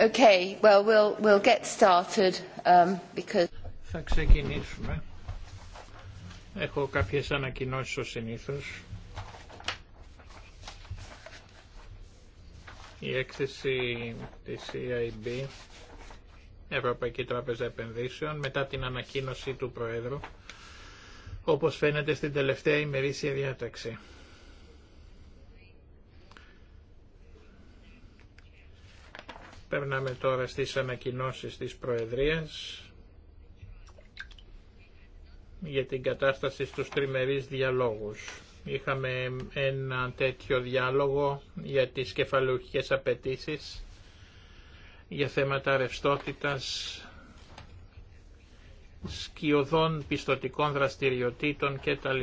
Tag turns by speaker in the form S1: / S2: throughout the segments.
S1: Um, Θα
S2: ξεκινήσουμε. Έχω κάποιες ανακοινώσεις ως συνήθως. Η έκθεση της EIB, Ευρωπαϊκή Τράπεζα Επενδύσεων, μετά την ανακοίνωση του Προέδρου, όπως φαίνεται στην τελευταία ημερήσια διάταξη. Περνάμε τώρα στις ανακοινώσεις της Προεδρίας για την κατάσταση στους τριμερείς διαλόγους. Είχαμε ένα τέτοιο διάλογο για τις κεφαλουχικές απαιτήσει για θέματα ρευστότητας σκιωδών πιστοτικών δραστηριοτήτων κτλ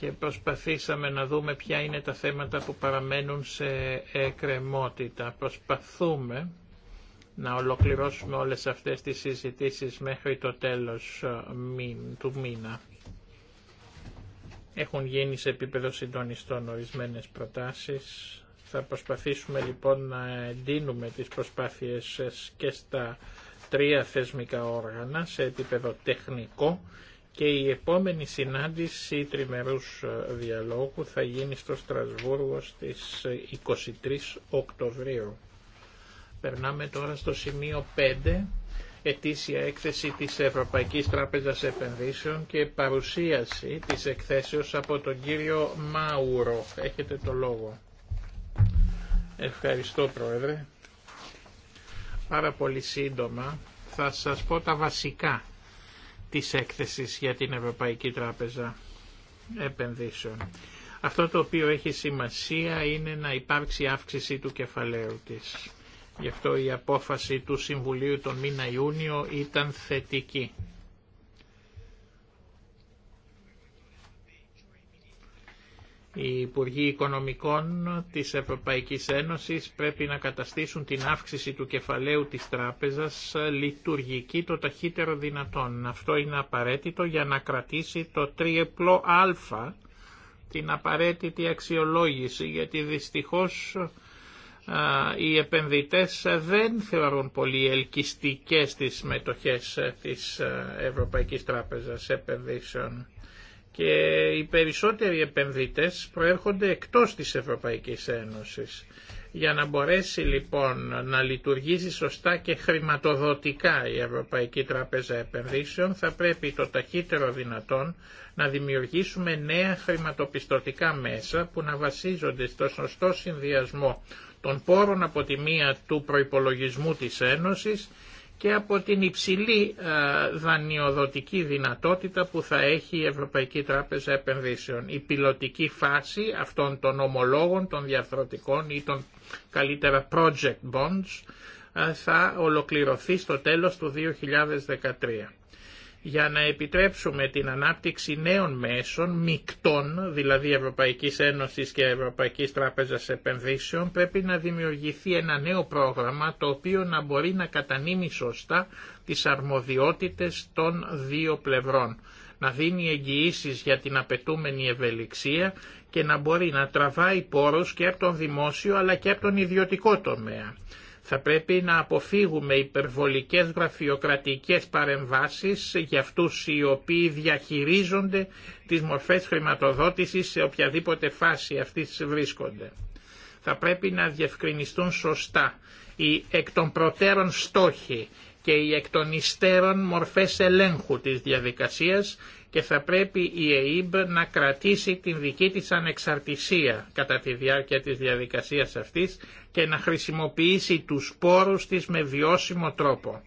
S2: και προσπαθήσαμε να δούμε ποια είναι τα θέματα που παραμένουν σε εκκρεμότητα. Προσπαθούμε να ολοκληρώσουμε όλες αυτές τις συζητήσεις μέχρι το τέλος ε, του μήνα. Έχουν γίνει σε επίπεδο συντονιστών ορισμένες προτάσεις. Θα προσπαθήσουμε λοιπόν να εντείνουμε τις προσπάθειες ε, και στα τρία θεσμικά όργανα σε επίπεδο τεχνικό και η επόμενη συνάντηση τριμερούς ε, διαλόγου θα γίνει στο Στρασβούργο στις 23 ε, Οκτωβρίου. Περνάμε τώρα στο σημείο 5, ετήσια έκθεση της Ευρωπαϊκής Τράπεζας Επενδύσεων και παρουσίαση της εκθέσεως από τον κύριο Μάουρο. Έχετε το λόγο. Ευχαριστώ Πρόεδρε. Πάρα πολύ σύντομα θα σας πω τα βασικά της έκθεσης για την Ευρωπαϊκή Τράπεζα Επενδύσεων. Αυτό το οποίο έχει σημασία είναι να υπάρξει αύξηση του κεφαλαίου της. Γι' αυτό η απόφαση του Συμβουλίου τον μήνα Ιούνιο ήταν θετική. Οι Υπουργοί Οικονομικών της Ευρωπαϊκής Ένωσης πρέπει να καταστήσουν την αύξηση του κεφαλαίου της τράπεζας λειτουργική το ταχύτερο δυνατόν. Αυτό είναι απαραίτητο για να κρατήσει το τριεπλό α την απαραίτητη αξιολόγηση γιατί δυστυχώς οι επενδυτές δεν θεωρούν πολύ ελκυστικές τις μετοχές της ε, Ευρωπαϊκής Τράπεζας Επενδύσεων και οι περισσότεροι επενδυτές προέρχονται εκτός της Ευρωπαϊκής Ένωσης. Για να μπορέσει λοιπόν να λειτουργήσει σωστά και χρηματοδοτικά η Ευρωπαϊκή Τράπεζα Επενδύσεων θα πρέπει το ταχύτερο δυνατόν να δημιουργήσουμε νέα χρηματοπιστωτικά μέσα που να βασίζονται στο σωστό συνδυασμό των πόρων από τη μία του προϋπολογισμού της Ένωσης και από την υψηλή ε, δανειοδοτική δυνατότητα που θα έχει η Ευρωπαϊκή Τράπεζα Επενδύσεων. Η πιλωτική φάση αυτών των ομολόγων, των διαφθορτικών ή των καλύτερα project bonds ε, θα ολοκληρωθεί στο τέλος του 2013 για να επιτρέψουμε την ανάπτυξη νέων μέσων, μεικτών, δηλαδή Ευρωπαϊκής Ένωσης και Ευρωπαϊκής Τράπεζας Επενδύσεων, πρέπει να δημιουργηθεί ένα νέο πρόγραμμα το οποίο να μπορεί να κατανείμει σωστά τις αρμοδιότητες των δύο πλευρών να δίνει εγγυήσει για την απαιτούμενη ευελιξία και να μπορεί να τραβάει πόρους και από τον δημόσιο αλλά και από τον ιδιωτικό τομέα. Θα πρέπει να αποφύγουμε υπερβολικές γραφειοκρατικές παρεμβάσεις για αυτούς οι οποίοι διαχειρίζονται τις μορφές χρηματοδότησης σε οποιαδήποτε φάση αυτής βρίσκονται. Θα πρέπει να διευκρινιστούν σωστά οι εκ των προτέρων στόχοι και οι εκ των υστέρων μορφές ελέγχου της διαδικασίας και θα πρέπει η ΕΕΠ να κρατήσει την δική της ανεξαρτησία κατά τη διάρκεια της διαδικασίας αυτής και να χρησιμοποιήσει τους πόρους της με βιώσιμο τρόπο.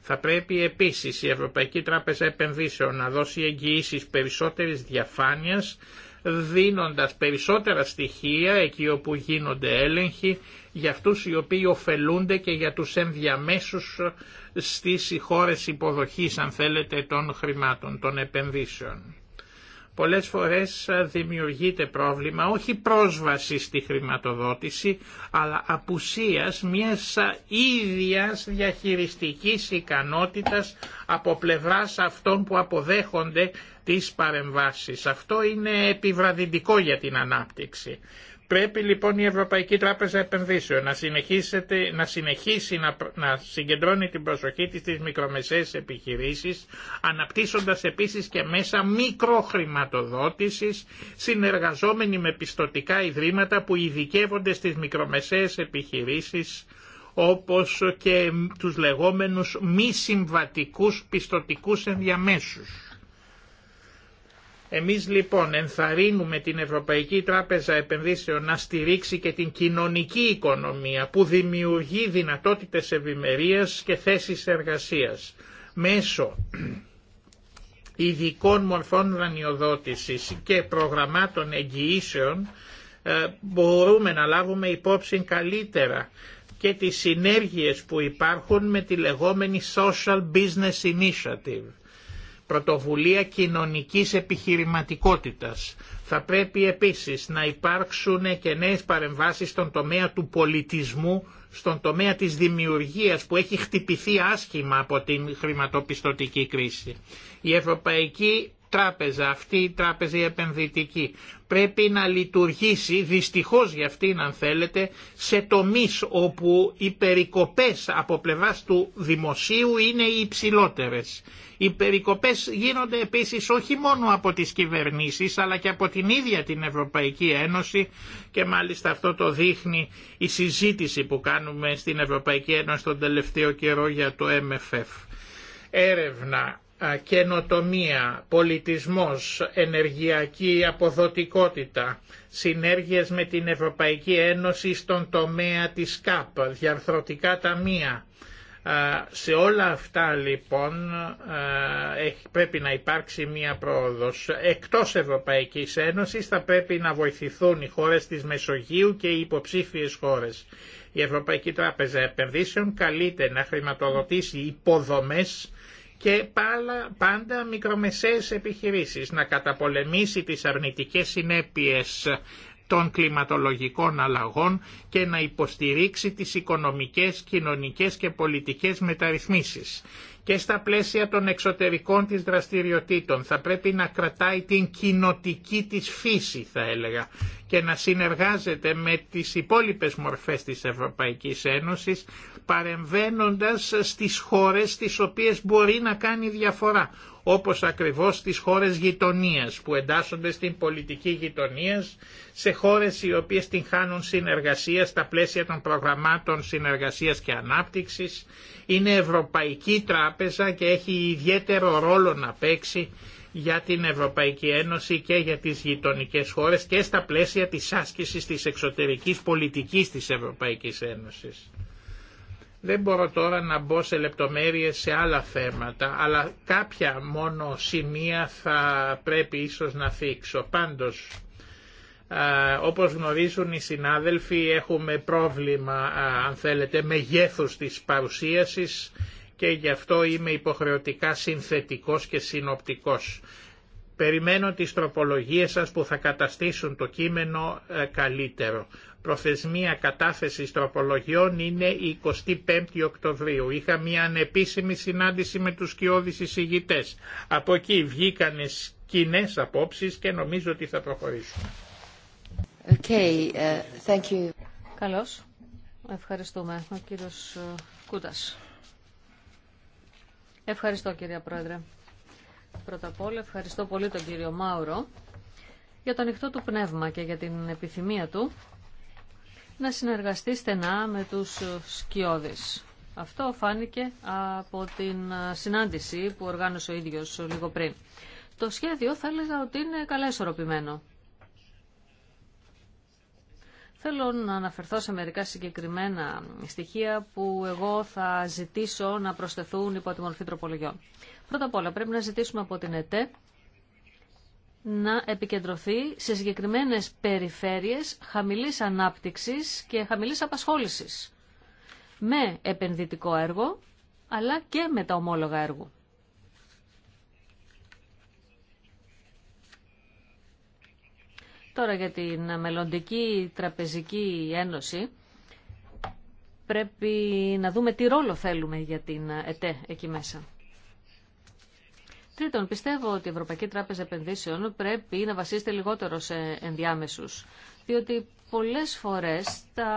S2: Θα πρέπει επίσης η Ευρωπαϊκή Τράπεζα Επενδύσεων να δώσει εγγυήσεις περισσότερης διαφάνειας δίνοντας περισσότερα στοιχεία εκεί όπου γίνονται έλεγχοι για αυτούς οι οποίοι ωφελούνται και για τους ενδιαμέσους στις χώρες υποδοχής, αν θέλετε, των χρημάτων, των επενδύσεων. Πολλές φορές δημιουργείται πρόβλημα όχι πρόσβαση στη χρηματοδότηση, αλλά απουσίας μιας ίδιας διαχειριστικής ικανότητας από πλευράς αυτών που αποδέχονται τις παρεμβάσεις. Αυτό είναι επιβραδυντικό για την ανάπτυξη. Πρέπει λοιπόν η Ευρωπαϊκή Τράπεζα Επενδύσεων να, να συνεχίσει να, να συγκεντρώνει την προσοχή της στις μικρομεσαίες επιχειρήσεις, αναπτύσσοντας επίσης και μέσα μικροχρηματοδότησης, συνεργαζόμενοι με πιστοτικά ιδρύματα που ειδικεύονται στις μικρομεσαίες επιχειρήσεις, όπως και τους λεγόμενους μη συμβατικούς πιστοτικούς ενδιαμέσους. Εμείς λοιπόν ενθαρρύνουμε την Ευρωπαϊκή Τράπεζα Επενδύσεων να στηρίξει και την κοινωνική οικονομία που δημιουργεί δυνατότητες ευημερίας και θέσεις εργασίας μέσω ειδικών μορφών δανειοδότησης και προγραμμάτων εγγυήσεων ε, μπορούμε να λάβουμε υπόψη καλύτερα και τις συνέργειες που υπάρχουν με τη λεγόμενη Social Business Initiative πρωτοβουλία κοινωνικής επιχειρηματικότητας. Θα πρέπει επίσης να υπάρξουν και νέες παρεμβάσεις στον τομέα του πολιτισμού, στον τομέα της δημιουργίας που έχει χτυπηθεί άσχημα από την χρηματοπιστωτική κρίση. Η Ευρωπαϊκή τράπεζα, αυτή η τράπεζα επενδυτική, πρέπει να λειτουργήσει, δυστυχώς για αυτήν αν θέλετε, σε τομείς όπου οι περικοπές από πλευράς του δημοσίου είναι οι υψηλότερες. Οι περικοπές γίνονται επίσης όχι μόνο από τις κυβερνήσεις αλλά και από την ίδια την Ευρωπαϊκή Ένωση και μάλιστα αυτό το δείχνει η συζήτηση που κάνουμε στην Ευρωπαϊκή Ένωση τον τελευταίο καιρό για το MFF έρευνα, καινοτομία, πολιτισμός, ενεργειακή αποδοτικότητα, συνέργειες με την Ευρωπαϊκή Ένωση στον τομέα της ΚΑΠ, διαρθρωτικά ταμεία. Σε όλα αυτά λοιπόν πρέπει να υπάρξει μία πρόοδος. Εκτός Ευρωπαϊκής Ένωσης θα πρέπει να βοηθηθούν οι χώρες της Μεσογείου και οι υποψήφιες χώρες. Η Ευρωπαϊκή Τράπεζα Επενδύσεων καλείται να χρηματοδοτήσει υποδομές και πάντα μικρομεσαίες επιχειρήσεις να καταπολεμήσει τις αρνητικές συνέπειες των κλιματολογικών αλλαγών και να υποστηρίξει τις οικονομικές, κοινωνικές και πολιτικές μεταρρυθμίσεις. Και στα πλαίσια των εξωτερικών της δραστηριοτήτων θα πρέπει να κρατάει την κοινοτική της φύση θα έλεγα και να συνεργάζεται με τις υπόλοιπες μορφές της Ευρωπαϊκής Ένωσης παρεμβαίνοντας στις χώρες τις οποίες μπορεί να κάνει διαφορά όπως ακριβώς στις χώρες γειτονίας που εντάσσονται στην πολιτική γειτονίας σε χώρες οι οποίες την χάνουν συνεργασία στα πλαίσια των προγραμμάτων συνεργασίας και ανάπτυξης είναι Ευρωπαϊκή Τράπεζα και έχει ιδιαίτερο ρόλο να παίξει για την Ευρωπαϊκή Ένωση και για τις γειτονικές χώρες και στα πλαίσια της άσκησης της εξωτερικής πολιτικής της Ευρωπαϊκής Ένωσης. Δεν μπορώ τώρα να μπω σε λεπτομέρειες σε άλλα θέματα, αλλά κάποια μόνο σημεία θα πρέπει ίσως να θίξω. Πάντως, όπως γνωρίζουν οι συνάδελφοι, έχουμε πρόβλημα, αν θέλετε, μεγέθους της παρουσίασης και γι' αυτό είμαι υποχρεωτικά συνθετικός και συνοπτικός. Περιμένω τις τροπολογίες σας που θα καταστήσουν το κείμενο ε, καλύτερο. Προθεσμία κατάθεσης τροπολογιών είναι η 25 η Οκτωβρίου. Είχα μια ανεπίσημη συνάντηση με τους σκιώδεις εισηγητές. Από εκεί βγήκαν κοινέ απόψεις και νομίζω ότι θα
S3: προχωρήσουμε. Okay, uh, Καλώς. Ευχαριστούμε. Ο κύριος ε, Κούτας. Ευχαριστώ κυρία Πρόεδρε. Πρώτα απ' όλα ευχαριστώ πολύ τον κύριο Μάουρο για το ανοιχτό του πνεύμα και για την επιθυμία του να συνεργαστεί στενά με τους σκιώδεις. Αυτό φάνηκε από την συνάντηση που οργάνωσε ο ίδιος λίγο πριν. Το σχέδιο θα έλεγα ότι είναι καλά ισορροπημένο. Θέλω να αναφερθώ σε μερικά συγκεκριμένα στοιχεία που εγώ θα ζητήσω να προσθεθούν υπό τη μορφή τροπολογιών. Πρώτα απ' όλα πρέπει να ζητήσουμε από την ΕΤΕ να επικεντρωθεί σε συγκεκριμένες περιφέρειες χαμηλής ανάπτυξης και χαμηλής απασχόλησης με επενδυτικό έργο αλλά και με τα ομόλογα έργου. Τώρα για την μελλοντική τραπεζική ένωση πρέπει να δούμε τι ρόλο θέλουμε για την ΕΤΕ εκεί μέσα. Τρίτον, πιστεύω ότι η Ευρωπαϊκή Τράπεζα Επενδύσεων πρέπει να βασίζεται λιγότερο σε ενδιάμεσους, διότι πολλές φορές τα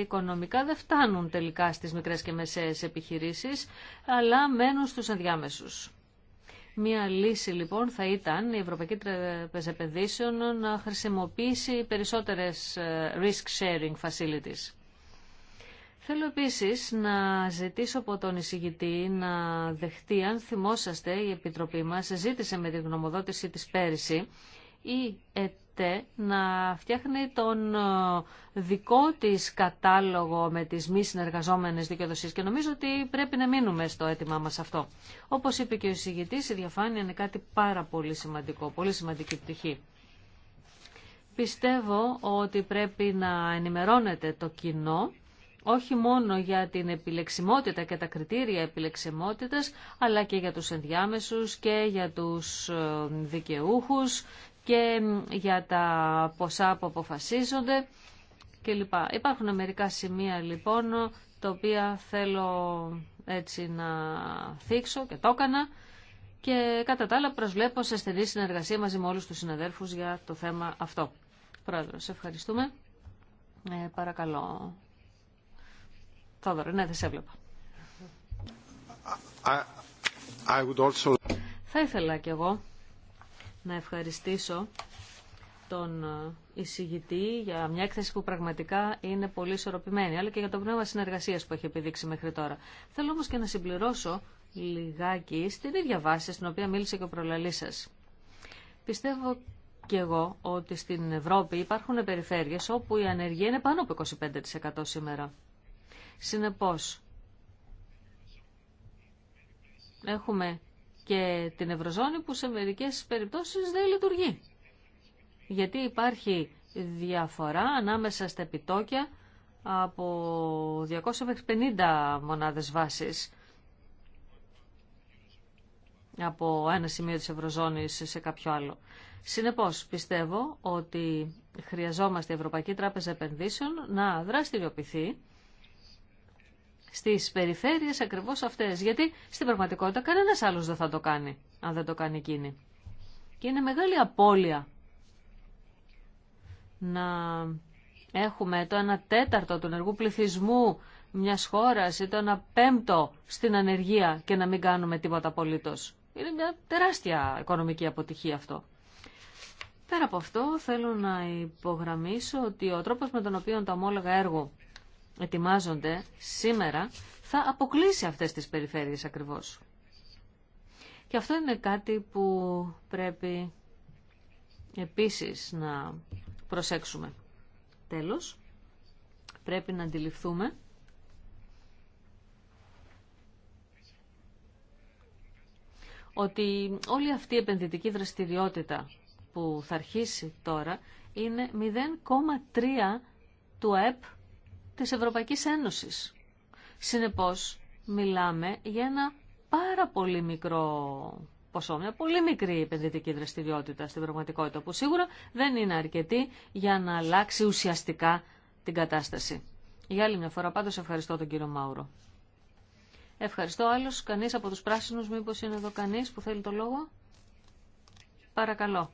S3: οικονομικά δεν φτάνουν τελικά στις μικρές και μεσαίες επιχειρήσεις, αλλά μένουν στους ενδιάμεσους. Μία λύση λοιπόν θα ήταν η Ευρωπαϊκή Τραπεζα Επενδύσεων να χρησιμοποιήσει περισσότερες ε, risk sharing facilities. Θέλω επίσης να ζητήσω από τον εισηγητή να δεχτεί, αν θυμόσαστε, η Επιτροπή μας ζήτησε με τη γνωμοδότηση της πέρυσι ή να φτιάχνει τον ε, δικό της κατάλογο με τις μη συνεργαζόμενες δικαιοδοσίες και νομίζω ότι πρέπει να μείνουμε στο αίτημά μας αυτό. Όπως είπε και ο εισηγητής, η διαφάνεια είναι κάτι πάρα πολύ σημαντικό, πολύ σημαντική πτυχή. Πιστεύω ότι πρέπει να ενημερώνετε το κοινό όχι μόνο για την επιλεξιμότητα και τα κριτήρια επιλεξιμότητας, αλλά και για τους ενδιάμεσους και για τους ε, δικαιούχους και για τα ποσά που αποφασίζονται κλπ. Υπάρχουν μερικά σημεία λοιπόν τα οποία θέλω έτσι να θίξω και το έκανα και κατά τα άλλα προσβλέπω σε στενή συνεργασία μαζί με όλους τους συναδέρφους για το θέμα αυτό. σε ευχαριστούμε. Ε, παρακαλώ. Θόδωρο, ναι, δεν σε έβλεπα. Θα ήθελα κι εγώ να ευχαριστήσω τον ε, εισηγητή για μια έκθεση που πραγματικά είναι πολύ ισορροπημένη, αλλά και για το πνεύμα συνεργασίας που έχει επιδείξει μέχρι τώρα. Θέλω όμω και να συμπληρώσω λιγάκι στην ίδια βάση στην οποία μίλησε και ο προλαλή σα. Πιστεύω και εγώ ότι στην Ευρώπη υπάρχουν περιφέρειες όπου η ανεργία είναι πάνω από 25% σήμερα. Συνεπώ, έχουμε και την Ευρωζώνη που σε μερικές περιπτώσεις δεν λειτουργεί. Γιατί υπάρχει διαφορά ανάμεσα στα επιτόκια από 250 μονάδες βάσης από ένα σημείο της Ευρωζώνης σε κάποιο άλλο. Συνεπώς, πιστεύω ότι χρειαζόμαστε η Ευρωπαϊκή Τράπεζα Επενδύσεων να δραστηριοποιηθεί στις περιφέρειες ακριβώς αυτές. Γιατί στην πραγματικότητα κανένας άλλος δεν θα το κάνει, αν δεν το κάνει εκείνη. Και είναι μεγάλη απώλεια να έχουμε το ένα τέταρτο του ενεργού πληθυσμού μιας χώρας ή το ένα πέμπτο στην ανεργία και να μην κάνουμε τίποτα απολύτως. Είναι μια τεράστια οικονομική αποτυχία αυτό. Πέρα από αυτό θέλω να υπογραμμίσω ότι ο τρόπος με τον οποίο τα ομόλογα έργου ετοιμάζονται σήμερα θα αποκλείσει αυτές τις περιφέρειες ακριβώς. Και αυτό είναι κάτι που πρέπει επίσης να προσέξουμε. Τέλος, πρέπει να αντιληφθούμε ότι όλη αυτή η επενδυτική δραστηριότητα που θα αρχίσει τώρα είναι 0,3 του ΑΕΠ της Ευρωπαϊκής Ένωσης. Συνεπώς, μιλάμε για ένα πάρα πολύ μικρό ποσό, μια πολύ μικρή επενδυτική δραστηριότητα στην πραγματικότητα, που σίγουρα δεν είναι αρκετή για να αλλάξει ουσιαστικά την κατάσταση. Για άλλη μια φορά πάντως ευχαριστώ τον κύριο Μάουρο. Ευχαριστώ άλλος, κανείς από τους πράσινους, μήπως είναι εδώ κανείς που θέλει το λόγο. Παρακαλώ.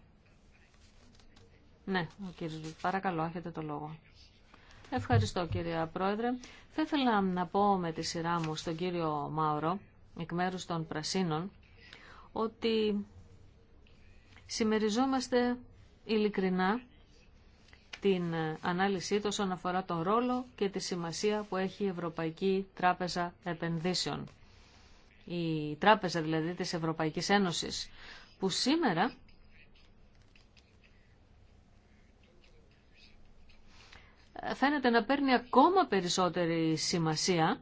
S3: Ναι, ο κύριος, παρακαλώ, έχετε το λόγο. Ευχαριστώ κυρία Πρόεδρε. Θα ήθελα να πω με τη σειρά μου στον κύριο Μάουρο, εκ μέρους των Πρασίνων, ότι συμμεριζόμαστε ειλικρινά την ανάλυση του όσον αφορά τον ρόλο και τη σημασία που έχει η Ευρωπαϊκή Τράπεζα Επενδύσεων. Η Τράπεζα δηλαδή της Ευρωπαϊκής Ένωσης, που σήμερα φαίνεται να παίρνει ακόμα περισσότερη σημασία,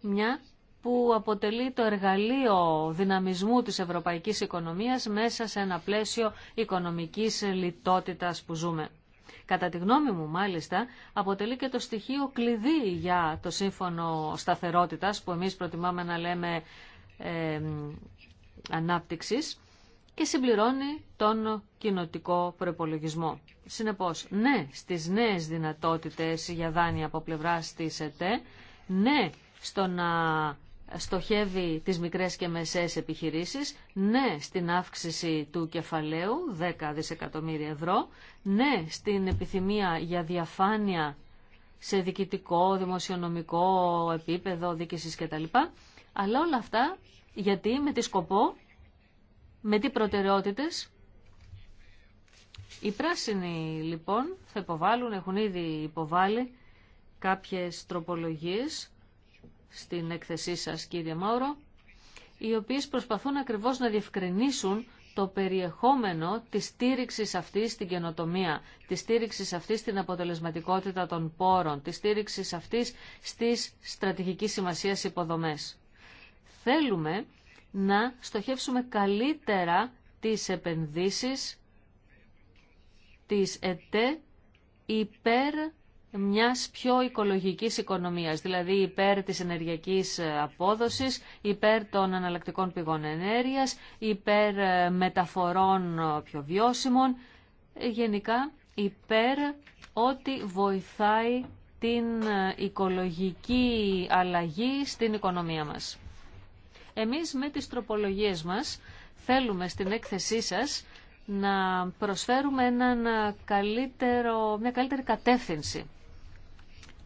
S3: μια που αποτελεί το εργαλείο δυναμισμού της ευρωπαϊκής οικονομίας μέσα σε ένα πλαίσιο οικονομικής λιτότητας που ζούμε. Κατά τη γνώμη μου, μάλιστα, αποτελεί και το στοιχείο κλειδί για το σύμφωνο σταθερότητας, που εμείς προτιμάμε να λέμε ε, ανάπτυξης, και συμπληρώνει τον κοινοτικό προπολογισμό. Συνεπώς, ναι στις νέες δυνατότητες για δάνεια από πλευράς της ΕΤΕ, ναι στο να στοχεύει τις μικρές και μεσαίες επιχειρήσεις, ναι στην αύξηση του κεφαλαίου 10 δισεκατομμύρια ευρώ, ναι στην επιθυμία για διαφάνεια σε διοικητικό, δημοσιονομικό επίπεδο, δίκησης κτλ. Αλλά όλα αυτά γιατί με τη σκοπό με τι προτεραιότητες. Οι πράσινοι λοιπόν θα υποβάλουν, έχουν ήδη υποβάλει κάποιες τροπολογίες στην έκθεσή σας κύριε Μάουρο, οι οποίες προσπαθούν ακριβώς να διευκρινίσουν το περιεχόμενο της στήριξης αυτής στην καινοτομία, της στήριξης αυτής στην αποτελεσματικότητα των πόρων, της στήριξης αυτής στις στρατηγικής σημασίας υποδομές. Θέλουμε να στοχεύσουμε καλύτερα τις επενδύσεις της ΕΤΕ υπέρ μιας πιο οικολογικής οικονομίας, δηλαδή υπέρ της ενεργειακής απόδοσης, υπέρ των αναλλακτικών πηγών ενέργειας, υπέρ ε, μεταφορών πιο βιώσιμων, ε, γενικά υπέρ ό,τι βοηθάει την ε, οικολογική αλλαγή στην οικονομία μας. Εμείς με τις τροπολογίες μας θέλουμε στην έκθεσή σας να προσφέρουμε έναν καλύτερο, μια καλύτερη κατεύθυνση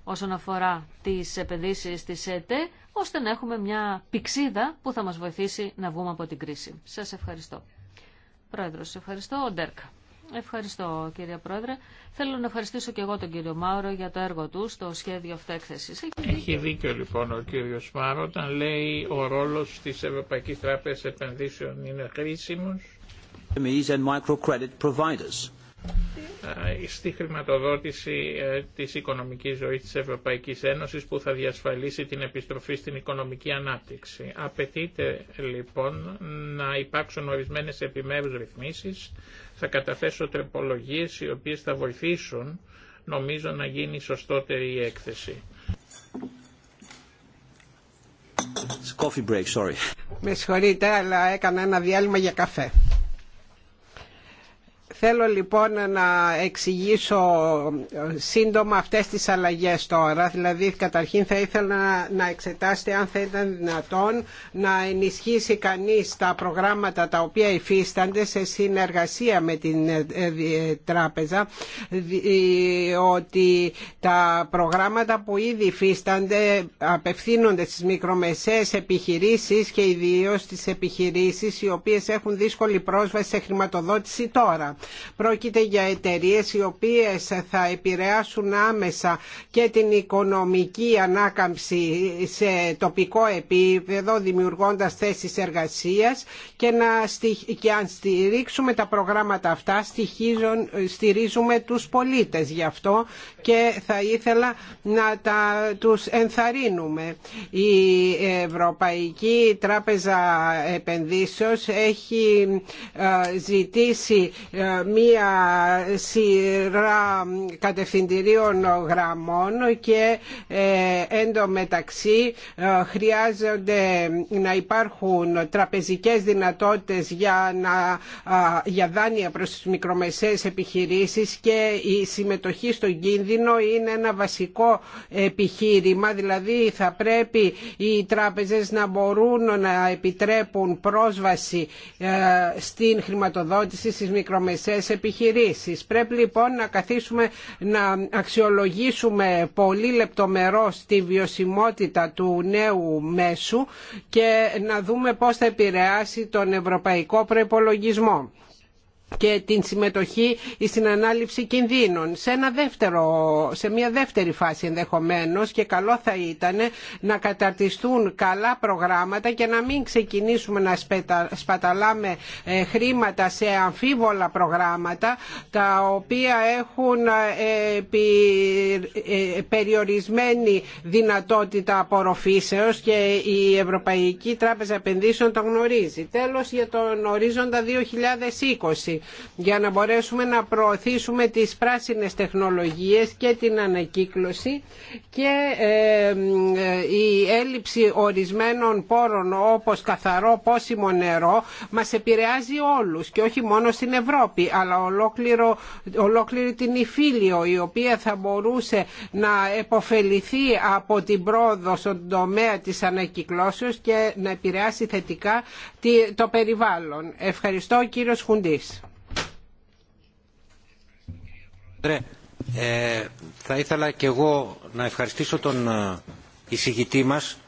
S3: όσον αφορά τις επενδύσεις της ΕΤΕ, ώστε να έχουμε μια πηξίδα που θα μας βοηθήσει να βγούμε από την κρίση. Σας ευχαριστώ. Πρόεδρος, ευχαριστώ. Ο Ντέρκα. Ευχαριστώ κύριε Πρόεδρε. Θέλω να ευχαριστήσω και εγώ τον κύριο Μάουρο για το έργο του στο σχέδιο έκθεση. Έχει
S2: δίκιο λοιπόν ο κύριο Μάουρο όταν λέει ο ρόλο τη Ευρωπαϊκή Τράπεζα Επενδύσεων είναι χρήσιμο. Στη χρηματοδότηση ε, της οικονομικής ζωής της Ευρωπαϊκής Ένωσης που θα διασφαλίσει την επιστροφή στην οικονομική ανάπτυξη. Απαιτείται λοιπόν να υπάρξουν ορισμένες επιμέρους ρυθμίσει. Θα καταθέσω τροπολογίες οι οποίες θα βοηθήσουν νομίζω να γίνει σωστότερη η έκθεση.
S4: coffee break, sorry.
S5: Με συγχωρείτε, αλλά έκανα ένα διάλειμμα για καφέ. Θέλω λοιπόν να εξηγήσω σύντομα αυτές τις αλλαγές τώρα. Δηλαδή καταρχήν θα ήθελα να εξετάσετε αν θα ήταν δυνατόν να ενισχύσει κανείς τα προγράμματα τα οποία υφίστανται σε συνεργασία με την ε, ε, ε, τράπεζα ότι τα προγράμματα που ήδη υφίστανται απευθύνονται στις μικρομεσαίες επιχειρήσεις και ιδίως στις επιχειρήσεις οι οποίες έχουν δύσκολη πρόσβαση σε χρηματοδότηση τώρα. Πρόκειται για εταιρείε οι οποίες θα επηρεάσουν άμεσα και την οικονομική ανάκαμψη σε τοπικό επίπεδο δημιουργώντας θέσεις εργασίας και, να, και αν στηρίξουμε τα προγράμματα αυτά στηρίζουμε τους πολίτες γι' αυτό και θα ήθελα να τα, τους ενθαρρύνουμε. Η Ευρωπαϊκή Τράπεζα Επενδύσεως έχει ε, ζητήσει ε, μία σειρά κατευθυντηρίων γραμμών και ε, εντωμεταξύ ε, χρειάζονται να υπάρχουν τραπεζικές δυνατότητες για, να, για δάνεια προς τις μικρομεσαίες επιχειρήσεις και η συμμετοχή στον κίνδυνο είναι ένα βασικό επιχείρημα, δηλαδή θα πρέπει οι τράπεζες να μπορούν να επιτρέπουν πρόσβαση ε, στην χρηματοδότηση στις μικρομεσαίες επιχειρήσεις. Πρέπει λοιπόν να καθίσουμε να αξιολογήσουμε πολύ λεπτομερώς τη βιωσιμότητα του νέου μέσου και να δούμε πώς θα επηρεάσει τον ευρωπαϊκό προϋπολογισμό και την συμμετοχή στην ανάληψη κινδύνων σε, ένα δεύτερο, σε μια δεύτερη φάση ενδεχομένως και καλό θα ήταν να καταρτιστούν καλά προγράμματα και να μην ξεκινήσουμε να σπαταλάμε ε, χρήματα σε αμφίβολα προγράμματα τα οποία έχουν ε, ε, περιορισμένη δυνατότητα απορροφήσεως και η Ευρωπαϊκή Τράπεζα Επενδύσεων το γνωρίζει. Τέλος για τον ορίζοντα 2020 για να μπορέσουμε να προωθήσουμε τις πράσινες τεχνολογίες και την ανακύκλωση και ε, ε, η έλλειψη ορισμένων πόρων όπως καθαρό πόσιμο νερό μας επηρεάζει όλους και όχι μόνο στην Ευρώπη αλλά ολόκληρο, ολόκληρη την Ιφίλιο η οποία θα μπορούσε να επωφεληθεί από την πρόοδο στον τομέα της ανακυκλώσεως και να επηρεάσει θετικά το περιβάλλον. Ευχαριστώ κύριος Χουντής.
S4: Ε, θα ήθελα και εγώ να ευχαριστήσω τον ε, εισηγητή μας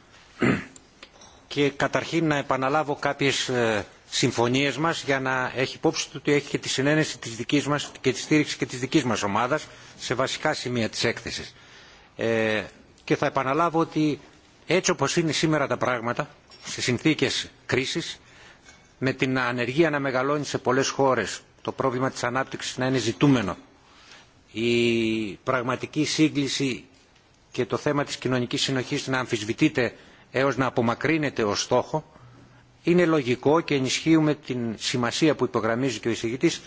S4: και καταρχήν να επαναλάβω κάποιες ε, συμφωνίες μας για να έχει υπόψη του ότι έχει και τη συνένεση της δικής μας και τη στήριξη και της δικής μας ομάδας σε βασικά σημεία της έκθεσης. Ε, και θα επαναλάβω ότι έτσι όπως είναι σήμερα τα πράγματα, σε συνθήκες κρίσης, με την ανεργία να μεγαλώνει σε πολλές χώρες, το πρόβλημα της ανάπτυξης να είναι ζητούμενο η πραγματική σύγκληση και το θέμα της κοινωνικής συνοχής να αμφισβητείται έως να απομακρύνεται ως στόχο είναι λογικό και ενισχύουμε την σημασία που υπογραμμίζει και ο εισηγητής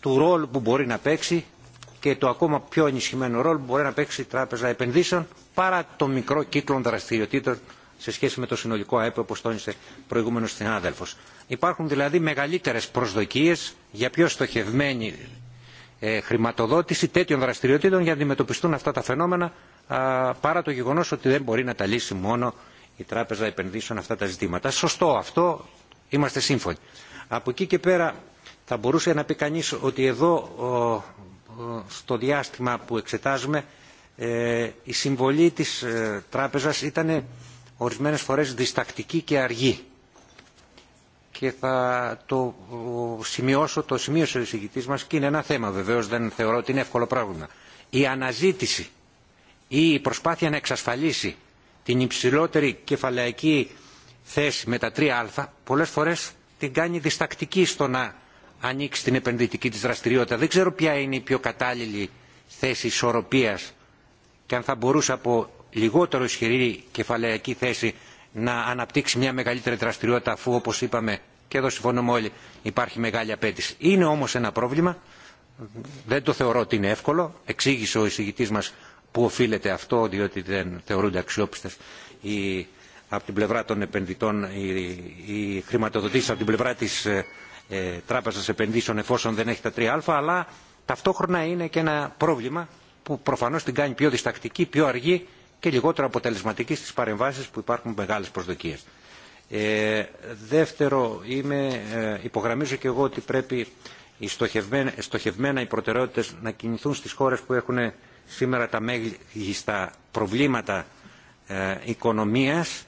S4: του ρόλου που μπορεί να παίξει και το ακόμα πιο ενισχυμένο ρόλο που μπορεί να παίξει η Τράπεζα Επενδύσεων παρά το μικρό κύκλο δραστηριοτήτων σε σχέση με το συνολικό ΑΕΠ όπως τόνισε προηγούμενος συνάδελφος. Υπάρχουν δηλαδή μεγαλύτερε προσδοκίες για πιο στοχευμένη ε, χρηματοδότηση τέτοιων δραστηριοτήτων για να αντιμετωπιστούν αυτά τα φαινόμενα παρά το γεγονός ότι δεν μπορεί να τα λύσει μόνο η Τράπεζα Επενδύσεων αυτά τα ζητήματα. Σωστό αυτό, είμαστε σύμφωνοι. Από εκεί και πέρα θα μπορούσε να πει κανείς ότι εδώ στο διάστημα που εξετάζουμε ε, η συμβολή της ε, τράπεζας ήταν ορισμένες φορές διστακτική και αργή και θα το σημειώσω, το σημείωσε ο εισηγητής μας και είναι ένα θέμα βεβαίως, δεν θεωρώ ότι είναι εύκολο πράγμα. Η αναζήτηση ή η προσπάθεια να εξασφαλίσει την υψηλότερη κεφαλαϊκή θέση με τα 3α πολλές φορές την κάνει διστακτική στο να ανοίξει την επενδυτική της δραστηριότητα. Δεν ξέρω ποια είναι η πιο κατάλληλη θέση ισορροπίας και αν θα μπορούσε από λιγότερο ισχυρή κεφαλαϊκή θέση να αναπτύξει μια μεγαλύτερη δραστηριότητα αφού όπως είπαμε και εδώ συμφωνούμε όλοι υπάρχει μεγάλη απέτηση. Είναι όμως ένα πρόβλημα, δεν το θεωρώ ότι είναι εύκολο, εξήγησε ο εισηγητής μας που οφείλεται αυτό διότι δεν θεωρούνται αξιόπιστες οι, από την πλευρά των επενδυτών οι, οι χρηματοδοτήσεις από την πλευρά της ε, ε Τράπεζας Επενδύσεων εφόσον δεν έχει τα 3α αλλά ταυτόχρονα είναι και ένα πρόβλημα που προφανώς την κάνει πιο διστακτική, πιο αργή και λιγότερο αποτελεσματική στις παρεμβάσεις που υπάρχουν μεγάλες προσδοκίες. Ε, δεύτερο, είμαι, ε, υπογραμμίζω και εγώ ότι πρέπει οι στοχευμένα, στοχευμένα οι προτεραιότητες να κινηθούν στις χώρες που έχουν σήμερα τα μέγιστα προβλήματα ε, οικονομίας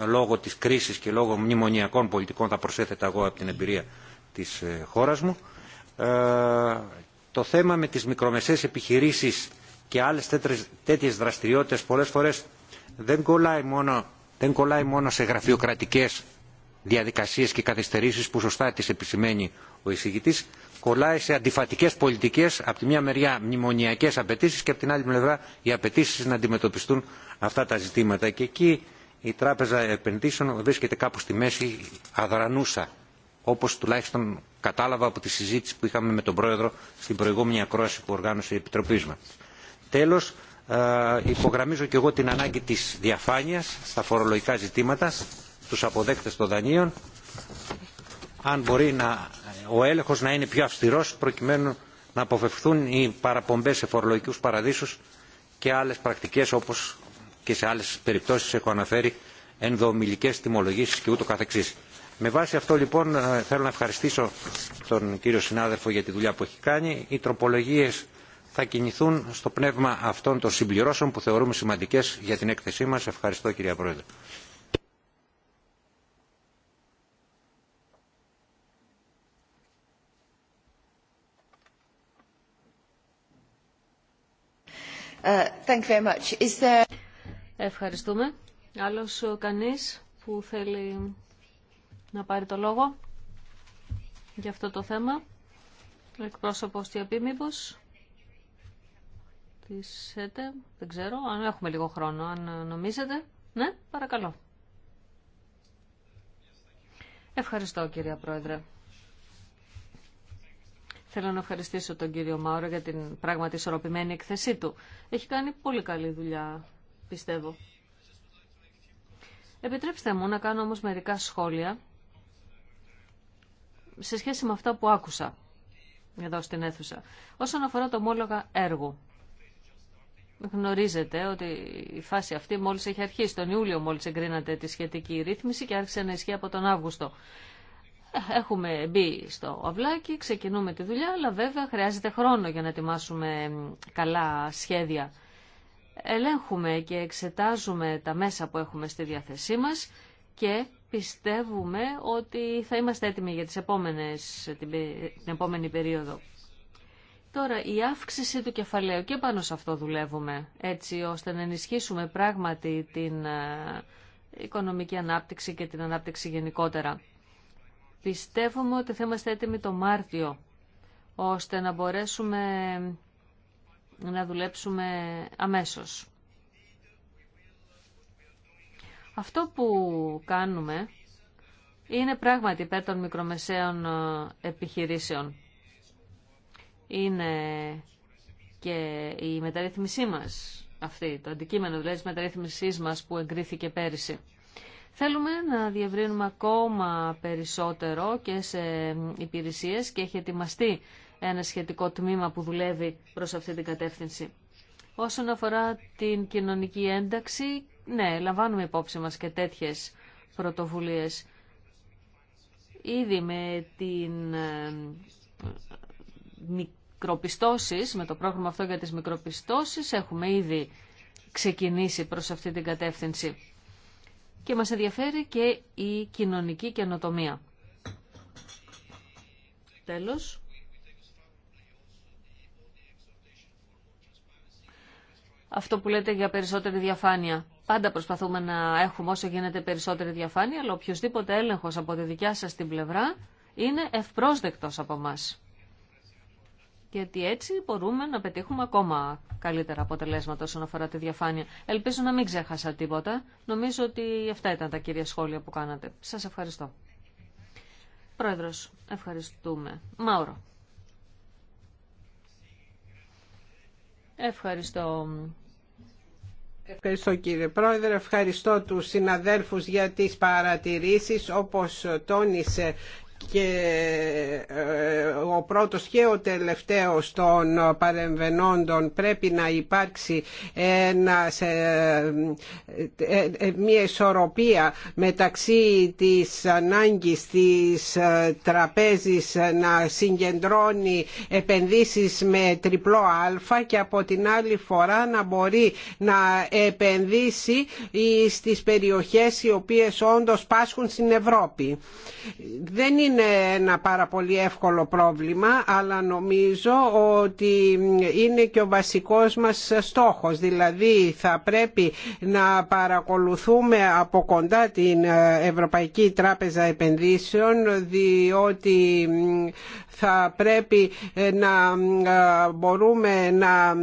S4: ε, λόγω της κρίσης και λόγω μνημονιακών πολιτικών θα προσέθετα εγώ από την εμπειρία της ε, χώρας μου. Το θέμα με τις μικρομεσαίες επιχειρήσεις και άλλες τέτοιες δραστηριότητες πολλές φορές δεν κολλάει μόνο, σε γραφειοκρατικές διαδικασίες και καθυστερήσεις που σωστά τις επισημαίνει ο εισηγητής, κολλάει σε αντιφατικές πολιτικές, από τη μια μεριά μνημονιακές απαιτήσει και από την άλλη μεριά οι απαιτήσει να αντιμετωπιστούν αυτά τα ζητήματα. Και εκεί η Τράπεζα Επενδύσεων βρίσκεται κάπου στη μέση αδρανούσα, όπως τουλάχιστον κατάλαβα από τη συζήτηση που είχαμε με τον Πρόεδρο στην προηγούμενη ακρόαση που οργάνωσε η Επιτροπή μας Τέλος, ε, υπογραμμίζω και εγώ την ανάγκη της διαφάνειας στα φορολογικά ζητήματα, τους αποδέκτες των δανείων, αν μπορεί ο έλεγχος να είναι πιο αυστηρός προκειμένου να αποφευχθούν οι παραπομπές σε φορολογικούς παραδείσους και άλλες πρακτικές όπως και σε άλλες περιπτώσεις έχω αναφέρει ενδομιλικές τιμολογήσεις και ούτω καθεξής. Με βάση αυτό λοιπόν ε, θέλω να ευχαριστήσω τον κύριο συνάδελφο για τη δουλειά που έχει κάνει. Οι τροπολογίες θα κινηθούν στο πνεύμα αυτών των συμπληρώσεων που θεωρούμε σημαντικές για την έκθεσή μας. Ευχαριστώ κυρία Πρόεδρε.
S3: Uh, thank you very much. Is there... Ευχαριστούμε. Άλλος κανείς που θέλει να πάρει το λόγο για αυτό το θέμα. εκπρόσωπος Τιαπή, μήπως. Δεν ξέρω, αν έχουμε λίγο χρόνο, αν νομίζετε. Ναι, παρακαλώ. Ευχαριστώ κυρία Πρόεδρε. Θέλω να ευχαριστήσω τον κύριο Μάουρο για την πράγματι ισορροπημένη εκθεσή του. Έχει κάνει πολύ καλή δουλειά, πιστεύω. Επιτρέψτε μου να κάνω όμως μερικά σχόλια σε σχέση με αυτά που άκουσα εδώ στην αίθουσα. Όσον αφορά το ομόλογα έργου, Γνωρίζετε ότι η φάση αυτή μόλις έχει αρχίσει. Τον Ιούλιο μόλις εγκρίνατε τη σχετική ρύθμιση και άρχισε να ισχύει από τον Αύγουστο. Έχουμε μπει στο αυλάκι, ξεκινούμε τη δουλειά, αλλά βέβαια χρειάζεται χρόνο για να ετοιμάσουμε καλά σχέδια. Ελέγχουμε και εξετάζουμε τα μέσα που έχουμε στη διάθεσή μας και πιστεύουμε ότι θα είμαστε έτοιμοι για τις επόμενες, την επόμενη περίοδο. Τώρα η αύξηση του κεφαλαίου και πάνω σε αυτό δουλεύουμε έτσι ώστε να ενισχύσουμε πράγματι την ε, οικονομική ανάπτυξη και την ανάπτυξη γενικότερα. Πιστεύουμε ότι θα είμαστε έτοιμοι το Μάρτιο ώστε να μπορέσουμε να δουλέψουμε αμέσως. Αυτό που κάνουμε είναι πράγματι υπέρ των μικρομεσαίων ε, επιχειρήσεων είναι και η μεταρρύθμισή μας αυτή, το αντικείμενο δηλαδή της μεταρρύθμισής μας που εγκρίθηκε πέρυσι. Θέλουμε να διευρύνουμε ακόμα περισσότερο και σε υπηρεσίες και έχει ετοιμαστεί ένα σχετικό τμήμα που δουλεύει προς αυτή την κατεύθυνση. Όσον αφορά την κοινωνική ένταξη, ναι, λαμβάνουμε υπόψη μας και τέτοιες πρωτοβουλίες. Ήδη με την ε, μικροπιστώσεις, με το πρόγραμμα αυτό για τις μικροπιστώσεις, έχουμε ήδη ξεκινήσει προς αυτή την κατεύθυνση. Και μας ενδιαφέρει και η κοινωνική καινοτομία. Τέλος. Αυτό που λέτε για περισσότερη διαφάνεια. Πάντα προσπαθούμε να έχουμε όσο γίνεται περισσότερη διαφάνεια, αλλά οποιοδήποτε έλεγχος από τη δικιά σας την πλευρά είναι ευπρόσδεκτος από μας γιατί έτσι μπορούμε να πετύχουμε ακόμα καλύτερα αποτελέσματα όσον αφορά τη διαφάνεια. Ελπίζω να μην ξέχασα τίποτα. Νομίζω ότι αυτά ήταν τα κύρια σχόλια που κάνατε. Σας ευχαριστώ. Πρόεδρος, ευχαριστούμε. Μάουρο. Ευχαριστώ. Ευχαριστώ
S5: κύριε Πρόεδρε, ευχαριστώ τους συναδέλφους για τις παρατηρήσεις όπως τόνισε και ε, ο πρώτος και ο τελευταίος των παρεμβενόντων πρέπει να υπάρξει ε, ε, μια ισορροπία μεταξύ της ανάγκης της τραπέζης να συγκεντρώνει επενδύσεις με τριπλό αλφα και από την άλλη φορά να μπορεί να επενδύσει στις περιοχές οι οποίες όντως πάσχουν στην Ευρώπη. Δεν είναι είναι ένα πάρα πολύ εύκολο πρόβλημα αλλά νομίζω ότι είναι και ο βασικός μας στόχος δηλαδή θα πρέπει να παρακολουθούμε από κοντά την Ευρωπαϊκή Τράπεζα Επενδύσεων διότι θα πρέπει να μπορούμε να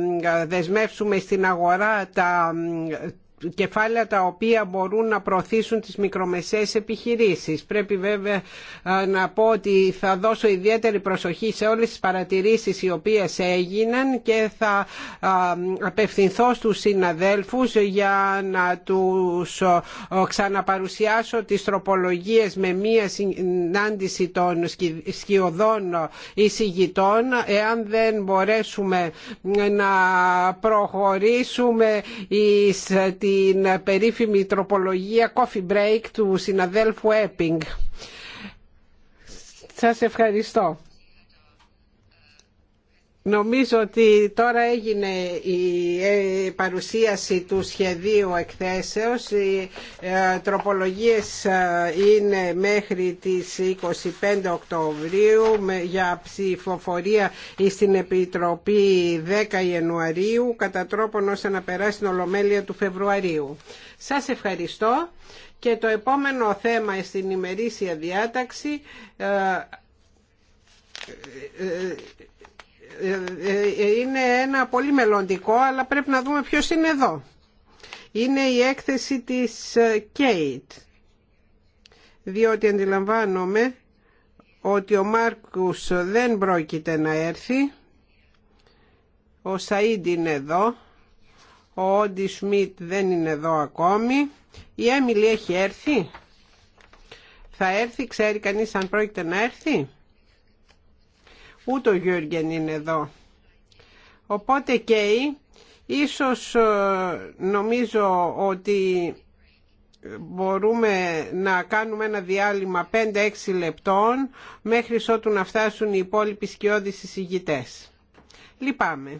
S5: δεσμεύσουμε στην αγορά τα κεφάλαια τα οποία μπορούν να προωθήσουν τις μικρομεσαίες επιχειρήσεις. Πρέπει βέβαια να πω ότι θα δώσω ιδιαίτερη προσοχή σε όλες τις παρατηρήσεις οι οποίες έγιναν και θα απευθυνθώ στους συναδέλφους για να τους ξαναπαρουσιάσω τις τροπολογίες με μία συνάντηση των σκιωδών εισηγητών εάν δεν μπορέσουμε να προχωρήσουμε την περίφημη τροπολογία Coffee Break του συναδέλφου Epping. Σας ευχαριστώ. Νομίζω ότι τώρα έγινε ε, η παρουσίαση του σχεδίου εκθέσεως. Οι ε, τροπολογίες ε, είναι μέχρι τις 25 Οκτωβρίου για ψηφοφορία στην Επιτροπή 10 Ιανουαρίου κατά τρόπον ώστε να περάσει την Ολομέλεια του Φεβρουαρίου. Σας ευχαριστώ και το επόμενο θέμα στην ημερήσια διάταξη ε, ε, ε, είναι ένα πολύ μελλοντικό, αλλά πρέπει να δούμε ποιος είναι εδώ. Είναι η έκθεση της Κέιτ, διότι αντιλαμβάνομαι ότι ο Μάρκους δεν πρόκειται να έρθει, ο Σαΐντ είναι εδώ, ο Όντι Σμιτ δεν είναι εδώ ακόμη, η Έμιλη έχει έρθει. Θα έρθει, ξέρει κανείς αν πρόκειται να έρθει. Ούτε ο Γιώργεν είναι εδώ. Οπότε και ίσως ε, νομίζω ότι μπορούμε να κάνουμε ένα διάλειμμα 5-6 λεπτών μέχρι ότου να φτάσουν οι υπόλοιποι σκιώδεις εισηγητές. Λυπάμαι.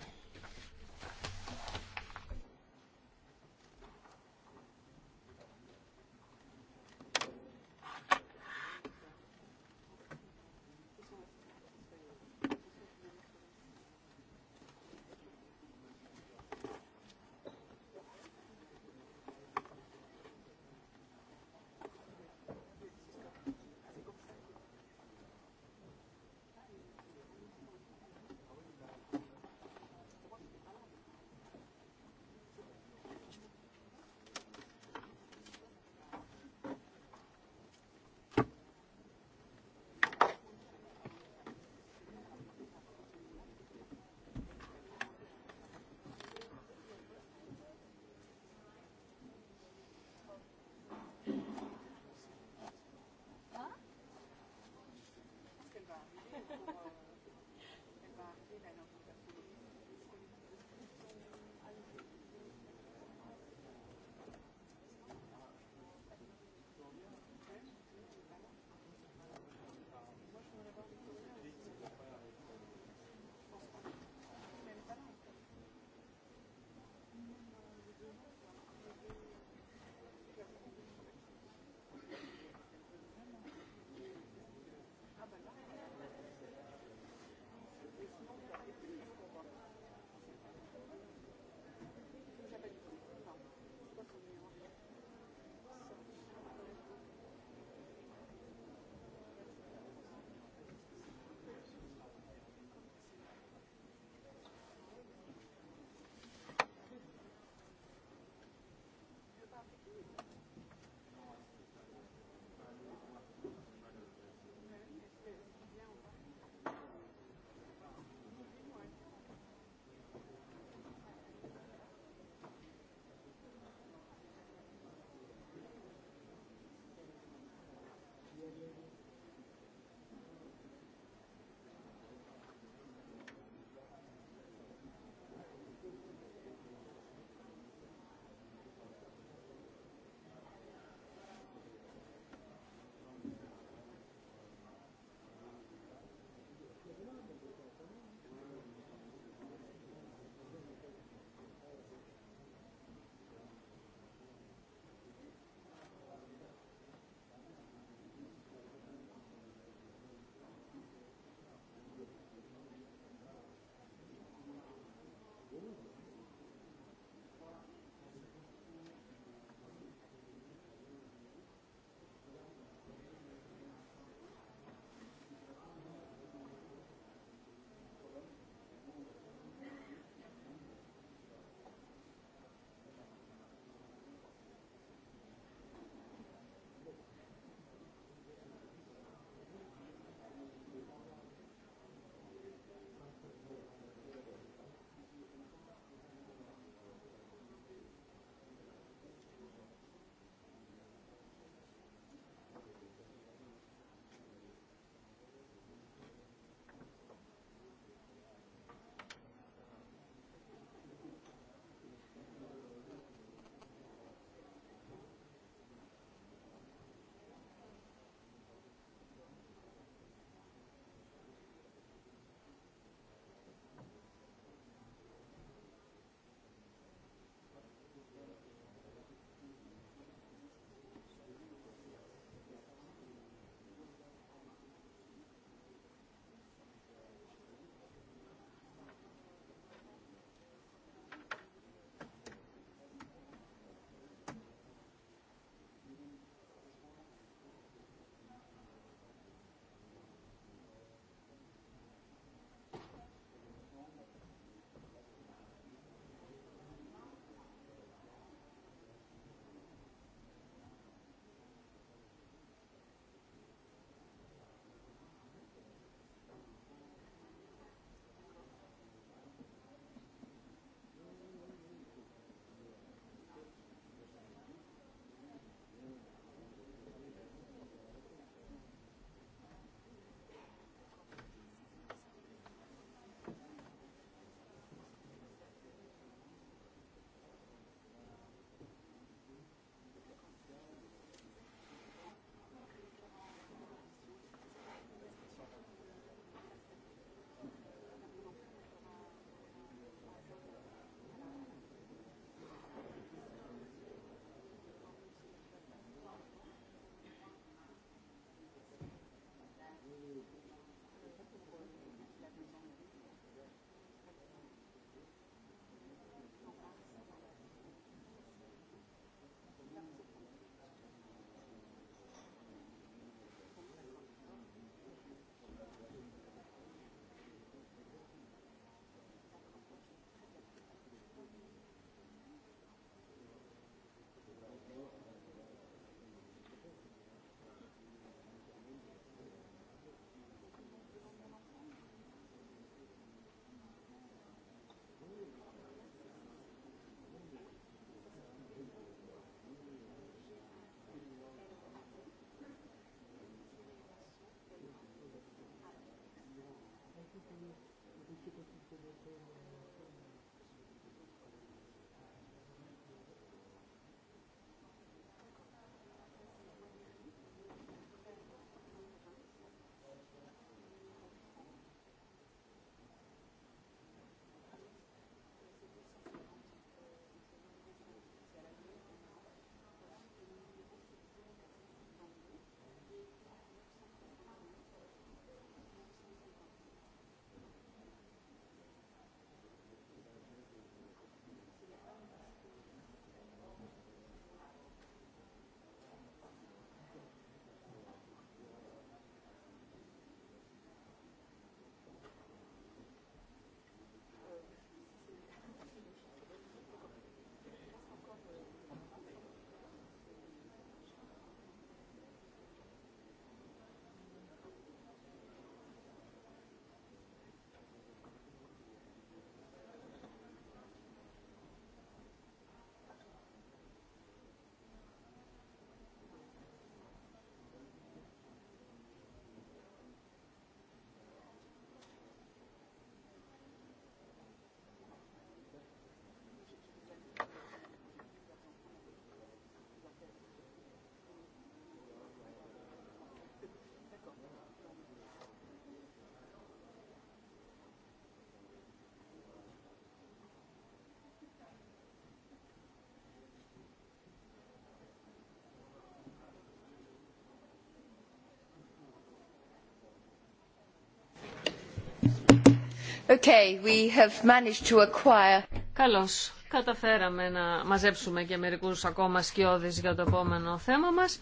S3: Καλώς. Καταφέραμε να μαζέψουμε και μερικούς ακόμα σκιώδεις για το επόμενο θέμα μας.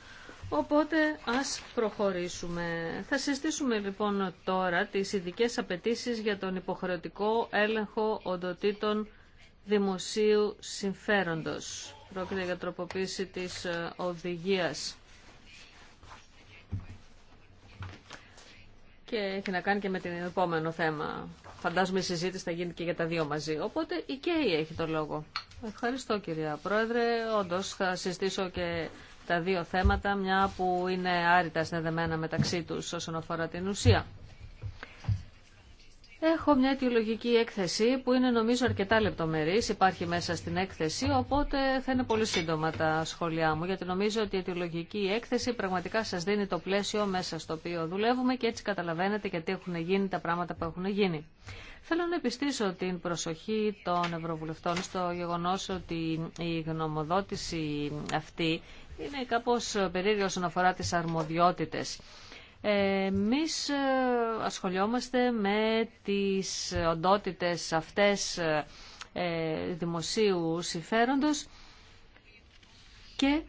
S3: Οπότε ας προχωρήσουμε. Θα συστήσουμε λοιπόν τώρα τις ειδικέ απαιτήσει για τον υποχρεωτικό έλεγχο οντοτήτων δημοσίου συμφέροντος. Πρόκειται για τροποποίηση της ε, οδηγίας. Και έχει να κάνει και με το επόμενο θέμα Φαντάζομαι η συζήτηση θα γίνει και για τα δύο μαζί. Οπότε η ΚΕΙ έχει το λόγο. Ευχαριστώ κυρία Πρόεδρε. Όντω θα συζητήσω και τα δύο θέματα, μια που είναι άρρητα συνδεδεμένα μεταξύ τους όσον αφορά την ουσία. Έχω μια αιτιολογική έκθεση που είναι νομίζω αρκετά λεπτομερής, υπάρχει μέσα στην έκθεση, οπότε θα είναι πολύ σύντομα τα σχόλιά μου, γιατί νομίζω ότι η αιτιολογική έκθεση πραγματικά σας δίνει το πλαίσιο μέσα στο οποίο δουλεύουμε και έτσι καταλαβαίνετε γιατί έχουν γίνει τα πράγματα που έχουν γίνει. Θέλω να επιστήσω την προσοχή των Ευρωβουλευτών στο γεγονός ότι η γνωμοδότηση αυτή είναι κάπως περίεργη όσον αφορά τις αρμοδιότητες. Εμείς ε, ασχολιόμαστε με τις οντότητες αυτές ε, δημοσίου συμφέροντος και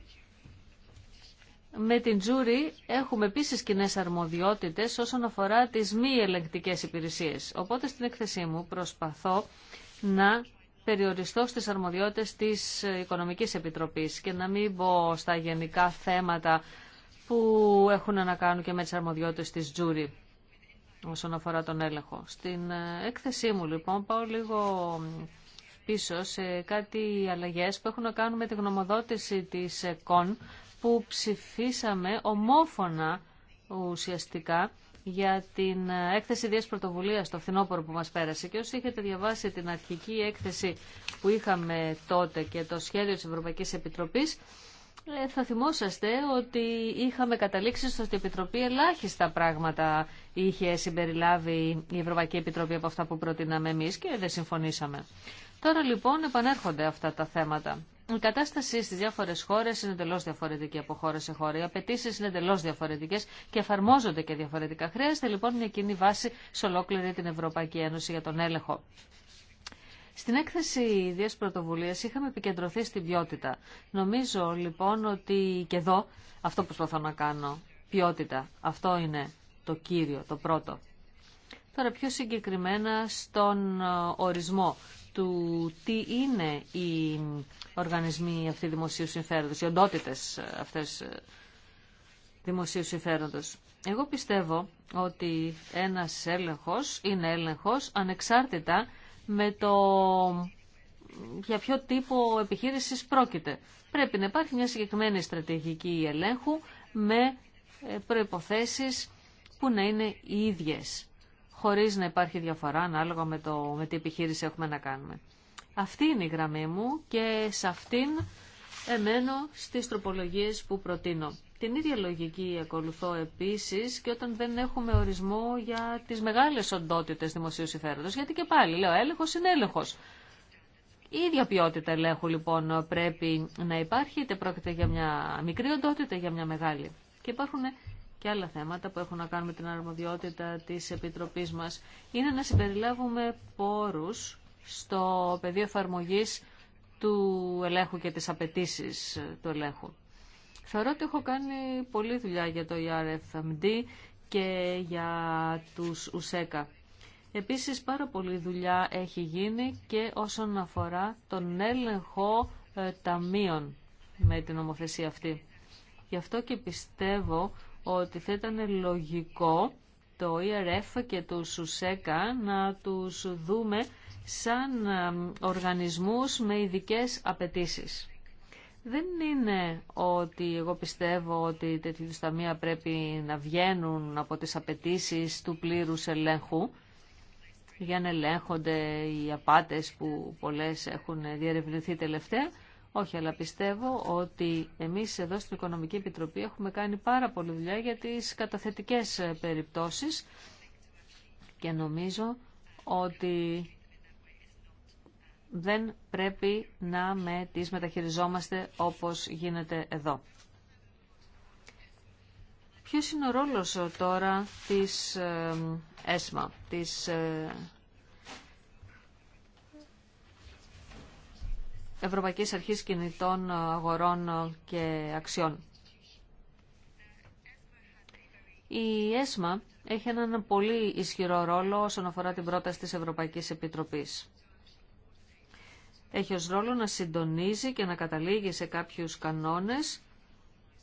S3: με την Τζούρι έχουμε επίση κοινέ αρμοδιότητε όσον αφορά τι μη ελεγκτικέ υπηρεσίε. Οπότε στην έκθεσή μου προσπαθώ να περιοριστώ στις αρμοδιότητες της Οικονομικής Επιτροπής και να μην μπω στα γενικά θέματα που έχουν να κάνουν και με τις αρμοδιότητες της τζούρι όσον αφορά τον έλεγχο. Στην ε, έκθεσή μου λοιπόν πάω λίγο πίσω σε κάτι αλλαγές που έχουν να κάνουν με τη γνωμοδότηση της ΚΟΝ που ψηφίσαμε ομόφωνα ουσιαστικά για την ε, έκθεση διας πρωτοβουλίας στο φθινόπωρο που μας πέρασε. Και όσοι είχετε διαβάσει την αρχική έκθεση που είχαμε τότε και το σχέδιο της Ευρωπαϊκής Επιτροπής, ε, θα θυμόσαστε ότι είχαμε καταλήξει στο ότι η Επιτροπή ελάχιστα πράγματα είχε συμπεριλάβει η Ευρωπαϊκή Επιτροπή από αυτά που προτείναμε εμείς και δεν συμφωνήσαμε. Τώρα λοιπόν επανέρχονται αυτά τα θέματα. Η κατάσταση στι διάφορε χώρε είναι εντελώ διαφορετική από χώρα σε χώρα. Οι απαιτήσει είναι εντελώ διαφορετικέ και εφαρμόζονται και διαφορετικά. Χρειάζεται λοιπόν μια κοινή βάση σε ολόκληρη την Ευρωπαϊκή Ένωση για τον έλεγχο. Στην έκθεση ιδίας πρωτοβουλίας είχαμε επικεντρωθεί στην ποιότητα. Νομίζω λοιπόν ότι και εδώ αυτό που προσπαθώ να κάνω, ποιότητα, αυτό είναι το κύριο, το πρώτο. Τώρα πιο συγκεκριμένα στον ε, ορισμό του τι είναι οι οργανισμοί αυτοί δημοσίου συμφέροντος, οι οντότητες ε, αυτές ε, δημοσίου συμφέροντος. Εγώ πιστεύω ότι ένας έλεγχος είναι έλεγχος ανεξάρτητα με το για ποιο τύπο επιχείρησης πρόκειται. Πρέπει να υπάρχει μια συγκεκριμένη στρατηγική ελέγχου με ε, προϋποθέσεις που να είναι οι ίδιες, χωρίς να υπάρχει διαφορά ανάλογα με, το, με τι επιχείρηση έχουμε να κάνουμε. Αυτή είναι η γραμμή μου και σε αυτήν εμένω στις τροπολογίες που προτείνω. Την ίδια λογική ακολουθώ επίσης και όταν δεν έχουμε ορισμό για τις μεγάλες οντότητες δημοσίου συμφέροντος, γιατί και πάλι λέω έλεγχος είναι έλεγχος. Η ίδια ποιότητα ελέγχου λοιπόν πρέπει να υπάρχει, είτε πρόκειται για μια μικρή οντότητα, για μια μεγάλη. Και υπάρχουν και άλλα θέματα που έχουν να κάνουν με την αρμοδιότητα της Επιτροπής μας. Είναι να συμπεριλάβουμε πόρους στο πεδίο εφαρμογή του ελέγχου και τις απαιτήσει του ελέγχου. Θεωρώ ότι έχω κάνει πολλή δουλειά για το ERFMD και για τους ΟΣΕΚΑ. Επίσης πάρα πολλή δουλειά έχει γίνει και όσον αφορά τον έλεγχο ε, ταμείων με την νομοθεσία αυτή. Γι' αυτό και πιστεύω ότι θα ήταν λογικό το ERF και τους ΟΣΕΚΑ να τους δούμε σαν οργανισμούς με ειδικέ απαιτήσεις. Δεν είναι ότι εγώ πιστεύω ότι τέτοιου ταμεία πρέπει να βγαίνουν από τις απαιτήσει του πλήρους ελέγχου για να ελέγχονται οι απάτες που πολλές έχουν διερευνηθεί τελευταία. Όχι, αλλά πιστεύω ότι εμείς εδώ στην Οικονομική Επιτροπή έχουμε κάνει πάρα πολλή δουλειά για τις καταθετικές περιπτώσεις και νομίζω ότι δεν πρέπει να με τις μεταχειριζόμαστε όπως γίνεται εδώ. Ποιος είναι ο ρόλος τώρα της ΕΣΜΑ, της ε, Ευρωπαϊκής Αρχής Κινητών Αγορών και Αξιών. Η ΕΣΜΑ έχει έναν πολύ ισχυρό ρόλο όσον αφορά την πρόταση της Ευρωπαϊκής Επιτροπής έχει ως ρόλο να συντονίζει και να καταλήγει σε κάποιους κανόνες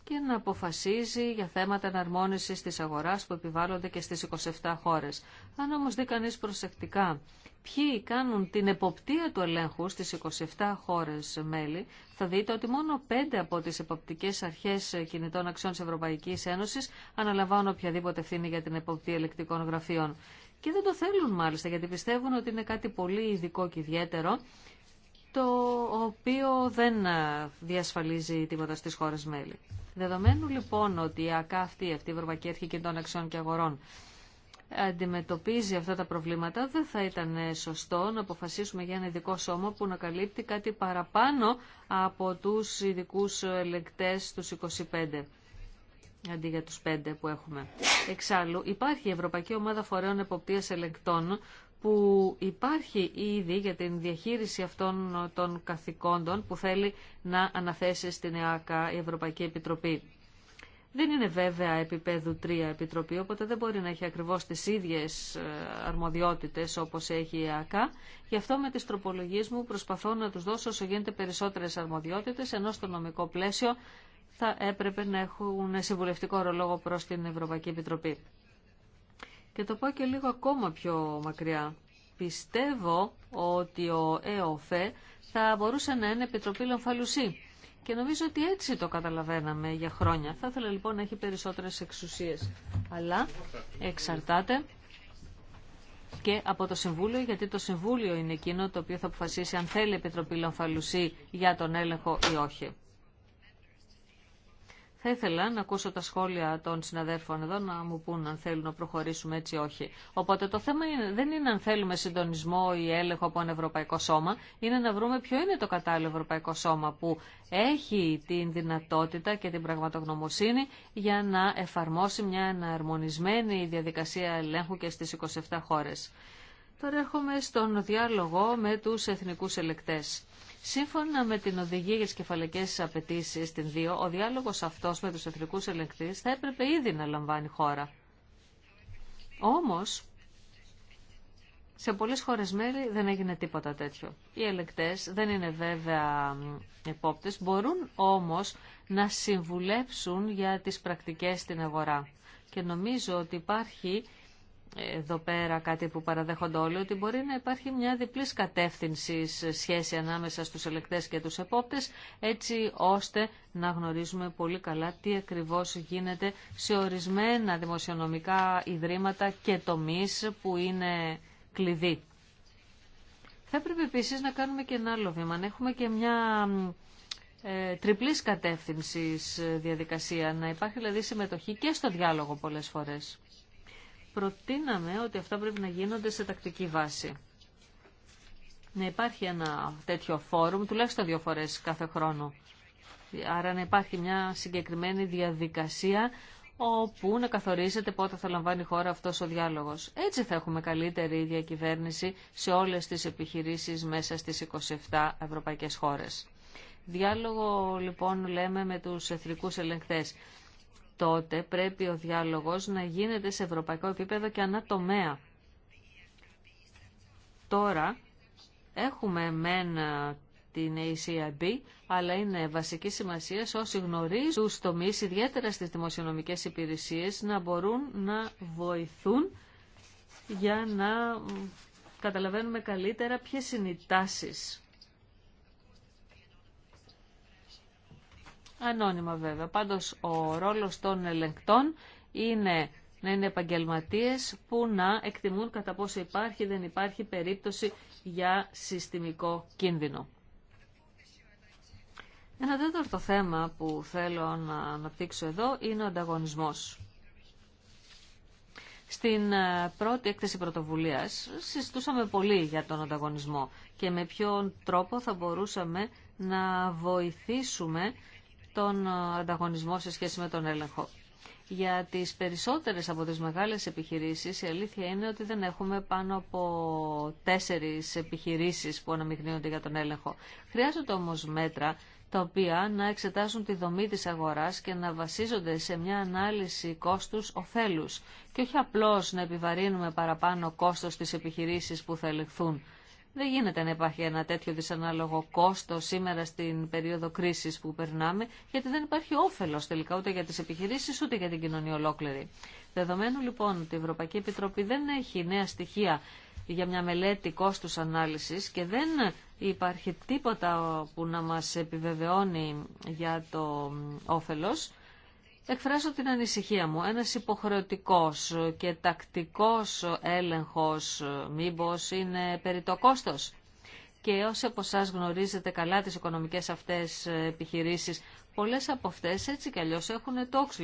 S3: και να αποφασίζει για θέματα εναρμόνισης της αγοράς που επιβάλλονται και στις 27 χώρες. Αν όμως δει κανεί προσεκτικά ποιοι κάνουν την εποπτεία του ελέγχου στις 27 χώρες μέλη, θα δείτε ότι μόνο πέντε από τις εποπτικές αρχές κινητών αξιών της Ευρωπαϊκής Ένωσης αναλαμβάνουν οποιαδήποτε ευθύνη για την εποπτεία ελεκτικών γραφείων. Και δεν το θέλουν μάλιστα γιατί πιστεύουν ότι είναι κάτι πολύ ειδικό και ιδιαίτερο το οποίο δεν ε, διασφαλίζει τίποτα στις χώρες μέλη. Δεδομένου λοιπόν ότι η ΑΚΑ αυτή, αυτή η Ευρωπαϊκή Αρχή των Αξιών και Αγορών, αντιμετωπίζει αυτά τα προβλήματα, δεν θα ήταν σωστό να αποφασίσουμε για ένα ειδικό σώμα που να καλύπτει κάτι παραπάνω από τους ειδικού ελεγκτές του 25 αντί για τους 5 που έχουμε. Εξάλλου, υπάρχει η Ευρωπαϊκή Ομάδα Φορέων Εποπτείας Ελεγκτών που υπάρχει ήδη για την διαχείριση αυτών των καθηκόντων που θέλει να αναθέσει στην ΕΑΚΑ η Ευρωπαϊκή Επιτροπή. Δεν είναι βέβαια επίπεδου 3 επιτροπή, οπότε δεν μπορεί να έχει ακριβώς τις ίδιες ε, αρμοδιότητες όπως έχει η ΑΚΑ. Γι' αυτό με τις τροπολογίες μου προσπαθώ να τους δώσω όσο γίνεται περισσότερες αρμοδιότητες, ενώ στο νομικό πλαίσιο θα έπρεπε να έχουν συμβουλευτικό ρολόγο προς την Ευρωπαϊκή Επιτροπή. Και το πάω και λίγο ακόμα πιο μακριά. Πιστεύω ότι ο ΕΟΦΕ θα μπορούσε να είναι Επιτροπή Λομφαλουσί. Και νομίζω ότι έτσι το καταλαβαίναμε για χρόνια. Θα ήθελα λοιπόν να έχει περισσότερες εξουσίες. Αλλά εξαρτάται και από το Συμβούλιο, γιατί το Συμβούλιο είναι εκείνο το οποίο θα αποφασίσει αν θέλει Επιτροπή Λομφαλουσί για τον έλεγχο ή όχι. Θα ήθελα να ακούσω τα σχόλια των συναδέρφων εδώ να μου πούν αν θέλουν να προχωρήσουμε έτσι ή όχι. Οπότε το θέμα δεν είναι αν θέλουμε συντονισμό ή έλεγχο από ένα ευρωπαϊκό σώμα, είναι να βρούμε ποιο είναι το κατάλληλο ευρωπαϊκό σώμα που έχει την δυνατότητα και την πραγματογνωμοσύνη για να εφαρμόσει μια αναρμονισμένη διαδικασία ελέγχου και στις 27 χώρες. Τώρα έρχομαι στον διάλογο με τους εθνικούς ελεκτές. Σύμφωνα με την οδηγία για τι κεφαλαικέ απαιτήσει την 2, ο διάλογο αυτό με του εθνικού ελεγκτέ θα έπρεπε ήδη να λαμβάνει χώρα. Όμω, σε πολλές χώρες μέλη δεν έγινε τίποτα τέτοιο. Οι ελεκτές δεν είναι βέβαια επόπτες, μπορούν όμως να συμβουλέψουν για τις πρακτικές στην αγορά. Και νομίζω ότι υπάρχει εδώ πέρα κάτι που παραδέχονται όλοι, ότι μπορεί να υπάρχει μια διπλής κατεύθυνση σχέση ανάμεσα στους ελεκτές και τους επόπτες, έτσι ώστε να γνωρίζουμε πολύ καλά τι ακριβώς γίνεται σε ορισμένα δημοσιονομικά ιδρύματα και τομείς που είναι κλειδί. Θα έπρεπε επίσης να κάνουμε και ένα άλλο βήμα, να έχουμε και μια ε, τριπλής κατεύθυνσης διαδικασία, να υπάρχει δηλαδή συμμετοχή και στο διάλογο πολλές φορές προτείναμε ότι αυτά πρέπει να γίνονται σε τακτική βάση. Να υπάρχει ένα τέτοιο φόρουμ, τουλάχιστον δύο φορές κάθε χρόνο. Άρα να υπάρχει μια συγκεκριμένη διαδικασία όπου να καθορίζεται πότε θα λαμβάνει η χώρα αυτός ο διάλογος. Έτσι θα έχουμε καλύτερη διακυβέρνηση σε όλες τις επιχειρήσεις μέσα στις 27 ευρωπαϊκές χώρες. Διάλογο λοιπόν λέμε με τους εθνικούς ελεγκτές τότε πρέπει ο διάλογος να γίνεται σε ευρωπαϊκό επίπεδο και τομέα. Τώρα έχουμε μεν την ACIB, αλλά είναι βασική σημασία όσοι γνωρίζουν τους τομείς, ιδιαίτερα στις δημοσιονομικές υπηρεσίες, να μπορούν να βοηθούν για να καταλαβαίνουμε καλύτερα ποιες είναι οι τάσεις ανώνυμα βέβαια. Πάντως ο ρόλος των ελεγκτών είναι να είναι επαγγελματίε που να εκτιμούν κατά πόσο υπάρχει ή δεν υπάρχει περίπτωση για συστημικό κίνδυνο. Ένα τέταρτο θέμα που θέλω να αναπτύξω εδώ είναι ο ανταγωνισμός. Στην ε, πρώτη έκθεση πρωτοβουλίας συζητούσαμε πολύ για τον ανταγωνισμό και με ποιον τρόπο θα μπορούσαμε να βοηθήσουμε τον ε, ανταγωνισμό σε σχέση με τον έλεγχο. Για τις περισσότερες από τις μεγάλες επιχειρήσεις η αλήθεια είναι ότι δεν έχουμε πάνω από τέσσερις επιχειρήσεις που αναμειγνύονται για τον έλεγχο. Χρειάζονται όμως μέτρα τα οποία να εξετάσουν τη δομή της αγοράς και να βασίζονται σε μια ανάλυση ωφέλους και όχι απλώς να επιβαρύνουμε παραπάνω κόστος στις επιχειρήσεις που θα ελεγχθούν δεν γίνεται να υπάρχει ένα τέτοιο δυσανάλογο κόστο σήμερα στην περίοδο κρίση που περνάμε, γιατί δεν υπάρχει όφελο τελικά ούτε για τι επιχειρήσει ούτε για την κοινωνία ολόκληρη. Δεδομένου λοιπόν ότι η Ευρωπαϊκή Επιτροπή δεν έχει νέα στοιχεία για μια μελέτη κόστου ανάλυση και δεν υπάρχει τίποτα που να μα επιβεβαιώνει για το όφελο, εκφράζω την ανησυχία μου. Ένας υποχρεωτικός και τακτικός έλεγχος μήπως είναι περί το κόστος. Και όσοι από εσά γνωρίζετε καλά τις οικονομικές αυτές επιχειρήσεις, πολλές από αυτές έτσι κι αλλιώς έχουν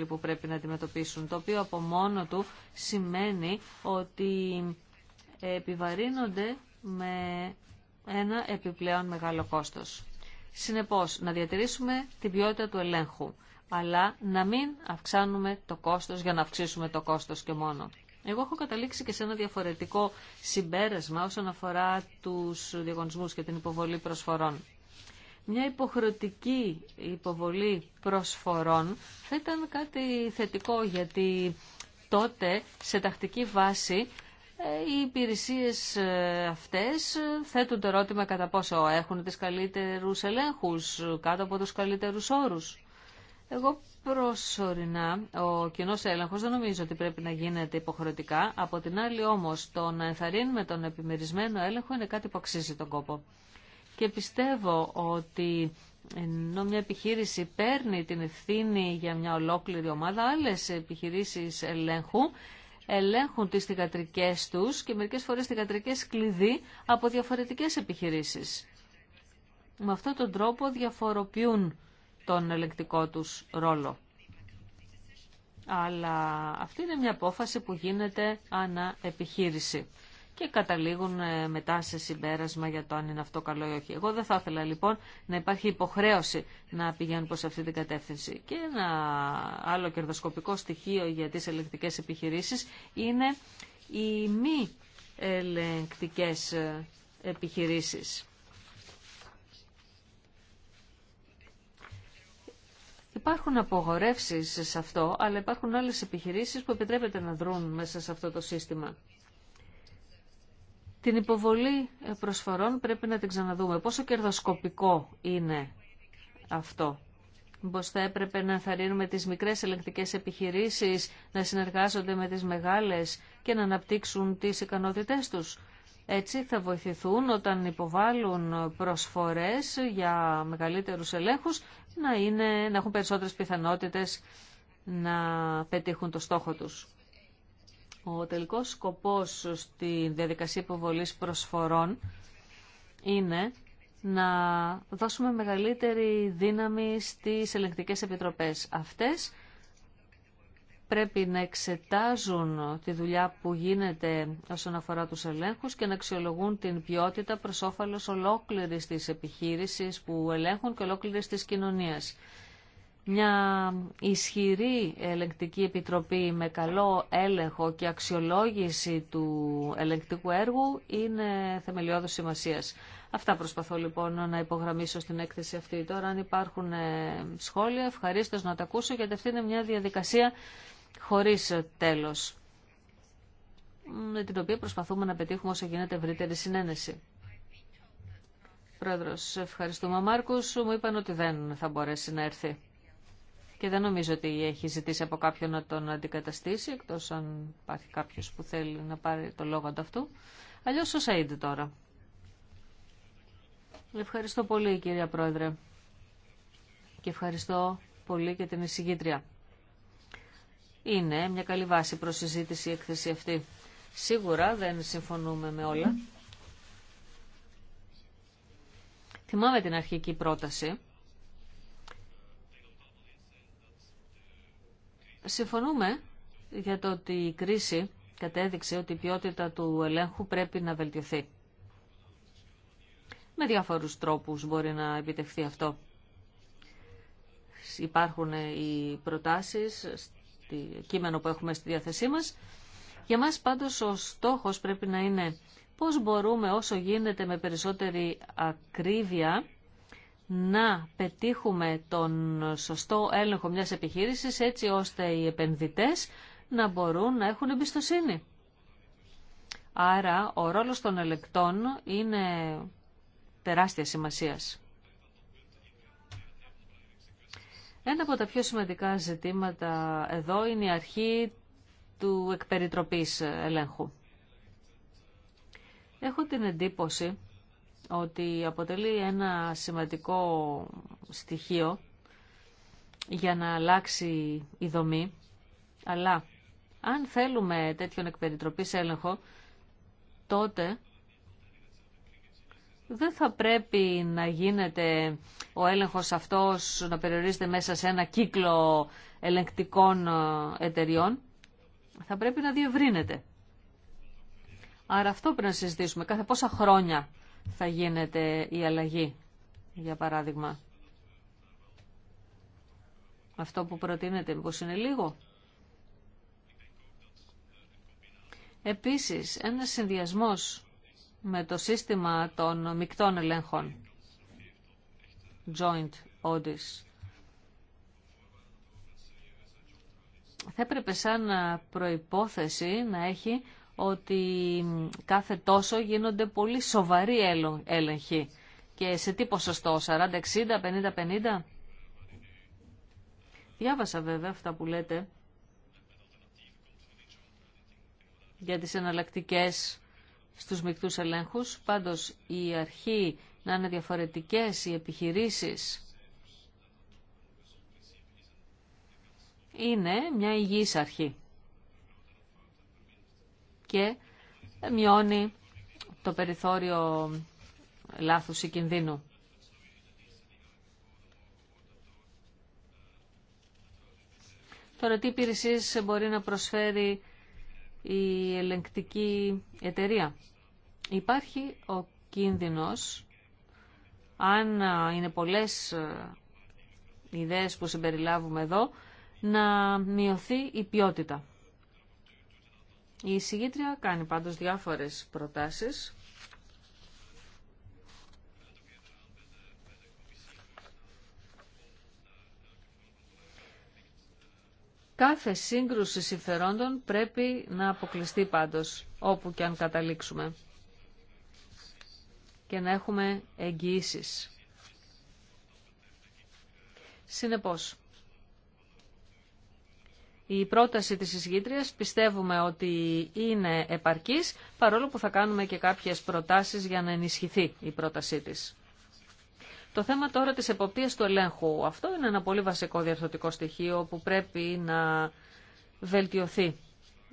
S3: που πρέπει να αντιμετωπίσουν, το οποίο από μόνο του σημαίνει ότι επιβαρύνονται με ένα επιπλέον μεγάλο κόστος. Συνεπώς, να διατηρήσουμε την ποιότητα του ελέγχου αλλά να μην αυξάνουμε το κόστος για να αυξήσουμε το κόστος και μόνο. Εγώ έχω καταλήξει και σε ένα διαφορετικό συμπέρασμα όσον αφορά τους διαγωνισμούς και την υποβολή προσφορών. Μια υποχρεωτική υποβολή προσφορών θα ήταν κάτι θετικό γιατί τότε σε τακτική βάση ε, οι υπηρεσίες ε, αυτές θέτουν το ερώτημα κατά πόσο έχουν τις καλύτερους ελέγχους, κάτω από τους καλύτερους όρους. Εγώ προσωρινά ο κοινό έλεγχο δεν νομίζω ότι πρέπει να γίνεται υποχρεωτικά. Από την άλλη όμω το να ενθαρρύνουμε τον επιμερισμένο έλεγχο είναι κάτι που αξίζει τον κόπο. Και πιστεύω ότι ενώ μια επιχείρηση παίρνει την ευθύνη για μια ολόκληρη ομάδα, άλλες επιχειρήσεις ελέγχου ελέγχουν τις θηγατρικέ του και μερικέ φορέ θηγατρικέ κλειδί από διαφορετικέ επιχειρήσει. Με αυτόν τον τρόπο διαφοροποιούν τον ελεγκτικό τους ρόλο. Αλλά αυτή είναι μια απόφαση που γίνεται ανά επιχείρηση και καταλήγουν ε, μετά σε συμπέρασμα για το αν είναι αυτό καλό ή όχι. Εγώ δεν θα ήθελα λοιπόν να υπάρχει υποχρέωση να πηγαίνουν προς αυτή την κατεύθυνση. Και ένα άλλο κερδοσκοπικό στοιχείο για τις ελεγκτικές επιχειρήσεις είναι οι μη ελεγκτικές ε, επιχειρήσεις. Υπάρχουν απογορεύσεις σε αυτό, αλλά υπάρχουν άλλες επιχειρήσεις που επιτρέπεται να δρουν μέσα σε αυτό το σύστημα. Την υποβολή προσφορών πρέπει να την ξαναδούμε. Πόσο κερδοσκοπικό είναι αυτό. Μήπως θα έπρεπε να ενθαρρύνουμε τις μικρές ελεκτικές επιχειρήσεις να συνεργάζονται με τις μεγάλες και να αναπτύξουν τις ικανότητές τους. Έτσι θα βοηθηθούν όταν υποβάλλουν προσφορές για μεγαλύτερους ελέγχους να, είναι, να έχουν περισσότερες πιθανότητες να πετύχουν το στόχο τους. Ο τελικός σκοπός στη διαδικασία υποβολής προσφορών είναι να δώσουμε μεγαλύτερη δύναμη στις ελεγκτικές επιτροπές. Αυτές πρέπει να εξετάζουν τη δουλειά που γίνεται όσον αφορά τους ελέγχους και να αξιολογούν την ποιότητα προς όφελος ολόκληρης της επιχείρησης που ελέγχουν και ολόκληρης της κοινωνίας. Μια ισχυρή ελεγκτική επιτροπή με καλό έλεγχο και αξιολόγηση του ελεγκτικού έργου είναι θεμελιώδης σημασίας. Αυτά προσπαθώ λοιπόν να υπογραμμίσω στην έκθεση αυτή. Τώρα αν υπάρχουν ε, σχόλια ευχαρίστω να τα ακούσω γιατί αυτή είναι μια διαδικασία χωρίς τέλος, με την οποία προσπαθούμε να πετύχουμε όσο γίνεται ευρύτερη συνένεση. Πρόεδρος, ευχαριστούμε. Ο Μάρκος μου είπαν ότι δεν θα μπορέσει να έρθει. Και δεν νομίζω ότι έχει ζητήσει από κάποιον να τον αντικαταστήσει, εκτός αν υπάρχει κάποιος που θέλει να πάρει το λόγο αυτού. Αλλιώς ο Σαΐντ τώρα. Ευχαριστώ πολύ κυρία Πρόεδρε. Και ευχαριστώ πολύ και την εισηγήτρια είναι μια καλή βάση προς συζήτηση η έκθεση αυτή. Σίγουρα δεν συμφωνούμε με όλα. Θυμάμαι την αρχική πρόταση. Συμφωνούμε για το ότι η κρίση κατέδειξε ότι η ποιότητα του ελέγχου πρέπει να βελτιωθεί. Με διάφορους τρόπους μπορεί να επιτευχθεί αυτό. Υπάρχουν οι προτάσεις κείμενο που έχουμε στη διάθεσή μας. Για μας πάντως ο στόχος πρέπει να είναι πώς μπορούμε όσο γίνεται με περισσότερη ακρίβεια να πετύχουμε τον σωστό έλεγχο μιας επιχείρησης έτσι ώστε οι επενδυτές να μπορούν να έχουν εμπιστοσύνη. Άρα ο ρόλος των ελεκτών είναι τεράστια σημασίας. Ένα από τα πιο σημαντικά ζητήματα εδώ είναι η αρχή του εκπεριτροπής ελέγχου. Έχω την εντύπωση ότι αποτελεί ένα σημαντικό στοιχείο για να αλλάξει η δομή, αλλά αν θέλουμε τέτοιον εκπεριτροπής έλεγχο, τότε δεν θα πρέπει να γίνεται ο έλεγχος αυτός να περιορίζεται μέσα σε ένα κύκλο ελεγκτικών ε, εταιριών. Θα πρέπει να διευρύνεται. Άρα αυτό πρέπει να συζητήσουμε. Κάθε πόσα χρόνια θα γίνεται η αλλαγή, για παράδειγμα. Αυτό που προτείνεται, μήπως είναι λίγο. Επίσης, ένας συνδυασμός με το σύστημα των μεικτών ελέγχων. Joint audits. Θα έπρεπε σαν προϋπόθεση να έχει ότι κάθε τόσο γίνονται πολύ σοβαροί έλεγχοι. Και σε τι ποσοστό, 40, 60, 50, 50. Διάβασα βέβαια αυτά που λέτε για τις εναλλακτικές στους μεικτούς ελέγχους. Πάντως η αρχή να είναι διαφορετικές οι επιχειρήσεις είναι μια υγιής αρχή και μειώνει το περιθώριο λάθους ή κινδύνου. Τώρα τι υπηρεσίες μπορεί να προσφέρει η ελεγκτική εταιρεία. Υπάρχει ο κίνδυνος, αν ε, είναι πολλές ε, ιδέες που συμπεριλάβουμε εδώ, να μειωθεί η ποιότητα. Η εισηγήτρια κάνει πάντως διάφορες προτάσεις. Κάθε σύγκρουση συμφερόντων πρέπει να αποκλειστεί πάντως, όπου και αν καταλήξουμε και να έχουμε εγγυήσει. Συνεπώς, η πρόταση της εισηγήτριας πιστεύουμε ότι είναι επαρκής, παρόλο που θα κάνουμε και κάποιες προτάσεις για να ενισχυθεί η πρότασή της. Το θέμα τώρα της εποπτείας του ελέγχου. Αυτό είναι ένα πολύ βασικό διαρθωτικό στοιχείο που πρέπει να βελτιωθεί.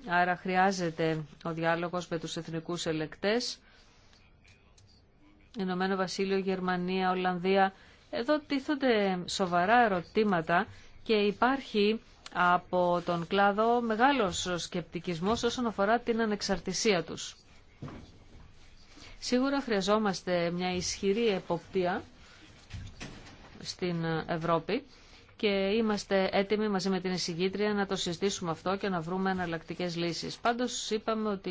S3: Άρα χρειάζεται ο διάλογος με τους εθνικούς ελεκτές Ηνωμένο Βασίλειο, Γερμανία, Ολλανδία. Εδώ τίθονται σοβαρά ερωτήματα και υπάρχει από τον κλάδο μεγάλος σκεπτικισμός όσον αφορά την ανεξαρτησία τους. Σίγουρα χρειαζόμαστε μια ισχυρή εποπτεία στην Ευρώπη και είμαστε έτοιμοι μαζί με την εισηγήτρια να το συζητήσουμε αυτό και να βρούμε εναλλακτικέ λύσεις. Πάντως είπαμε ότι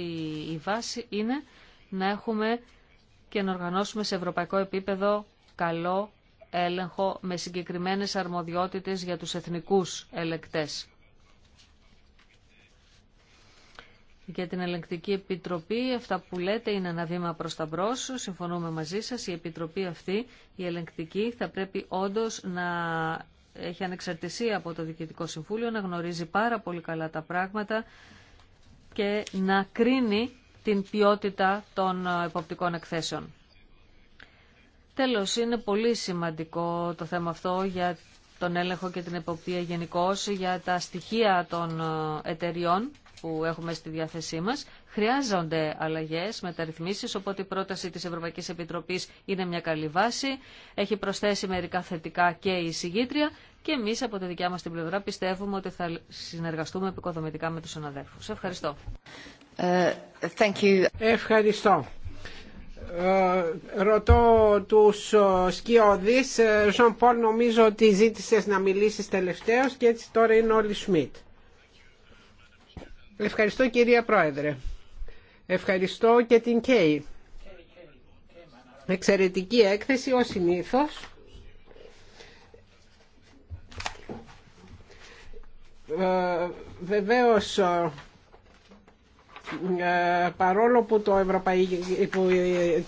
S3: η βάση είναι να έχουμε και να οργανώσουμε σε ευρωπαϊκό επίπεδο καλό έλεγχο με συγκεκριμένες αρμοδιότητες για τους εθνικούς ελεκτές. Για την Ελεγκτική Επιτροπή, αυτά που λέτε είναι ένα βήμα προς τα μπρος, συμφωνούμε μαζί σας, η Επιτροπή αυτή, η Ελεγκτική, θα πρέπει όντως να έχει ανεξαρτησία από το Διοικητικό Συμβούλιο, να γνωρίζει πάρα πολύ καλά τα πράγματα και να κρίνει την ποιότητα των ε, εποπτικών εκθέσεων. Τέλος, είναι πολύ σημαντικό το θέμα αυτό για τον έλεγχο και την εποπτεία γενικώ για τα στοιχεία των ε, εταιριών που έχουμε στη διάθεσή μας. Χρειάζονται αλλαγές, μεταρρυθμίσεις, οπότε η πρόταση της Ευρωπαϊκής Επιτροπής είναι μια καλή βάση. Έχει προσθέσει μερικά θετικά και η συγγήτρια και εμείς από τη δικιά μας την πλευρά πιστεύουμε ότι θα συνεργαστούμε επικοδομητικά με τους συναδέλφους. Ευχαριστώ.
S5: Uh, Ευχαριστώ. Ε, ρωτώ τους ε, σκιώδεις. Ε, Ζων Πολ νομίζω ότι ζήτησες να μιλήσεις τελευταίος και έτσι τώρα είναι όλοι Σμιτ. Ευχαριστώ κυρία Πρόεδρε. Ευχαριστώ και την Κέι. Εξαιρετική έκθεση ως συνήθως. Ε, βεβαίως ε, παρόλο που το, Ευρωπαϊκό,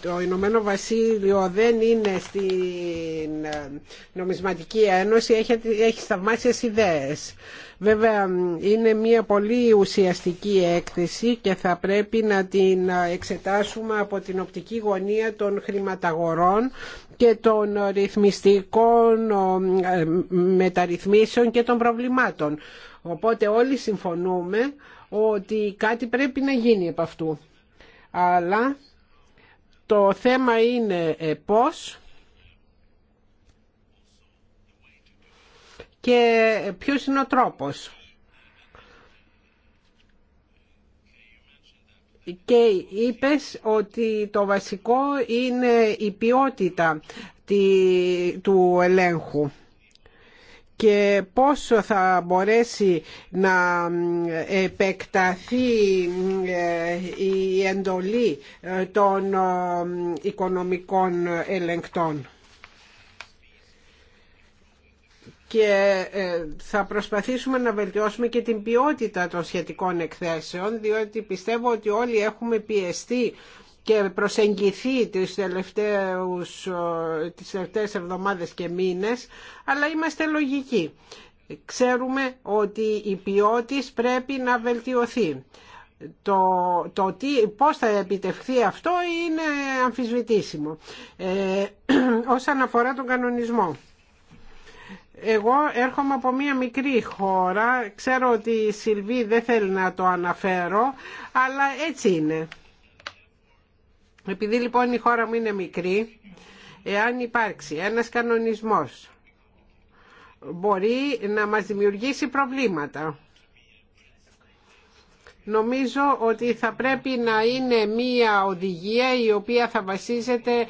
S5: το Ηνωμένο Βασίλειο δεν είναι στην ε, νομισματική ένωση έχει, έχει σταυμάσιες ιδέες. Βέβαια είναι μια πολύ ουσιαστική έκθεση και θα πρέπει να την εξετάσουμε από την οπτική γωνία των χρηματαγορών και των ρυθμιστικών ε, μεταρρυθμίσεων και των προβλημάτων. Οπότε όλοι συμφωνούμε ότι κάτι πρέπει να γίνει από αυτού. Αλλά το θέμα είναι ε, πώς και ποιος είναι ο τρόπος. και είπες ότι το βασικό είναι η ποιότητα του ελέγχου και πόσο θα μπορέσει να επεκταθεί ε, η εντολή ε, των οικονομικών ελεγκτών. και ε, θα προσπαθήσουμε να βελτιώσουμε και την ποιότητα των σχετικών εκθέσεων διότι πιστεύω ότι όλοι έχουμε πιεστεί και προσεγγιθεί τις τελευταίες, τις τελευταίες εβδομάδες και μήνες, αλλά είμαστε λογικοί. Ξέρουμε ότι η ποιότης πρέπει να βελτιωθεί. Το, το τι, πώς θα επιτευχθεί αυτό είναι αμφισβητήσιμο. Ε, όσον αφορά τον κανονισμό. Εγώ έρχομαι από μια μικρή χώρα, ξέρω ότι η Σιλβή δεν θέλει να το αναφέρω, αλλά έτσι είναι. Επειδή λοιπόν η χώρα μου είναι μικρή, εάν υπάρξει ένας κανονισμός μπορεί να μας δημιουργήσει προβλήματα. Νομίζω ότι θα πρέπει να είναι μία οδηγία η οποία θα βασίζεται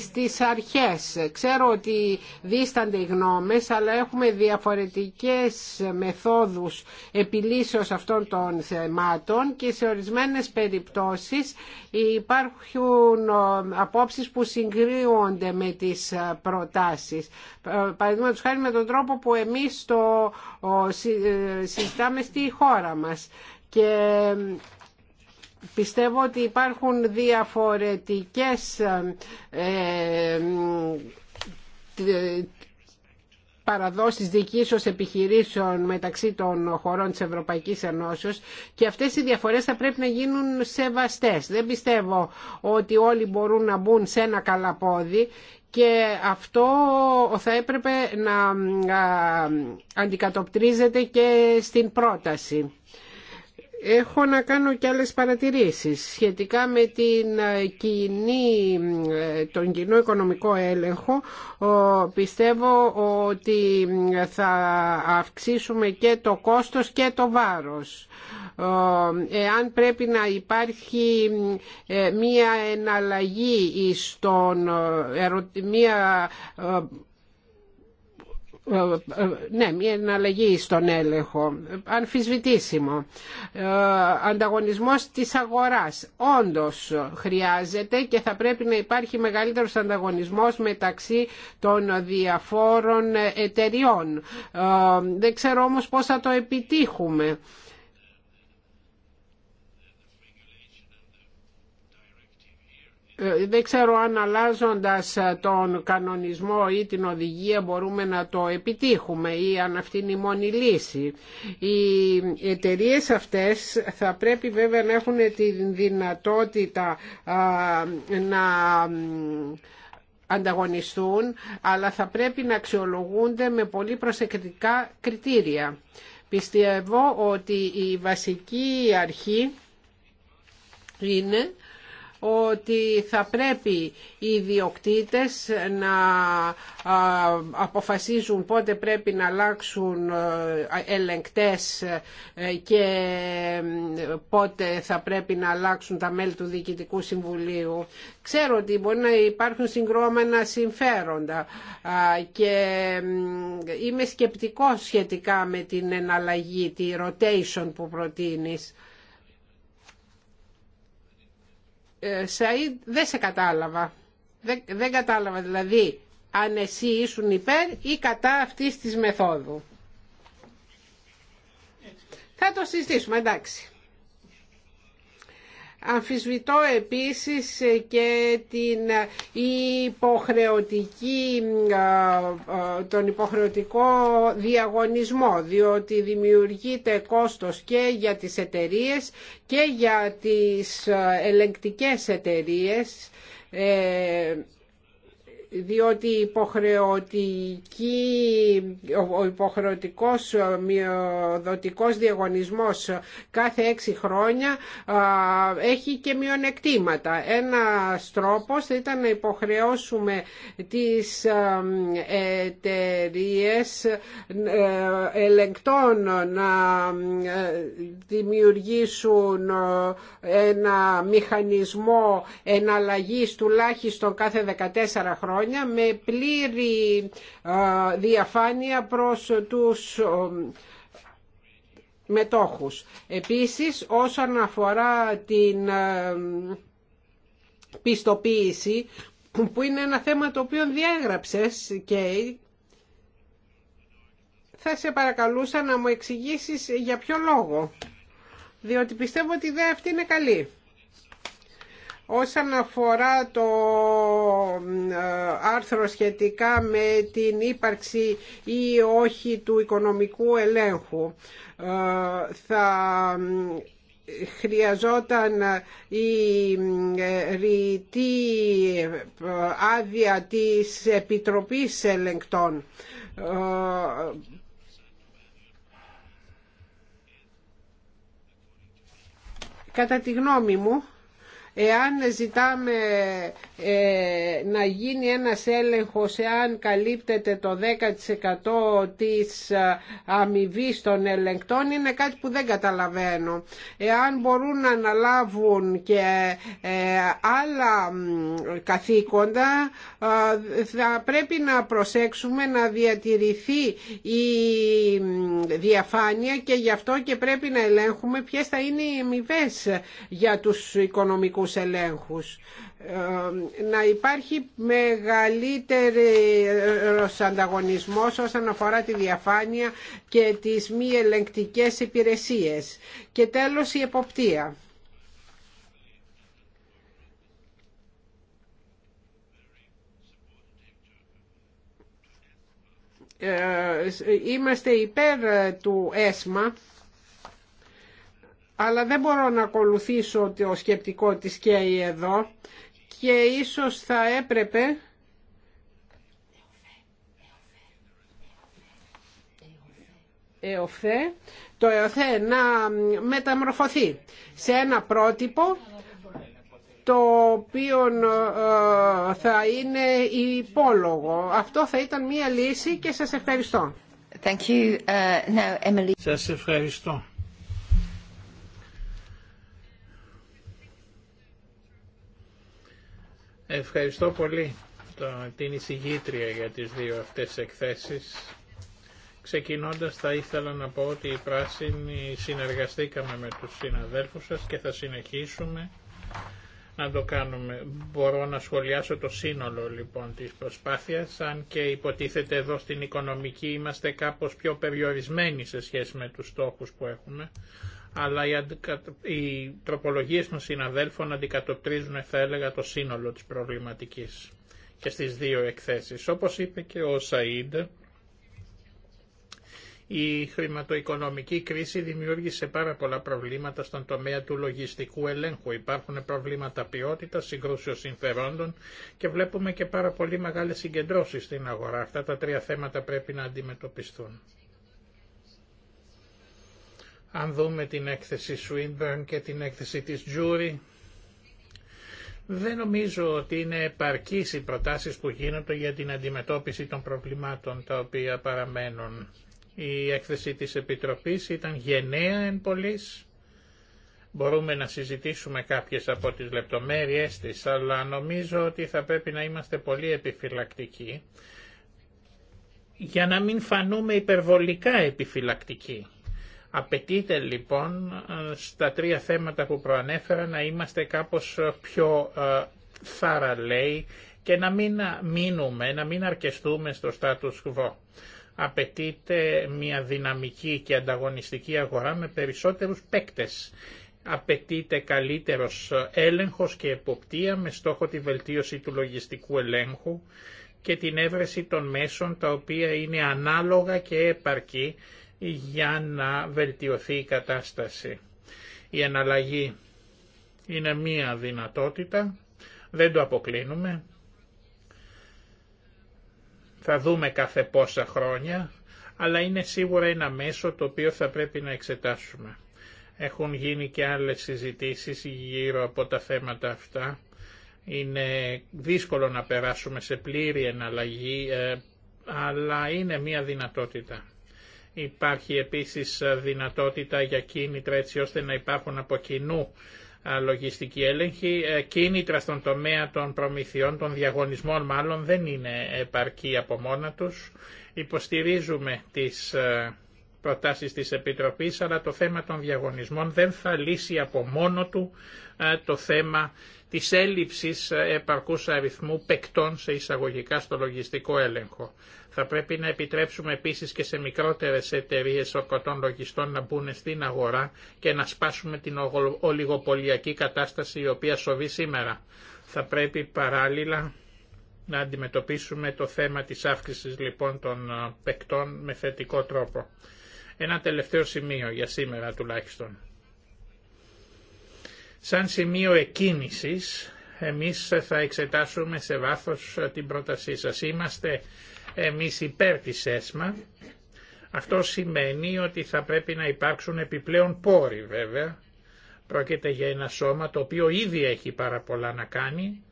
S5: στις αρχές. Ξέρω ότι δίστανται οι γνώμες, αλλά έχουμε διαφορετικές μεθόδους επιλύσεως αυτών των θεμάτων και σε ορισμένες περιπτώσεις υπάρχουν απόψεις που συγκρίνονται με τις ε, προτάσεις. Ε, παραδείγματος χάρη με τον τρόπο που εμείς το ε, συζητάμε στη χώρα μας και πιστεύω ότι υπάρχουν διαφορετικές ε, ε, παραδόσεις ως επιχειρήσεων μεταξύ των χωρών της Ευρωπαϊκής Ενώσεως και αυτές οι διαφορές θα πρέπει να γίνουν σεβαστές. Δεν πιστεύω ότι όλοι μπορούν να μπουν σε ένα καλαπόδι και αυτό θα έπρεπε να αντικατοπτρίζεται και στην πρόταση. Έχω να κάνω και άλλες παρατηρήσεις σχετικά με την ε, κοινή, ε, τον κοινό οικονομικό έλεγχο. Πιστεύω ότι ε, θα αυξήσουμε και το κόστος και το βάρος. Εάν πρέπει να υπάρχει μία εναλλαγή στον, μία ναι, μια εναλλαγή στον έλεγχο, αμφισβητήσιμο, ε, ανταγωνισμός της αγοράς. Όντως χρειάζεται και θα πρέπει να υπάρχει μεγαλύτερος ανταγωνισμός μεταξύ των διαφόρων εταιριών. Ε, δεν ξέρω όμως πώς θα το επιτύχουμε. δεν ξέρω αν αλλάζοντας ε, τον κανονισμό ή την οδηγία μπορούμε να το επιτύχουμε ή αν αυτή είναι η μόνη λύση. Οι εταιρείε αυτές θα πρέπει βέβαια να έχουν τη δυνατότητα να ανταγωνιστούν αλλά θα πρέπει να αξιολογούνται με πολύ προσεκτικά κριτήρια. Πιστεύω ότι η βασική αρχή είναι ότι θα πρέπει οι ιδιοκτήτες να αποφασίζουν πότε πρέπει να αλλάξουν ελεγκτές ε, και πότε θα πρέπει να αλλάξουν τα μέλη του Διοικητικού Συμβουλίου. Ξέρω ότι μπορεί να υπάρχουν συγκρόμενα συμφέροντα και είμαι σκεπτικός σχετικά με την εναλλαγή, τη rotation που προτείνεις. Ε, Σα δεν σε κατάλαβα. Δεν, δεν κατάλαβα δηλαδή αν εσύ ήσουν υπέρ ή κατά αυτής της μεθόδου. Θα το συζητήσουμε, εντάξει. Αμφισβητώ επίσης και την υποχρεωτική, τον υποχρεωτικό διαγωνισμό διότι δημιουργείται κόστος και για τις εταιρείες και για τις ελεγκτικές εταιρείες ε, διότι υποχρεωτική, ο υποχρεωτικός μειοδοτικός διαγωνισμός κάθε έξι χρόνια έχει και μειονεκτήματα. Ένα τρόπος ήταν να υποχρεώσουμε τις εταιρείε ε, ελεγκτών να ε, δημιουργήσουν ε, ένα μηχανισμό εναλλαγής τουλάχιστον κάθε 14 χρόνια με πλήρη διαφάνεια προς τους μετόχους. Επίσης όσον αφορά την πιστοποίηση που είναι ένα θέμα το οποίο διέγραψες και θα σε παρακαλούσα να μου εξηγήσεις για ποιο λόγο. Διότι πιστεύω ότι η ιδέα αυτή είναι καλή. Όσον αφορά το ε, άρθρο σχετικά με την ύπαρξη ή όχι του οικονομικού ελέγχου, ε, θα χρειαζόταν η ε, ρητή άδεια της Επιτροπής Ελεγκτών. Κατά τη γνώμη μου, Εάν ζητάμε ε, να γίνει ένας έλεγχος εάν καλύπτεται το 10% της ε, αμοιβή των ελεγκτών είναι κάτι που δεν καταλαβαίνω. Εάν μπορούν να αναλάβουν και ε, άλλα καθήκοντα θα πρέπει να προσέξουμε να διατηρηθεί η διαφάνεια και γι' αυτό και πρέπει να ελέγχουμε ποιες θα είναι οι αμοιβέ για τους οικονομικούς ε, να υπάρχει μεγαλύτερη ε, ανταγωνισμός όσον αφορά τη διαφάνεια και τις μη ελεγκτικές υπηρεσίες. Και τέλος η εποπτεία. Ε, είμαστε υπέρ του ΕΣΜΑ αλλά δεν μπορώ να ακολουθήσω το σκεπτικό της και εδώ και ίσως θα έπρεπε ΕΟΦΕ, το ΕΟΘΕ να μεταμορφωθεί σε ένα πρότυπο το οποίο ε, θα είναι υπόλογο. Αυτό θα ήταν μία λύση και σας ευχαριστώ. Thank you.
S2: Ε, Emily. Σας ευχαριστώ. Ευχαριστώ πολύ την εισηγήτρια για τις δύο αυτές εκθέσεις. Ξεκινώντας θα ήθελα να πω ότι οι πράσινοι συνεργαστήκαμε με τους συναδέλφους σας και θα συνεχίσουμε να το κάνουμε. Μπορώ να σχολιάσω το σύνολο λοιπόν της προσπάθειας, αν και υποτίθεται εδώ στην οικονομική είμαστε κάπως πιο περιορισμένοι σε σχέση με τους στόχους που έχουμε, αλλά οι, αντικα... οι τροπολογίες των συναδέλφων αντικατοπτρίζουν, θα έλεγα, το σύνολο της προβληματικής και στις δύο εκθέσεις. Όπως είπε και ο Σαΐντ, η χρηματοοικονομική κρίση δημιούργησε πάρα πολλά προβλήματα στον τομέα του λογιστικού ελέγχου. Υπάρχουν προβλήματα ποιότητα, συγκρούσεων συμφερόντων και βλέπουμε και πάρα πολύ μεγάλες συγκεντρώσεις στην αγορά. Αυτά τα τρία θέματα πρέπει να αντιμετωπιστούν. Αν δούμε την έκθεση Swinburne και την έκθεση της Jury, δεν νομίζω ότι είναι επαρκείς οι προτάσεις που γίνονται για την αντιμετώπιση των προβλημάτων τα οποία παραμένουν. Η έκθεση της Επιτροπής ήταν γενναία εν πολλής. Μπορούμε να συζητήσουμε κάποιες από τις λεπτομέρειές της, αλλά νομίζω ότι θα πρέπει να είμαστε πολύ επιφυλακτικοί για να μην φανούμε υπερβολικά επιφυλακτικοί. Απαιτείται λοιπόν ε, στα τρία θέματα που προανέφερα να είμαστε κάπως ε, πιο ε, θαραλέοι και να μην μείνουμε, να μην αρκεστούμε στο status quo. Απαιτείται μια δυναμική και ανταγωνιστική αγορά με περισσότερους παίκτες. Απαιτείται καλύτερος έλεγχος και εποπτεία με στόχο τη βελτίωση του λογιστικού ελέγχου και την έβρεση των μέσων τα οποία είναι ανάλογα και επαρκή για να βελτιωθεί η κατάσταση. Η εναλλαγή είναι μία δυνατότητα, δεν το αποκλίνουμε. Θα δούμε κάθε πόσα χρόνια, αλλά είναι σίγουρα ένα μέσο το οποίο θα πρέπει να εξετάσουμε. Έχουν γίνει και άλλες συζητήσεις γύρω από τα θέματα αυτά. Είναι δύσκολο να περάσουμε σε πλήρη εναλλαγή, ε, αλλά είναι μία δυνατότητα. Υπάρχει επίσης ε, δυνατότητα για κίνητρα έτσι ώστε να υπάρχουν από κοινού ε, λογιστική έλεγχη. Ε, κίνητρα στον τομέα των προμηθειών, των διαγωνισμών μάλλον δεν είναι επαρκή από μόνα τους. Υποστηρίζουμε τις προτάσεις της Επιτροπής, αλλά το θέμα των διαγωνισμών δεν θα λύσει από μόνο του το θέμα της έλλειψης επαρκούς αριθμού παικτών σε εισαγωγικά στο λογιστικό έλεγχο. Θα πρέπει να επιτρέψουμε επίσης και σε μικρότερες εταιρείες ορκωτών λογιστών να μπουν στην αγορά και να σπάσουμε την ολιγοπολιακή κατάσταση η οποία σοβεί σήμερα. Θα πρέπει παράλληλα να αντιμετωπίσουμε το θέμα της αύξησης λοιπόν των ε, παικτών με θετικό τρόπο. Ένα τελευταίο σημείο για σήμερα τουλάχιστον. Σαν σημείο εκκίνησης εμείς θα εξετάσουμε σε βάθος ε, την πρότασή σας. Είμαστε εμείς υπέρ της ΕΣΜΑ. Αυτό σημαίνει ότι θα πρέπει να υπάρξουν επιπλέον πόροι βέβαια. Πρόκειται για ένα σώμα το οποίο ήδη έχει πάρα πολλά να κάνει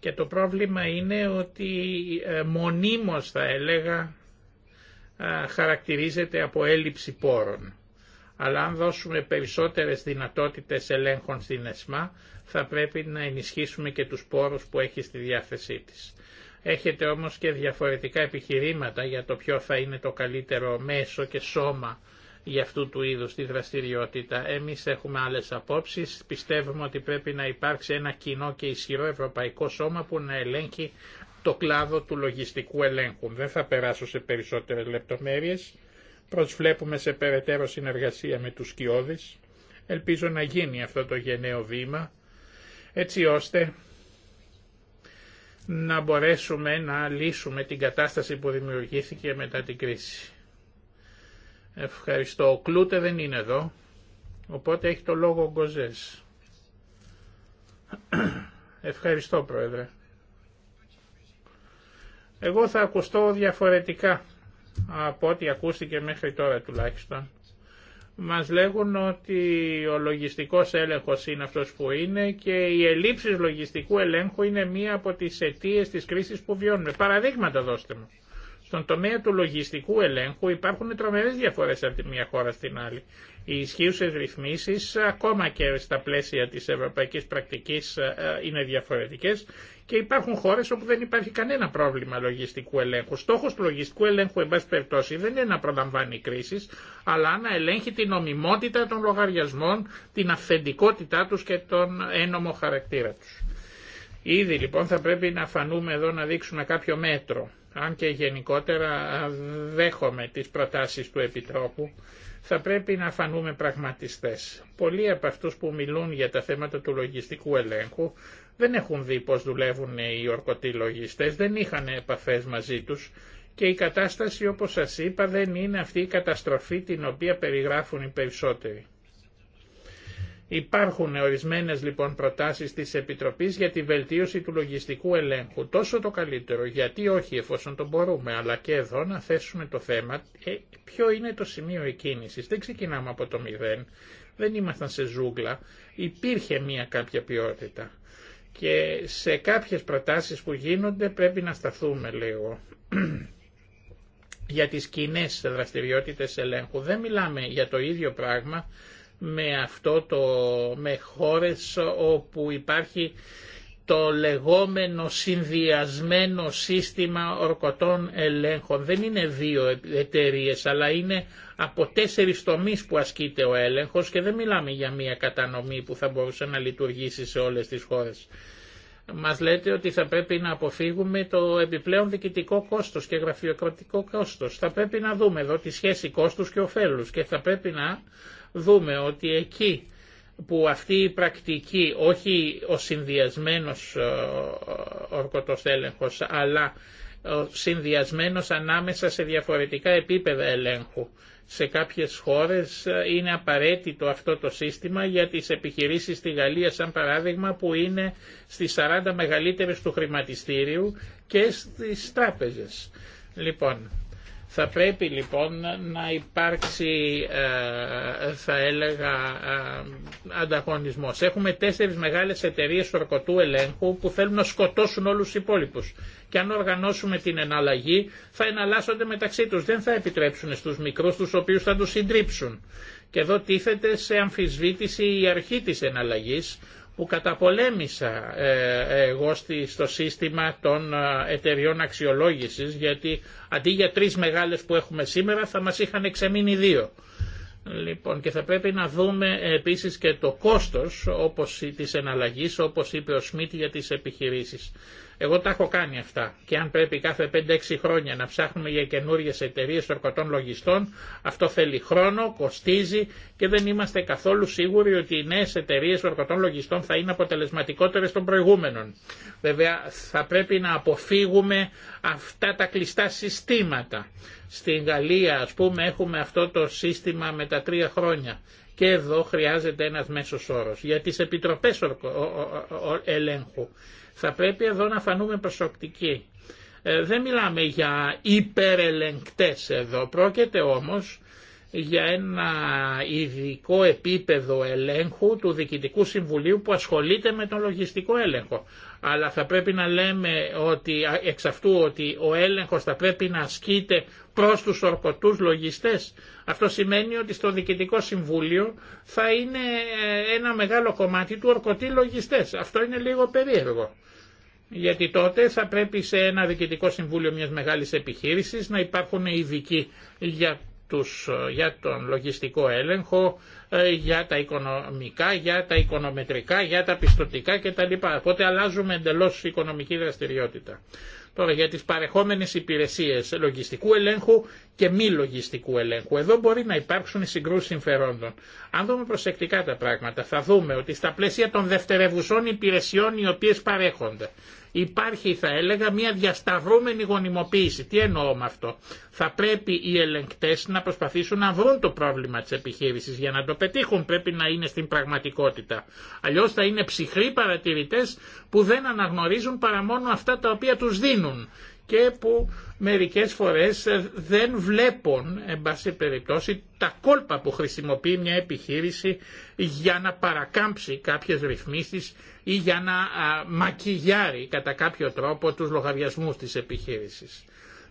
S2: και το πρόβλημα είναι ότι ε, μονίμως θα έλεγα ε, χαρακτηρίζεται από έλλειψη πόρων. Αλλά αν δώσουμε περισσότερες δυνατότητες ελέγχων στην ΕΣΜΑ θα πρέπει να ενισχύσουμε και τους πόρους που έχει στη διάθεσή της. Έχετε όμως και διαφορετικά επιχειρήματα για το ποιο θα είναι το καλύτερο μέσο και σώμα για αυτού του είδους τη δραστηριότητα. Εμείς έχουμε άλλες απόψεις. Πιστεύουμε ότι πρέπει να υπάρξει ένα κοινό και ισχυρό ευρωπαϊκό σώμα που να ελέγχει το κλάδο του λογιστικού ελέγχου. Δεν θα περάσω σε περισσότερες λεπτομέρειες. Προσβλέπουμε σε περαιτέρω συνεργασία με τους κοιόδης. Ελπίζω να γίνει αυτό το γενναίο βήμα, έτσι ώστε να μπορέσουμε να λύσουμε την κατάσταση που δημιουργήθηκε μετά την κρίση. Ευχαριστώ. Ο Κλούτε δεν είναι εδώ, οπότε έχει το λόγο ο Γκοζές. Ευχαριστώ, Πρόεδρε. Εγώ θα ακουστώ διαφορετικά από ό,τι ακούστηκε μέχρι τώρα τουλάχιστον μας λέγουν ότι ο λογιστικός έλεγχος είναι αυτός που είναι και οι ελλείψεις λογιστικού ελέγχου είναι μία από τις αιτίες της κρίσης που βιώνουμε. Παραδείγματα δώστε μου. Στον τομέα του λογιστικού ελέγχου υπάρχουν τρομερές διαφορές από τη μια χώρα στην άλλη. Οι ισχύουσες ρυθμίσεις ακόμα και στα πλαίσια της ευρωπαϊκής πρακτικής ε, ε, είναι διαφορετικές και υπάρχουν χώρες όπου δεν υπάρχει κανένα πρόβλημα λογιστικού ελέγχου. Στόχος του λογιστικού ελέγχου, εν πάση περιπτώσει, δεν είναι να προλαμβάνει κρίσεις, αλλά να ελέγχει την ομιμότητα των λογαριασμών, την αυθεντικότητά τους και τον ένομο χαρακτήρα τους. Ήδη λοιπόν θα πρέπει να φανούμε εδώ να δείξουμε κάποιο μέτρο αν και γενικότερα δέχομαι τις προτάσεις του Επιτρόπου, θα πρέπει να φανούμε πραγματιστές. Πολλοί από αυτούς που μιλούν για τα θέματα του λογιστικού ελέγχου δεν έχουν δει πώς δουλεύουν οι ορκωτοί λογιστές, δεν είχαν επαφές μαζί τους και η κατάσταση όπως σας είπα δεν είναι αυτή η καταστροφή την οποία περιγράφουν οι περισσότεροι. Υπάρχουν ορισμένε λοιπόν προτάσεις τη επιτροπή για τη βελτίωση του λογιστικού ελέγχου. Τόσο το καλύτερο, γιατί όχι εφόσον το μπορούμε, αλλά και εδώ να θέσουμε το θέμα ε, ποιο είναι το σημείο εκκίνησης. Δεν ξεκινάμε από το μηδέν, δεν ήμασταν σε ζούγκλα, υπήρχε μία κάποια ποιότητα. Και σε κάποιες προτάσεις που γίνονται πρέπει να σταθούμε λίγο για τις κοινέ δραστηριότητες ελέγχου. Δεν μιλάμε για το ίδιο πράγμα με, αυτό το, με χώρες όπου υπάρχει το λεγόμενο συνδυασμένο σύστημα ορκωτών ελέγχων. Δεν είναι δύο εταιρείε, αλλά είναι από τέσσερις τομείς που ασκείται ο έλεγχος και δεν μιλάμε για μια κατανομή που θα μπορούσε να λειτουργήσει σε όλες τις χώρες. Μας λέτε ότι θα πρέπει να αποφύγουμε το επιπλέον διοικητικό κόστος και γραφειοκρατικό κόστος. Θα πρέπει να δούμε εδώ τη σχέση κόστους και ωφέλους και θα πρέπει να δούμε ότι εκεί που αυτή η πρακτική, όχι ο συνδυασμένος ε, ορκωτός έλεγχος, αλλά ο ε, συνδυασμένος ανάμεσα σε διαφορετικά επίπεδα ελέγχου. Σε κάποιες χώρες ε, είναι απαραίτητο αυτό το σύστημα για τις επιχειρήσεις στη Γαλλία σαν παράδειγμα που είναι στις 40 μεγαλύτερες του χρηματιστήριου και στις τράπεζες. Λοιπόν, θα πρέπει λοιπόν να υπάρξει, ε, θα έλεγα, ε, ανταγωνισμός. Έχουμε τέσσερις μεγάλες εταιρείες ορκωτού ελέγχου που θέλουν να σκοτώσουν όλους τους υπόλοιπους. Και αν οργανώσουμε την εναλλαγή θα εναλλάσσονται μεταξύ τους. Δεν θα επιτρέψουν στους μικρούς τους οποίους θα τους συντρίψουν. Και εδώ τίθεται σε αμφισβήτηση η αρχή της εναλλαγής που καταπολέμησα ε, εγώ στο σύστημα των ε, εταιριών αξιολόγησης γιατί αντί για τρεις μεγάλες που έχουμε σήμερα θα μας είχαν εξεμείνει δύο. Λοιπόν, και θα πρέπει να δούμε επίσης και το κόστος όπως της εναλλαγής, όπως είπε ο Σμίτ για τις επιχειρήσεις. Εγώ τα έχω κάνει αυτά και αν πρέπει κάθε 5-6 χρόνια να ψάχνουμε για καινούριε εταιρείε ορκωτών λογιστών, αυτό θέλει χρόνο, κοστίζει και δεν είμαστε καθόλου σίγουροι ότι οι νέε εταιρείε ορκωτών λογιστών θα είναι αποτελεσματικότερε των προηγούμενων. Βέβαια, θα πρέπει να αποφύγουμε αυτά τα κλειστά συστήματα. Στην Γαλλία, α πούμε, έχουμε αυτό το σύστημα με τα τρία χρόνια. Και εδώ χρειάζεται ένας μέσος όρος για τις επιτροπές ελέγχου θα πρέπει εδώ να φανούμε προσωπικοί. Ε, δεν μιλάμε για υπερελεγκτές εδώ, πρόκειται όμως για ένα ειδικό επίπεδο ελέγχου του Διοικητικού Συμβουλίου που ασχολείται με τον λογιστικό έλεγχο αλλά θα πρέπει να λέμε ότι, εξ αυτού ότι ο έλεγχος θα πρέπει να ασκείται προς τους ορκωτούς λογιστές. Αυτό σημαίνει ότι στο Διοικητικό Συμβούλιο θα είναι ε, ένα μεγάλο κομμάτι του ορκωτή λογιστές. Αυτό είναι λίγο περίεργο. Γιατί τότε θα πρέπει σε ένα Διοικητικό Συμβούλιο μιας μεγάλης επιχείρησης να υπάρχουν ειδικοί τους, ε, για τον λογιστικό έλεγχο, ε, για τα οικονομικά, για τα οικονομετρικά, για τα πιστοτικά κτλ. Οπότε αλλάζουμε εντελώ οικονομική δραστηριότητα. Τώρα για τις παρεχόμενες υπηρεσίες λογιστικού ελέγχου και μη λογιστικού ελέγχου. Εδώ μπορεί να υπάρξουν συγκρούσεις συμφερόντων. Αν δούμε προσεκτικά τα πράγματα θα δούμε ότι στα πλαίσια των δευτερευουσών υπηρεσιών οι οποίες παρέχονται υπάρχει θα έλεγα μια διασταυρούμενη γονιμοποίηση. Τι εννοώ με αυτό. Θα πρέπει οι ελεγκτές να προσπαθήσουν να βρουν το πρόβλημα της επιχείρησης. Για να το πετύχουν πρέπει να είναι στην πραγματικότητα. Αλλιώς θα είναι ψυχροί παρατηρητές που δεν αναγνωρίζουν παρά μόνο αυτά τα οποία τους δίνουν και που μερικές φορές ε, δεν βλέπουν, εν πάση περιπτώσει, τα κόλπα που χρησιμοποιεί μια επιχείρηση για να παρακάμψει κάποιες ρυθμίσεις ή για να μακιγιάρει κατά κάποιο τρόπο τους λογαριασμούς της επιχείρησης.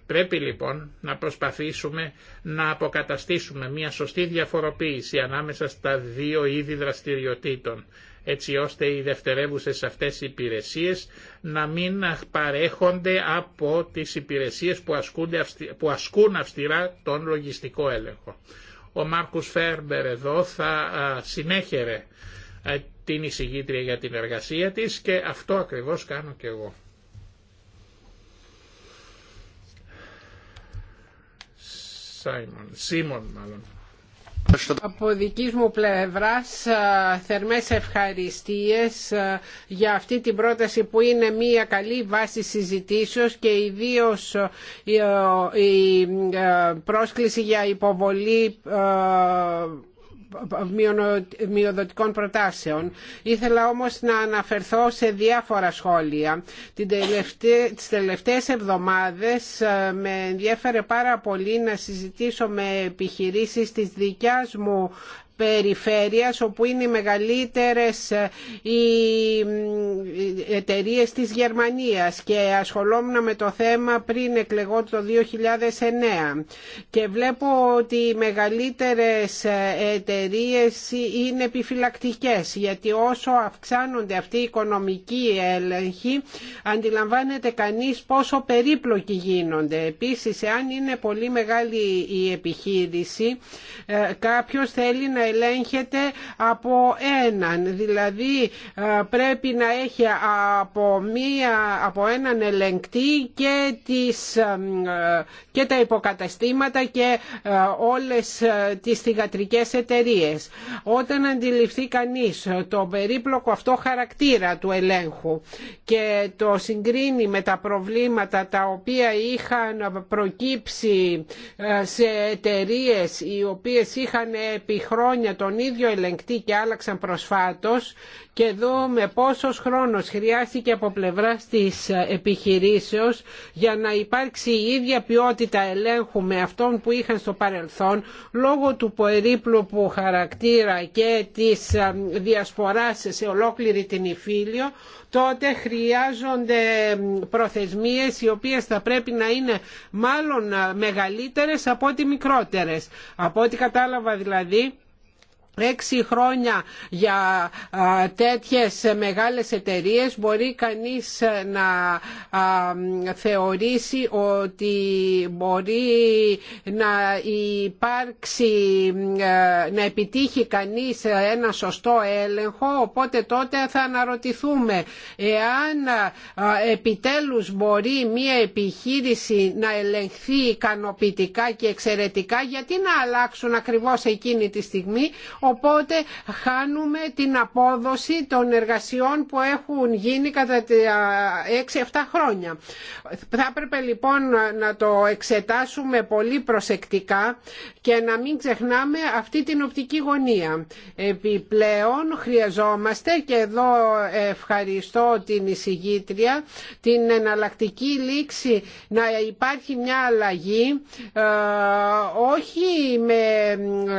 S2: Πρέπει λοιπόν να προσπαθήσουμε να αποκαταστήσουμε μια σωστή διαφοροποίηση ανάμεσα στα δύο είδη δραστηριοτήτων έτσι ώστε οι δευτερεύουσες αυτές οι υπηρεσίες να μην παρέχονται από τις υπηρεσίες που, που ασκούν αυστηρά τον λογιστικό έλεγχο. Ο Μάρκους Φέρμπερ εδώ θα συνέχερε την εισηγήτρια για την εργασία της και αυτό ακριβώς κάνω και εγώ. Σάιμον, Σίμον μάλλον.
S5: Από δική μου πλευράς θερμές ευχαριστίες για αυτή την πρόταση που είναι μια καλή βάση συζητήσεως και ιδίω η πρόσκληση για υποβολή μειοδοτικών προτάσεων. Ήθελα όμως να αναφερθώ σε διάφορα σχόλια. Τις τελευταίες εβδομάδες ε, με ενδιέφερε πάρα πολύ να συζητήσω με επιχειρήσεις της δικιάς μου περιφέρειας όπου είναι οι μεγαλύτερες ε, οι ε, εταιρείε της Γερμανίας και ασχολόμουν με το θέμα πριν εκλεγώ το 2009 και βλέπω ότι οι μεγαλύτερες ε, εταιρείε είναι επιφυλακτικές γιατί όσο αυξάνονται αυτοί οι οικονομικοί έλεγχοι αντιλαμβάνεται κανείς πόσο περίπλοκοι γίνονται. Επίσης, εάν είναι πολύ μεγάλη η επιχείρηση κάποιος θέλει να ελέγχεται από έναν. Δηλαδή ε, πρέπει να έχει από, μία, από έναν ελεγκτή και, τις, ε, και τα υποκαταστήματα και ε, όλες τις θηγατρικές εταιρείες. Όταν αντιληφθεί κανείς το περίπλοκο αυτό χαρακτήρα του ελέγχου και το συγκρίνει με τα προβλήματα τα οποία είχαν προκύψει σε εταιρείε οι οποίες είχαν επί για τον ίδιο ελεγκτή και άλλαξαν προσφάτως και δούμε πόσος χρόνος χρειάστηκε από πλευρά της επιχειρήσεως για να υπάρξει η ίδια ποιότητα ελέγχου με αυτόν που είχαν στο παρελθόν λόγω του που χαρακτήρα και της ε, διασποράς σε ολόκληρη την υφίλιο, τότε χρειάζονται προθεσμίες οι οποίες θα πρέπει να είναι μάλλον ε, μεγαλύτερες από ό,τι μικρότερες. Από ό,τι κατάλαβα δηλαδή έξι χρόνια για τέτοιες μεγάλες εταιρείες μπορεί κανείς ε, να θεωρήσει ότι μπορεί να υπάρξει ε, να επιτύχει κανείς ένα σωστό έλεγχο οπότε τότε θα αναρωτηθούμε εάν επιτέλους μπορεί μια επιχείρηση να ελεγχθεί ικανοποιητικά και εξαιρετικά γιατί να αλλάξουν ακριβώς εκείνη τη στιγμή οπότε χάνουμε την απόδοση των εργασιών που έχουν γίνει κατά 6-7 χρόνια. Θα έπρεπε λοιπόν να το εξετάσουμε πολύ προσεκτικά και να μην ξεχνάμε αυτή την οπτική γωνία. Επιπλέον χρειαζόμαστε και εδώ ευχαριστώ την εισηγήτρια την εναλλακτική λήξη να υπάρχει μια αλλαγή ε, όχι με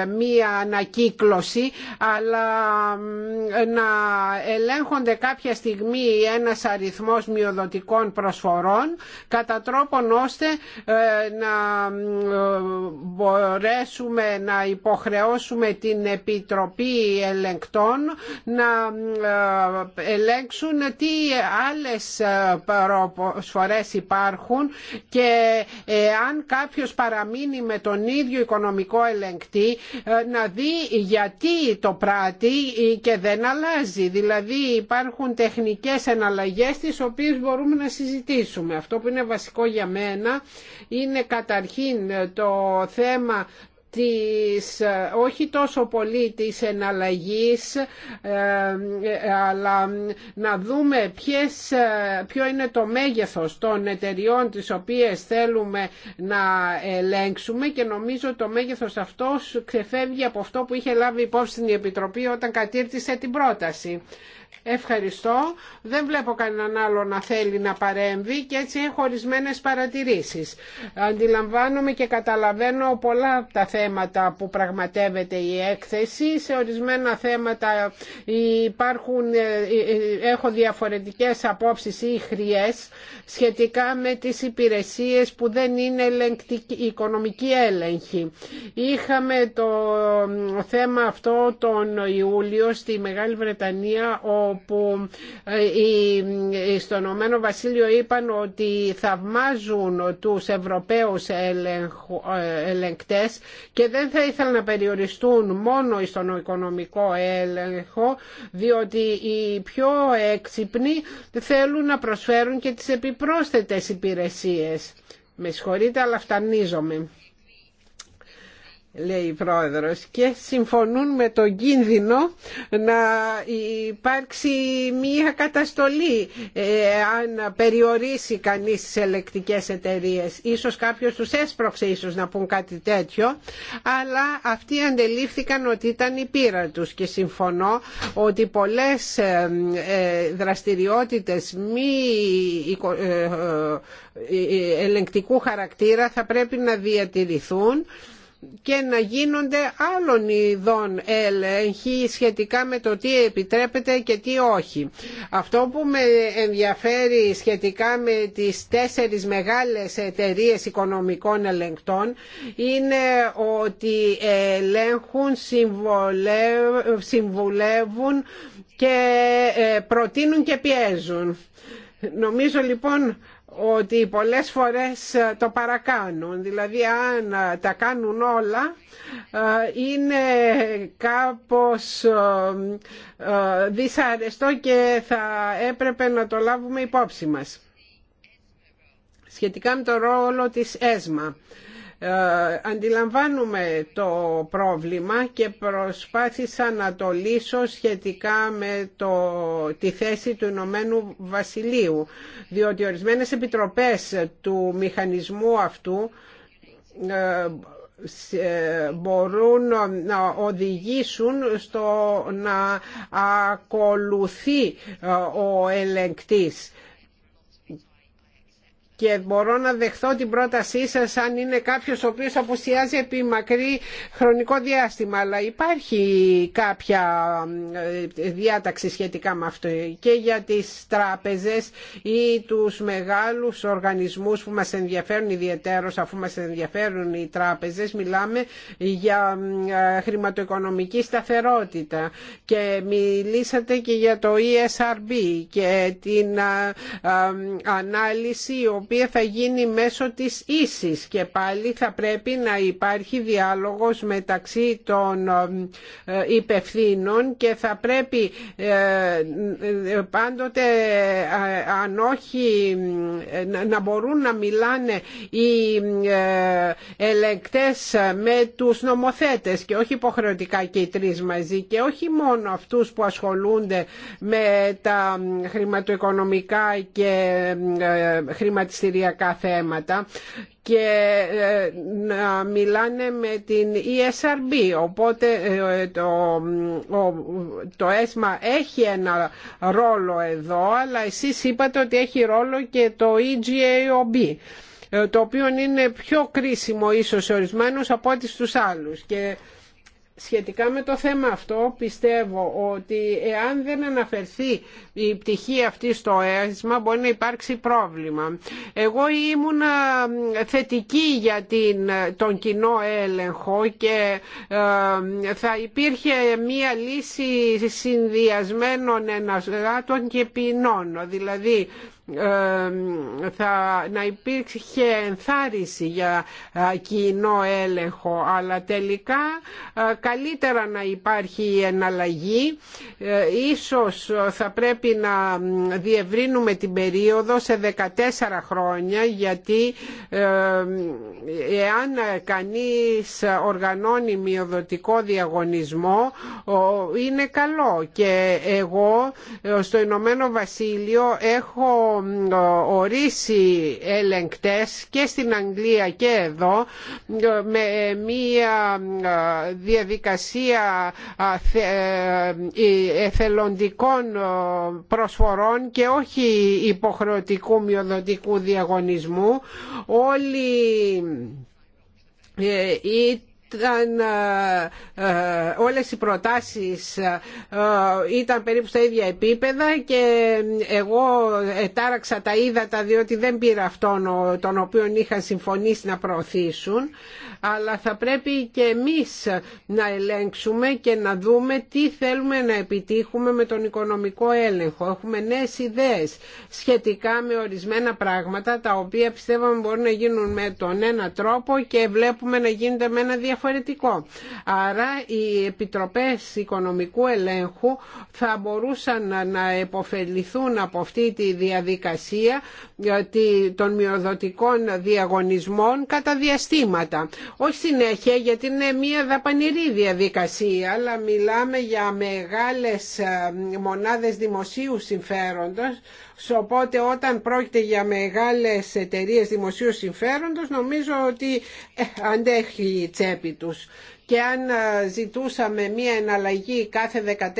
S5: μια ανακύκλωση αλλά να ελέγχονται κάποια στιγμή ένας αριθμός μειοδοτικών προσφορών κατά τρόπον ώστε ε, να μπορέσουμε να υποχρεώσουμε την Επιτροπή Ελεγκτών να ε, ελέγξουν τι άλλες ε, προσφορές υπάρχουν και αν κάποιος παραμείνει με τον ίδιο οικονομικό ελεγκτή να δει για γιατί το πράττει και δεν αλλάζει. Δηλαδή υπάρχουν τεχνικές εναλλαγές τις οποίες μπορούμε να συζητήσουμε. Αυτό που είναι βασικό για μένα είναι καταρχήν το θέμα της, όχι τόσο πολύ της εναλλαγής ε, αλλά να δούμε ε, ποιο είναι το μέγεθος των εταιριών τις οποίες θέλουμε να ελέγξουμε και νομίζω το μέγεθος αυτός ξεφεύγει από αυτό που είχε λάβει υπόψη στην Επιτροπή όταν κατήρτισε την πρόταση. Ευχαριστώ. Δεν βλέπω κανέναν άλλο να θέλει να παρέμβει και έτσι έχω ορισμένε παρατηρήσεις. Αντιλαμβάνομαι και καταλαβαίνω πολλά τα θέματα που πραγματεύεται η έκθεση. Σε ορισμένα θέματα υπάρχουν, ε, ε, έχω διαφορετικές απόψεις ή χρειές σχετικά με τις υπηρεσίες που δεν είναι οικονομική έλεγχη. Είχαμε το ε, θέμα αυτό τον Ιούλιο στη Μεγάλη Βρετανία ο όπου ε, ε, στον Ηνωμένο Βασίλειο είπαν ότι θαυμάζουν τους Ευρωπαίους ε, ελεγκτές και δεν θα ήθελαν να περιοριστούν μόνο στον οικονομικό έλεγχο διότι οι πιο έξυπνοι θέλουν να προσφέρουν και τις επιπρόσθετες υπηρεσίες. Με συγχωρείτε αλλά φτανίζομαι λέει η πρόεδρος και συμφωνούν με τον κίνδυνο να υπάρξει μία καταστολή ε, αν περιορίσει κανείς τις ελεκτικές εταιρείες. Ίσως κάποιος τους έσπρωξε ίσως να πούν κάτι τέτοιο αλλά αυτοί αντελήφθηκαν ότι ήταν η πείρα τους και συμφωνώ ότι πολλές ε, ε, δραστηριότητες μη ελεγκτικού χαρακτήρα θα πρέπει να διατηρηθούν και να γίνονται άλλων ειδών έλεγχοι σχετικά με το τι επιτρέπεται και τι όχι. Αυτό που με ενδιαφέρει σχετικά με τις τέσσερις μεγάλες εταιρείες οικονομικών ελεγκτών είναι ότι ελέγχουν, συμβουλεύουν και ε, προτείνουν και πιέζουν. Νομίζω λοιπόν ότι πολλές φορές ε, το παρακάνουν. Δηλαδή αν ε, τα κάνουν όλα ε, είναι κάπως δυσαρεστό και θα έπρεπε να το λάβουμε υπόψη μας. Σχετικά με το ρόλο της ΕΣΜΑ. Ε, αντιλαμβάνουμε το πρόβλημα και προσπάθησα να το λύσω σχετικά με το, τη θέση του Ηνωμένου Βασιλείου διότι ορισμένες επιτροπές του μηχανισμού αυτού ε, ε, μπορούν να οδηγήσουν στο να ακολουθεί ο ελεγκτής και μπορώ να δεχθώ την πρότασή σας αν είναι κάποιος ο οποίος απουσιάζει επί μακρύ χρονικό διάστημα αλλά υπάρχει κάποια ε, διάταξη σχετικά με αυτό και για τις τράπεζες ή τους μεγάλους οργανισμούς που μας ενδιαφέρουν ιδιαίτερως αφού μας ενδιαφέρουν οι τράπεζες μιλάμε για ε, χρηματοοικονομική σταθερότητα και μιλήσατε και για το ESRB και την ε, ανάλυση οποία θα γίνει μέσω της ίσης και πάλι θα πρέπει να υπάρχει διάλογος μεταξύ των ε, υπευθύνων και θα πρέπει ε, πάντοτε ε, αν όχι να μπορούν να μιλάνε οι ελεκτές με τους νομοθέτες και όχι υποχρεωτικά και οι τρεις μαζί και όχι μόνο αυτούς που ασχολούνται με τα χρηματοοικονομικά και χρηματιστικά θέματα και ε, να μιλάνε με την ESRB. Οπότε ε, το, το ΕΣΜΑ έχει ένα ρόλο εδώ, αλλά εσείς είπατε ότι έχει ρόλο και το EGAOB ε, το οποίο είναι πιο κρίσιμο ίσως σε ορισμένους από ό,τι στους άλλους. Και σχετικά με το θέμα αυτό πιστεύω ότι εάν δεν αναφερθεί η πτυχή αυτή στο αίσθημα μπορεί να υπάρξει πρόβλημα. Εγώ ήμουν θετική για την, τον κοινό έλεγχο και ε, θα υπήρχε μια λύση συνδυασμένων ενασγάτων και ποινών. Δηλαδή ε, θα, να υπήρχε ενθάρρυνση για ε, κοινό έλεγχο αλλά τελικά ε, καλύτερα να υπάρχει εναλλαγή ίσως θα πρέπει να διευρύνουμε την περίοδο σε 14 χρόνια γιατί εάν κανείς οργανώνει μειοδοτικό διαγωνισμό είναι καλό και εγώ στο Ηνωμένο Βασίλειο έχω ορίσει ελεγκτές και στην Αγγλία και εδώ με μια διαδικασία ε, ε, εθελοντικών προσφορών και όχι υποχρεωτικού μειοδοτικού διαγωνισμού όλοι ε, ήταν ε, ε, όλες οι προτάσεις ε, ήταν περίπου στα ίδια επίπεδα και εγώ ετάραξα τα ύδατα διότι δεν πήρα αυτόν τον οποίο είχαν συμφωνήσει να προωθήσουν αλλά θα πρέπει και εμείς να ελέγξουμε και να δούμε τι θέλουμε να επιτύχουμε με τον οικονομικό έλεγχο. Έχουμε νέες ιδέες σχετικά με ορισμένα πράγματα τα οποία πιστεύουμε μπορούν να γίνουν με τον ένα τρόπο και βλέπουμε να γίνεται με ένα διαφορετικό. Άρα οι επιτροπές οικονομικού ελέγχου θα μπορούσαν να επωφεληθούν από αυτή τη διαδικασία ε, των μειοδοτικών διαγωνισμών κατά διαστήματα όχι συνέχεια γιατί είναι μια δαπανηρή διαδικασία, αλλά μιλάμε για μεγάλες ε, μονάδες δημοσίου συμφέροντος, οπότε όταν πρόκειται για μεγάλες εταιρείε δημοσίου συμφέροντος νομίζω ότι ε, αντέχει η τσέπη τους και αν ε, ζητούσαμε μία εναλλαγή κάθε 14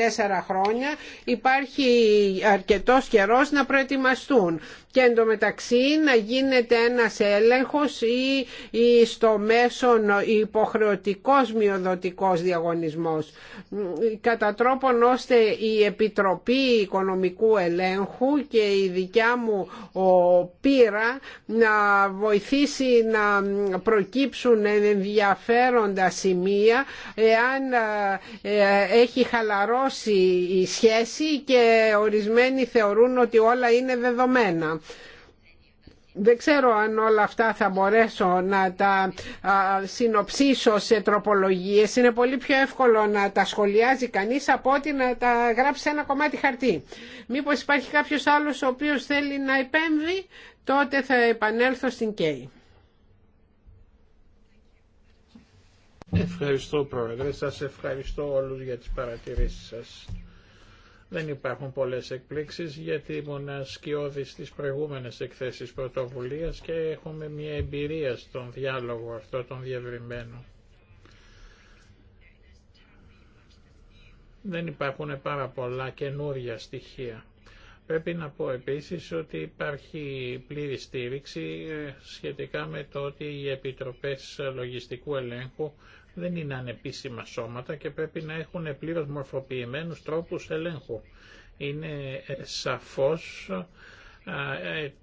S5: χρόνια υπάρχει αρκετός καιρός να προετοιμαστούν και εντωμεταξύ να γίνεται ένας έλεγχος ή, ή στο μέσον υποχρεωτικός μειοδοτικός διαγωνισμός κατά τρόπον ώστε η Επιτροπή Οικονομικού Ελέγχου και η δικιά μου ο πείρα να βοηθήσει να προκύψουν ενδιαφέροντα σημεία εάν ε, έχει χαλαρώσει η σχέση και ορισμένοι θεωρούν ότι όλα είναι δεδομένα δεν ξέρω αν όλα αυτά θα μπορέσω να τα συνοψίσω σε τροπολογίες. Είναι πολύ πιο εύκολο να τα σχολιάζει κανείς από ότι να τα γράψει σε ένα κομμάτι χαρτί. Μήπως υπάρχει κάποιος άλλος ο οποίος θέλει να επέμβει, τότε θα επανέλθω στην ΚΕΙ.
S2: Ευχαριστώ Πρόεδρε, σας ευχαριστώ όλους για τις παρατηρήσεις σας. Δεν υπάρχουν πολλές εκπλήξεις γιατί ήμουν σκιώδη στις προηγούμενες εκθέσεις πρωτοβουλίας και έχουμε μια εμπειρία στον διάλογο αυτό τον διευρυμένο. Δεν υπάρχουν πάρα πολλά καινούρια στοιχεία. Πρέπει να πω επίσης ότι υπάρχει πλήρη στήριξη ε, σχετικά με το ότι οι επιτροπές λογιστικού ελέγχου δεν είναι ανεπίσημα σώματα και πρέπει να έχουν πλήρως μορφοποιημένους τρόπους ελέγχου. Είναι ε, σαφώς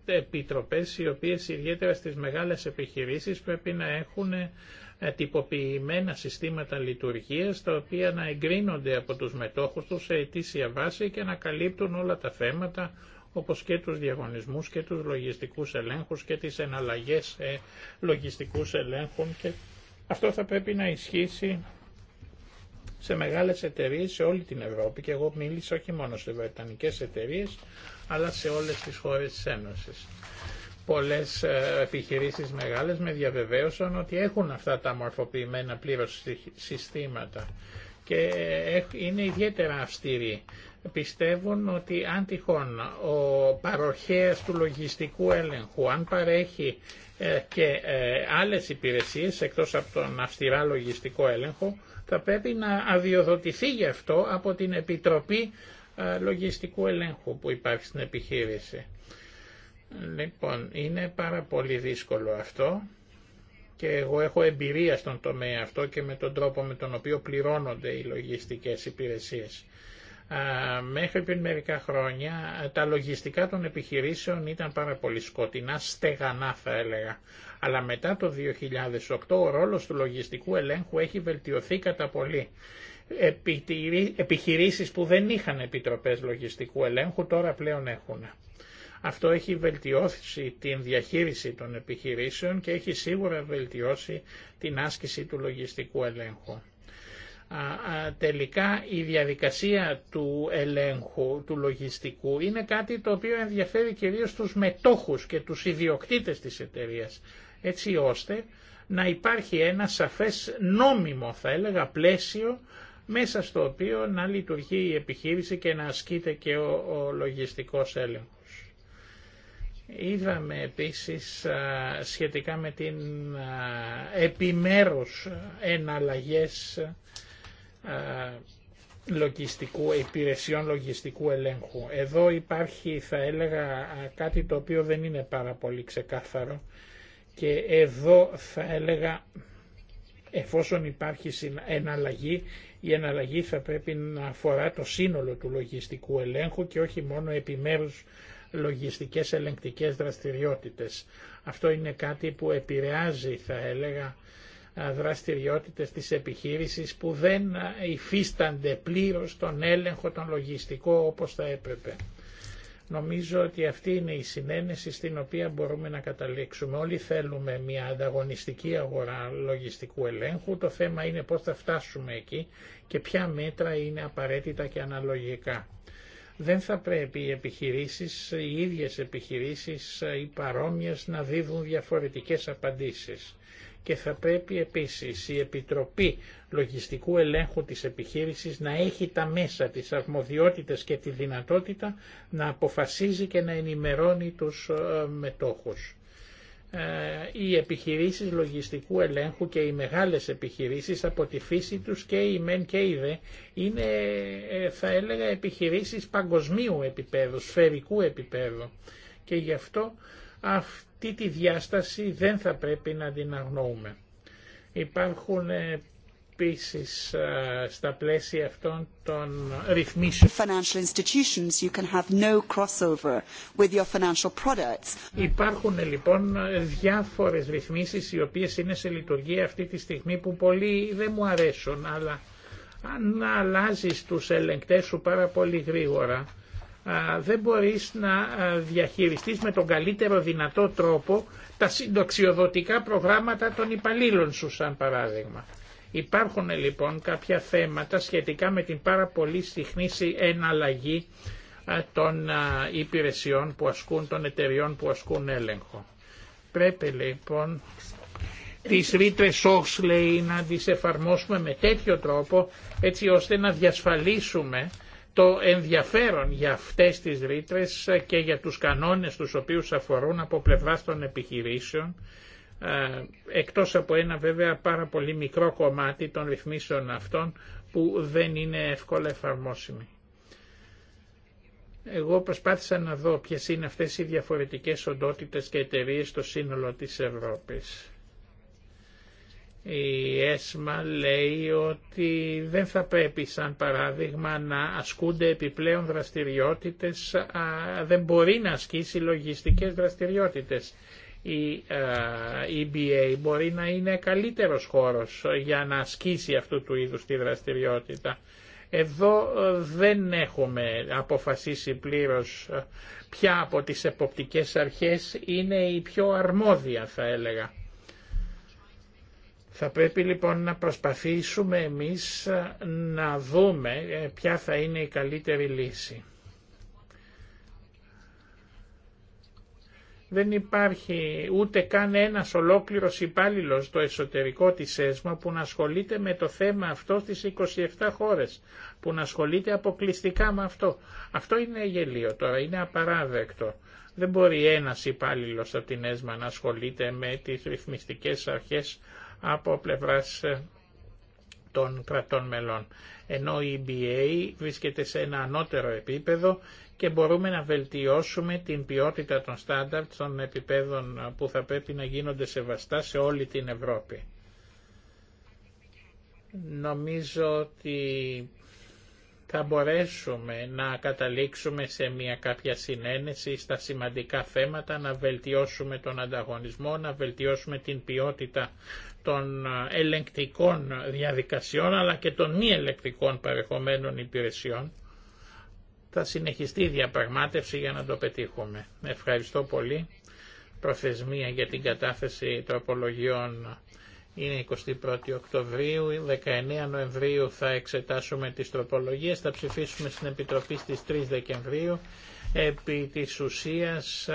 S2: ε, επιτροπές οι οποίες ιδιαίτερα στις μεγάλες επιχειρήσεις πρέπει να έχουν ε, τυποποιημένα συστήματα λειτουργίας τα οποία να εγκρίνονται από τους μετόχους τους σε αιτήσια βάση και να καλύπτουν όλα τα θέματα όπως και τους διαγωνισμούς και τους λογιστικούς ελέγχους και τις εναλλαγές λογιστικούς ελέγχων και αυτό θα πρέπει να ισχύσει σε μεγάλες εταιρείες σε όλη την Ευρώπη και εγώ μίλησα όχι μόνο σε βρετανικές εταιρείες αλλά σε όλες τις χώρες της Ένωσης. Πολλές ε, επιχειρήσεις μεγάλες με διαβεβαίωσαν ότι έχουν αυτά τα μορφοποιημένα πλήρως συστήματα και ε, είναι ιδιαίτερα αυστηροί. Πιστεύουν ότι αν τυχόν ο παροχέας του λογιστικού έλεγχου, αν παρέχει ε, και ε, άλλες υπηρεσίες εκτός από τον αυστηρά λογιστικό έλεγχο θα πρέπει να αδειοδοτηθεί γι' αυτό από την Επιτροπή ε, Λογιστικού Ελέγχου που υπάρχει στην επιχείρηση. Λοιπόν, είναι πάρα πολύ δύσκολο αυτό και εγώ έχω εμπειρία στον τομέα αυτό και με τον τρόπο με τον οποίο πληρώνονται οι λογιστικές υπηρεσίες μέχρι πριν μερικά χρόνια ε, τα λογιστικά των επιχειρήσεων ήταν πάρα πολύ σκοτεινά, στεγανά θα έλεγα. Αλλά μετά το 2008 ο ρόλος του λογιστικού ελέγχου έχει βελτιωθεί κατά πολύ. Επιχειρήσεις που δεν είχαν επιτροπές λογιστικού ελέγχου τώρα πλέον έχουν. Αυτό έχει βελτιώσει την διαχείριση των επιχειρήσεων και έχει σίγουρα βελτιώσει την άσκηση του λογιστικού ελέγχου τελικά η διαδικασία του ελέγχου, του λογιστικού, είναι κάτι το οποίο ενδιαφέρει κυρίως τους μετόχους και τους ιδιοκτήτες της εταιρείας, έτσι ώστε να υπάρχει ένα σαφές νόμιμο, θα έλεγα, πλαίσιο μέσα στο οποίο να λειτουργεί η επιχείρηση και να ασκείται και ο, ο λογιστικός έλεγχος. Είδαμε επίσης σχετικά με την επιμέρους εναλλαγές ε, λογιστικού, υπηρεσιών λογιστικού ελέγχου. Εδώ υπάρχει θα έλεγα κάτι το οποίο δεν είναι πάρα πολύ ξεκάθαρο και εδώ θα έλεγα εφόσον υπάρχει εναλλαγή η εναλλαγή θα πρέπει να αφορά το σύνολο του λογιστικού ελέγχου και όχι μόνο επιμέρους λογιστικές ελεγκτικές δραστηριότητες. Αυτό είναι κάτι που επηρεάζει θα έλεγα δραστηριότητες της επιχείρησης που δεν υφίστανται πλήρως τον έλεγχο τον λογιστικό όπως θα έπρεπε. Νομίζω ότι αυτή είναι η συνένεση στην οποία μπορούμε να καταλήξουμε. Όλοι θέλουμε μια ανταγωνιστική αγορά λογιστικού ελέγχου. Το θέμα είναι πώς θα φτάσουμε εκεί και ποια μέτρα είναι απαραίτητα και αναλογικά. Δεν θα πρέπει οι επιχειρήσεις, οι ίδιες επιχειρήσεις ή παρόμοιες να δίδουν διαφορετικές απαντήσεις και θα πρέπει επίσης η Επιτροπή Λογιστικού Ελέγχου της Επιχείρησης να έχει τα μέσα, τις αρμοδιότητες και τη δυνατότητα να αποφασίζει και να ενημερώνει τους ε, μετόχους. Ε, οι επιχειρήσεις λογιστικού ελέγχου και οι μεγάλες επιχειρήσεις από τη φύση τους και οι μεν και οι δε είναι ε, θα έλεγα επιχειρήσεις παγκοσμίου επίπεδου, σφαιρικού επίπεδου και γι' αυτό τι τη διάσταση δεν θα πρέπει να την αγνοούμε. Υπάρχουν επίση στα πλαίσια αυτών των ρυθμίσεων. you can have
S1: no with your
S2: Υπάρχουν λοιπόν διάφορες ρυθμίσει, οι οποίες είναι σε λειτουργία αυτή τη στιγμή που πολύ δεν μου αρέσουν, αλλά αν αλλάζει τους ελεγκτέ σου πάρα πολύ γρήγορα, δεν μπορείς να διαχειριστείς με τον καλύτερο δυνατό τρόπο τα συντοξιοδοτικά προγράμματα των υπαλλήλων σου σαν παράδειγμα. Υπάρχουν λοιπόν κάποια θέματα σχετικά με την πάρα πολύ συχνή εναλλαγή των υπηρεσιών που ασκούν, των εταιριών που ασκούν έλεγχο. Πρέπει λοιπόν τις ρήτρες λέει, να τις εφαρμόσουμε με τέτοιο τρόπο έτσι ώστε να διασφαλίσουμε το ενδιαφέρον για αυτές τις ρήτρε και για τους κανόνες τους οποίους αφορούν από πλευρά των επιχειρήσεων ε, εκτός από ένα βέβαια πάρα πολύ μικρό κομμάτι των ρυθμίσεων αυτών που δεν είναι εύκολα εφαρμόσιμοι. Εγώ προσπάθησα να δω ποιες είναι αυτές οι διαφορετικές οντότητες και εταιρείε στο σύνολο της Ευρώπης. Η ΕΣΜΑ λέει ότι δεν θα πρέπει σαν παράδειγμα να ασκούνται επιπλέον δραστηριότητες, δεν μπορεί να ασκήσει λογιστικές δραστηριότητες. Η EBA μπορεί να είναι καλύτερος χώρος για να ασκήσει αυτού του είδους τη δραστηριότητα. Εδώ δεν έχουμε αποφασίσει πλήρως ποια από τις εποπτικές αρχές είναι η πιο αρμόδια θα έλεγα. Θα πρέπει λοιπόν να προσπαθήσουμε εμείς ε, να δούμε ε, ποια θα είναι η καλύτερη λύση. Δεν υπάρχει ούτε καν ένας ολόκληρος υπάλληλος στο εσωτερικό της ΕΣΜΑ που να ασχολείται με το θέμα αυτό στις 27 χώρες, που να ασχολείται αποκλειστικά με αυτό. Αυτό είναι γελίο τώρα, είναι απαράδεκτο. Δεν μπορεί ένας υπάλληλος από την ΕΣΜΑ να ασχολείται με τις ρυθμιστικές αρχές από πλευράς ε, των κρατών μελών. Ενώ η EBA βρίσκεται σε ένα ανώτερο επίπεδο και μπορούμε να βελτιώσουμε την ποιότητα των στάνταρτ των επιπέδων που θα πρέπει να γίνονται σεβαστά σε όλη την Ευρώπη. Νομίζω ότι θα μπορέσουμε να καταλήξουμε σε μια κάποια συνένεση στα σημαντικά θέματα, να βελτιώσουμε τον ανταγωνισμό, να βελτιώσουμε την ποιότητα των ε, ελεγκτικών διαδικασιών αλλά και των μη ελεγκτικών παρεχωμένων υπηρεσιών θα συνεχιστεί η διαπραγμάτευση για να το πετύχουμε. Ευχαριστώ πολύ. Προθεσμία για την κατάθεση τροπολογιών είναι 21 Οκτωβρίου, 19 Νοεμβρίου θα εξετάσουμε τις τροπολογίες, θα ψηφίσουμε στην Επιτροπή στις 3 Δεκεμβρίου. Επί της ουσίας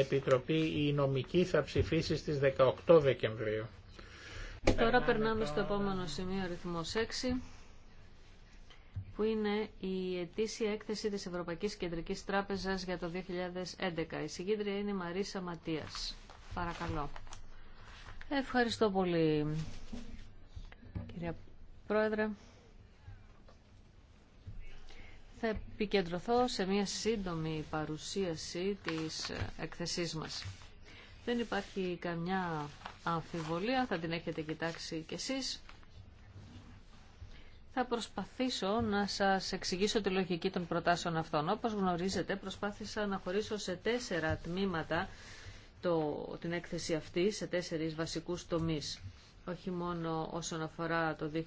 S2: Επιτροπή η νομική θα ψηφίσει στις 18 Δεκεμβρίου.
S3: Τώρα περνάμε στο επόμενο σημείο, αριθμό 6, που είναι η ετήσια έκθεση της Ευρωπαϊκής Κεντρικής Τράπεζας για το 2011. Η συγκίτρια είναι η Μαρίσα Ματίας. Παρακαλώ. Ευχαριστώ πολύ, κυρία Πρόεδρε. Θα επικεντρωθώ σε μια σύντομη παρουσίαση της ε, εκθεσής μας. Δεν υπάρχει καμιά αμφιβολία, θα την έχετε κοιτάξει κι εσείς. Θα προσπαθήσω να σας εξηγήσω τη λογική των προτάσεων αυτών. Όπως γνωρίζετε, προσπάθησα να χωρίσω σε τέσσερα τμήματα το, την έκθεση αυτή, σε τέσσερις βασικούς τομείς. Όχι μόνο όσον αφορά το 2011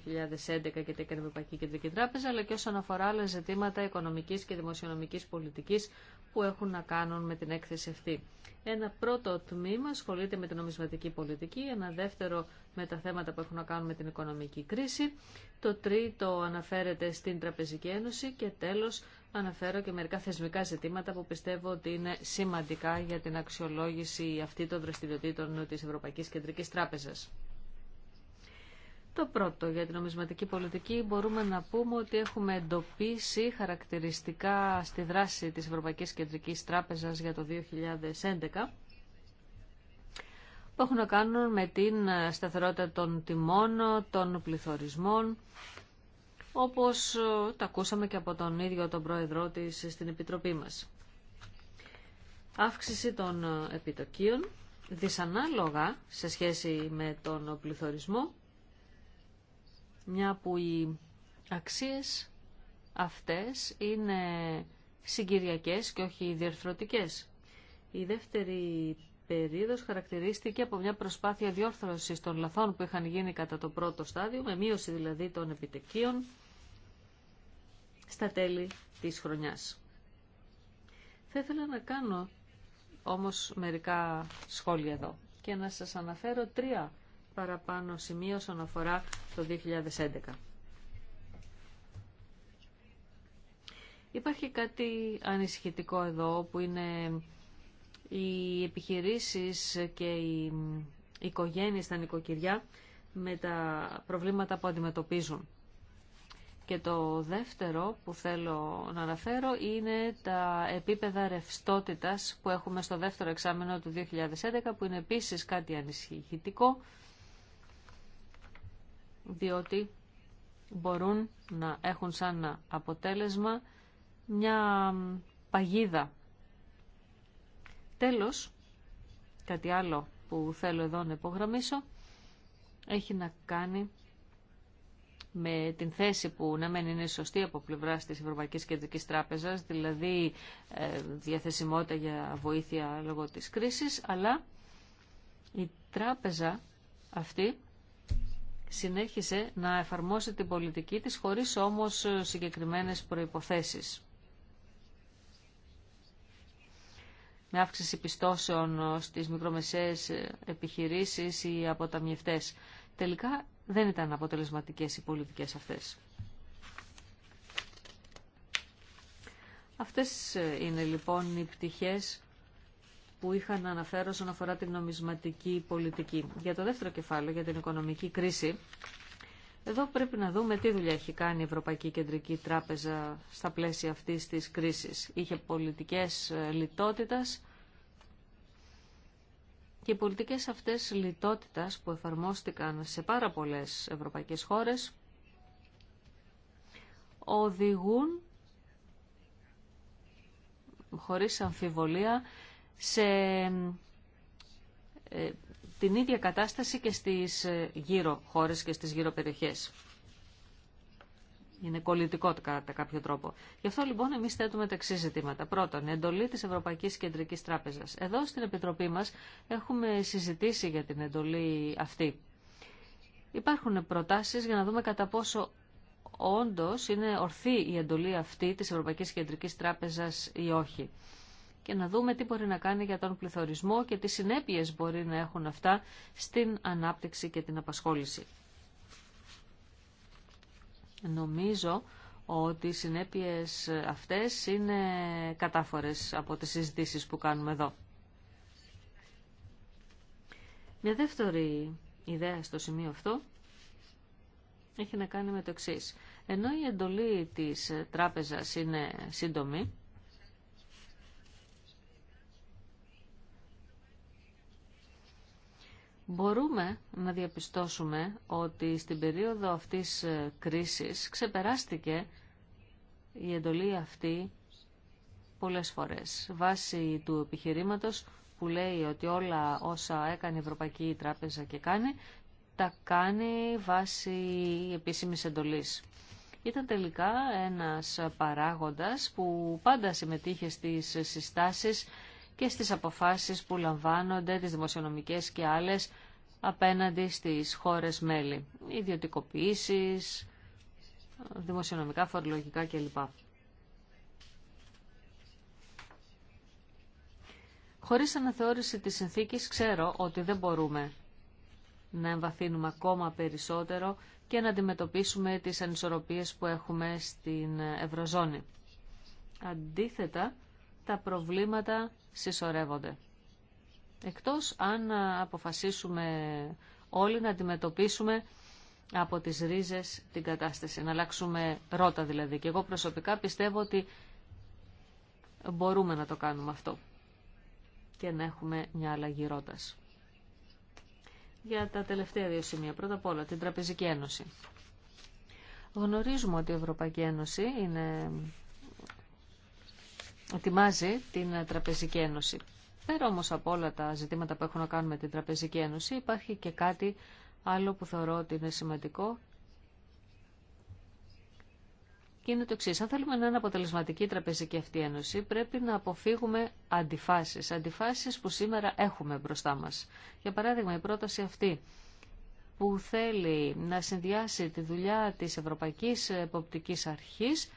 S3: και την Ευρωπαϊκή Κεντρική Τράπεζα, αλλά και όσον αφορά άλλα ζητήματα οικονομικής και δημοσιονομικής πολιτικής που έχουν να κάνουν με την έκθεση αυτή. Ένα πρώτο τμήμα ασχολείται με την νομισματική πολιτική, ένα δεύτερο με τα θέματα που έχουν να κάνουν με την οικονομική κρίση, το τρίτο αναφέρεται στην Τραπεζική Ένωση και τέλος αναφέρω και μερικά θεσμικά ζητήματα που πιστεύω ότι είναι σημαντικά για την αξιολόγηση αυτή των δραστηριοτήτων της Ευρωπαϊκής Κεντρικής Τράπεζας. Το πρώτο για την νομισματική πολιτική μπορούμε να πούμε ότι έχουμε εντοπίσει χαρακτηριστικά στη δράση της Ευρωπαϊκής Κεντρικής Τράπεζας για το 2011 που έχουν να κάνουν με την σταθερότητα των τιμών, των πληθωρισμών όπως τα ακούσαμε και από τον ίδιο τον πρόεδρό της στην Επιτροπή μας. Αύξηση των επιτοκίων δυσανάλογα σε σχέση με τον πληθωρισμό μια που οι αξίες αυτές είναι συγκυριακές και όχι διερθρωτικές. Η δεύτερη περίοδος χαρακτηρίστηκε από μια προσπάθεια διόρθρωσης των λαθών που είχαν γίνει κατά το πρώτο στάδιο, με μείωση δηλαδή των επιτεκείων στα τέλη της χρονιάς. Θα ήθελα να κάνω όμως μερικά σχόλια εδώ και να σας αναφέρω τρία παραπάνω σημείο όσον αφορά το 2011. Υπάρχει κάτι ανησυχητικό εδώ που είναι οι επιχειρήσεις και οι οικογένειες τα νοικοκυριά με τα προβλήματα που αντιμετωπίζουν. Και το δεύτερο που θέλω να αναφέρω είναι τα επίπεδα ρευστότητας που έχουμε στο δεύτερο εξάμενο του 2011 που είναι επίσης κάτι ανησυχητικό διότι μπορούν να έχουν σαν αποτέλεσμα μια παγίδα. Τέλος, κάτι άλλο που θέλω εδώ να υπογραμμίσω, έχει να κάνει με την θέση που να μένει είναι σωστή από πλευρά τη Ευρωπαϊκή Κεντρικής Τράπεζας, δηλαδή ε, διαθεσιμότητα για βοήθεια λόγω της κρίσης, αλλά η τράπεζα αυτή συνέχισε να εφαρμόσει την πολιτική της χωρίς όμως ε, συγκεκριμένες προϋποθέσεις. με αύξηση πιστώσεων ε, στις μικρομεσαίες ε, επιχειρήσεις ή αποταμιευτές. Τελικά δεν ήταν αποτελεσματικές οι πολιτικές αυτές. Αυτές είναι λοιπόν οι πτυχές που είχα να αναφέρω όσον αφορά την νομισματική πολιτική. Για το δεύτερο κεφάλαιο, για την οικονομική κρίση, εδώ πρέπει να δούμε τι δουλειά έχει κάνει η Ευρωπαϊκή Κεντρική Τράπεζα στα πλαίσια αυτής της κρίσης. Είχε πολιτικές ε, λιτότητας και οι πολιτικές αυτές λιτότητας που εφαρμόστηκαν σε πάρα πολλές ευρωπαϊκές χώρες οδηγούν χωρίς αμφιβολία σε ε, την ίδια κατάσταση και στις ε, γύρω χώρες και στις γύρω περιοχές. Είναι κολλητικό κατά κάποιο τρόπο. Γι' αυτό λοιπόν εμείς θέτουμε τα εξή ζητήματα. Πρώτον, εντολή της Ευρωπαϊκής Κεντρικής Τράπεζας. Εδώ στην Επιτροπή μας έχουμε συζητήσει για την εντολή αυτή. Υπάρχουν προτάσεις για να δούμε κατά πόσο όντω είναι ορθή η εντολή αυτή της Ευρωπαϊκής Κεντρικής Τράπεζας ή όχι και να δούμε τι μπορεί να κάνει για τον πληθωρισμό και τι συνέπειες μπορεί να έχουν αυτά στην ανάπτυξη και την απασχόληση. Νομίζω ότι οι συνέπειες αυτές είναι κατάφορες από τις συζητήσεις που κάνουμε εδώ. Μια δεύτερη ιδέα στο σημείο αυτό έχει να κάνει με το εξή. Ενώ η εντολή της τράπεζας είναι σύντομη, μπορούμε να διαπιστώσουμε ότι στην περίοδο αυτής ε, κρίσης ξεπεράστηκε η εντολή αυτή πολλές φορές βάσει του επιχειρήματος που λέει ότι όλα όσα έκανε η Ευρωπαϊκή Τράπεζα και κάνει τα κάνει βάσει επίσημης εντολής. Ήταν τελικά ένας παράγοντας που πάντα συμμετείχε στις συστάσεις και στις αποφάσεις που λαμβάνονται, τις δημοσιονομικές και άλλες, απέναντι στις χώρες μέλη. Ιδιωτικοποιήσεις, δημοσιονομικά, φορολογικά κλπ. Χωρίς αναθεώρηση της συνθήκης ξέρω ότι δεν μπορούμε να εμβαθύνουμε ακόμα περισσότερο και να αντιμετωπίσουμε τις ανισορροπίες που έχουμε στην Ευρωζώνη. Αντίθετα, τα προβλήματα συσσωρεύονται. Εκτός αν αποφασίσουμε όλοι να αντιμετωπίσουμε από τις ρίζες την κατάσταση, να αλλάξουμε ρότα δηλαδή. Και εγώ προσωπικά πιστεύω ότι μπορούμε να το κάνουμε αυτό και να έχουμε μια αλλαγή ρότας. Για τα τελευταία δύο σημεία. Πρώτα απ' όλα, την Τραπεζική Ένωση. Γνωρίζουμε ότι η Ευρωπαϊκή Ένωση είναι ετοιμάζει την Τραπεζική Ένωση. Πέρα όμως από όλα τα ζητήματα που έχουν να κάνουν με την Τραπεζική Ένωση υπάρχει και κάτι άλλο που θεωρώ ότι είναι σημαντικό και είναι το εξή. Αν θέλουμε να είναι αποτελεσματική η τραπεζική αυτή ένωση, πρέπει να αποφύγουμε αντιφάσεις. Αντιφάσεις που σήμερα έχουμε μπροστά μας. Για παράδειγμα, η πρόταση αυτή που θέλει να συνδυάσει τη δουλειά της Ευρωπαϊκής Εποπτικής Αρχής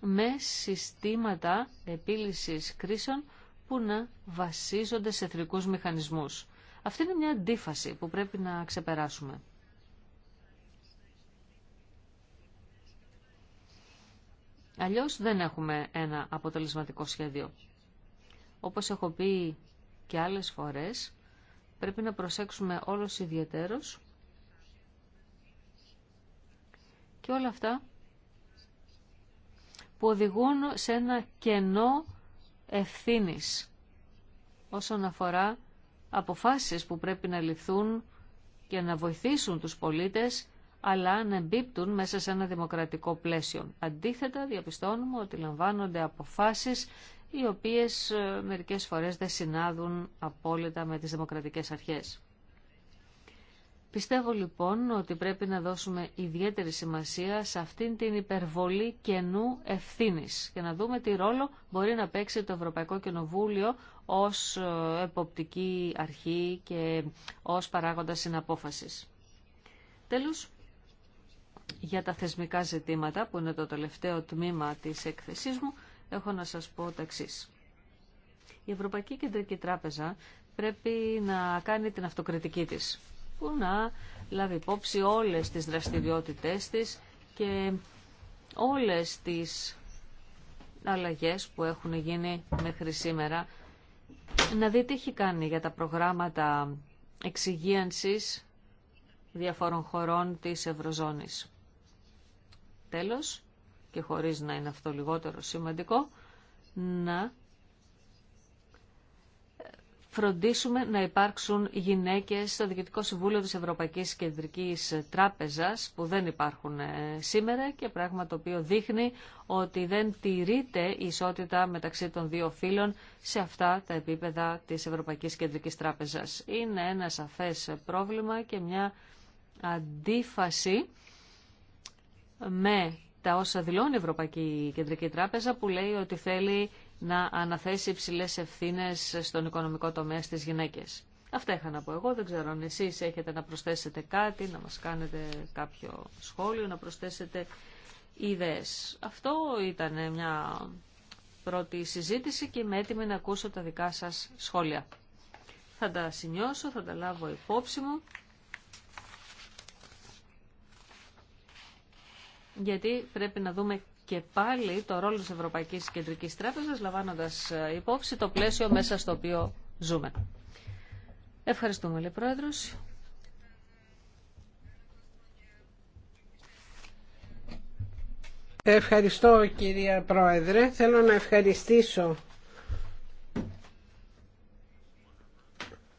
S3: με συστήματα επίλυσης κρίσεων που να βασίζονται σε εθνικούς μηχανισμούς. Αυτή είναι μια αντίφαση που πρέπει να ξεπεράσουμε. Αλλιώς δεν έχουμε ένα αποτελεσματικό σχέδιο. Όπως έχω πει και άλλες φορές, πρέπει να προσέξουμε όλος ιδιαίτερος και όλα αυτά που οδηγούν σε ένα κενό ευθύνης όσον αφορά αποφάσεις που πρέπει να ληφθούν και να βοηθήσουν τους πολίτες αλλά να εμπίπτουν μέσα σε ένα δημοκρατικό πλαίσιο. Αντίθετα, διαπιστώνουμε ότι λαμβάνονται αποφάσεις οι οποίες ε, μερικές φορές δεν συνάδουν απόλυτα με τις δημοκρατικές αρχές. Πιστεύω λοιπόν ότι πρέπει να δώσουμε ιδιαίτερη σημασία σε αυτήν την υπερβολή καινού ευθύνη και να δούμε τι ρόλο μπορεί να παίξει το Ευρωπαϊκό Κοινοβούλιο ως ε, εποπτική αρχή και ως παράγοντα συναπόφασης. Τέλος, για τα θεσμικά ζητήματα που είναι το τελευταίο τμήμα της έκθεσής μου, έχω να σας πω τα Η Ευρωπαϊκή Κεντρική Τράπεζα πρέπει να κάνει την αυτοκριτική της που να λάβει υπόψη όλες τις δραστηριότητές της και όλες τις αλλαγές που έχουν γίνει μέχρι σήμερα. Να δει τι έχει κάνει για τα προγράμματα εξυγίανσης διαφόρων χωρών της Ευρωζώνης. Τέλος, και χωρίς να είναι αυτό λιγότερο σημαντικό, να φροντίσουμε να υπάρξουν γυναίκες στο Διοικητικό Συμβούλιο της Ευρωπαϊκής Κεντρικής Τράπεζας που δεν υπάρχουν ε, σήμερα και πράγμα το οποίο δείχνει ότι δεν τηρείται η ισότητα μεταξύ των δύο φύλων σε αυτά τα επίπεδα της Ευρωπαϊκής Κεντρικής Τράπεζας. Είναι ένα σαφές πρόβλημα και μια αντίφαση με τα όσα δηλώνει η Ευρωπαϊκή Κεντρική Τράπεζα που λέει ότι θέλει να αναθέσει υψηλές ευθύνες στον οικονομικό τομέα στις γυναίκες. Αυτά είχα να πω εγώ, δεν ξέρω αν εσείς έχετε να προσθέσετε κάτι, να μας κάνετε κάποιο σχόλιο, να προσθέσετε ιδέες. Αυτό ήταν μια πρώτη συζήτηση και είμαι έτοιμη να ακούσω τα δικά σας σχόλια. Θα τα σημειώσω, θα τα λάβω υπόψη μου. Γιατί πρέπει να δούμε και πάλι το ρόλο της Ευρωπαϊκής Κεντρικής Τράπεζας λαμβάνοντας ε, υπόψη το πλαίσιο μέσα στο οποίο ζούμε. Ευχαριστούμε, λέει Πρόεδρος.
S5: Ευχαριστώ κυρία Πρόεδρε. Θέλω να ευχαριστήσω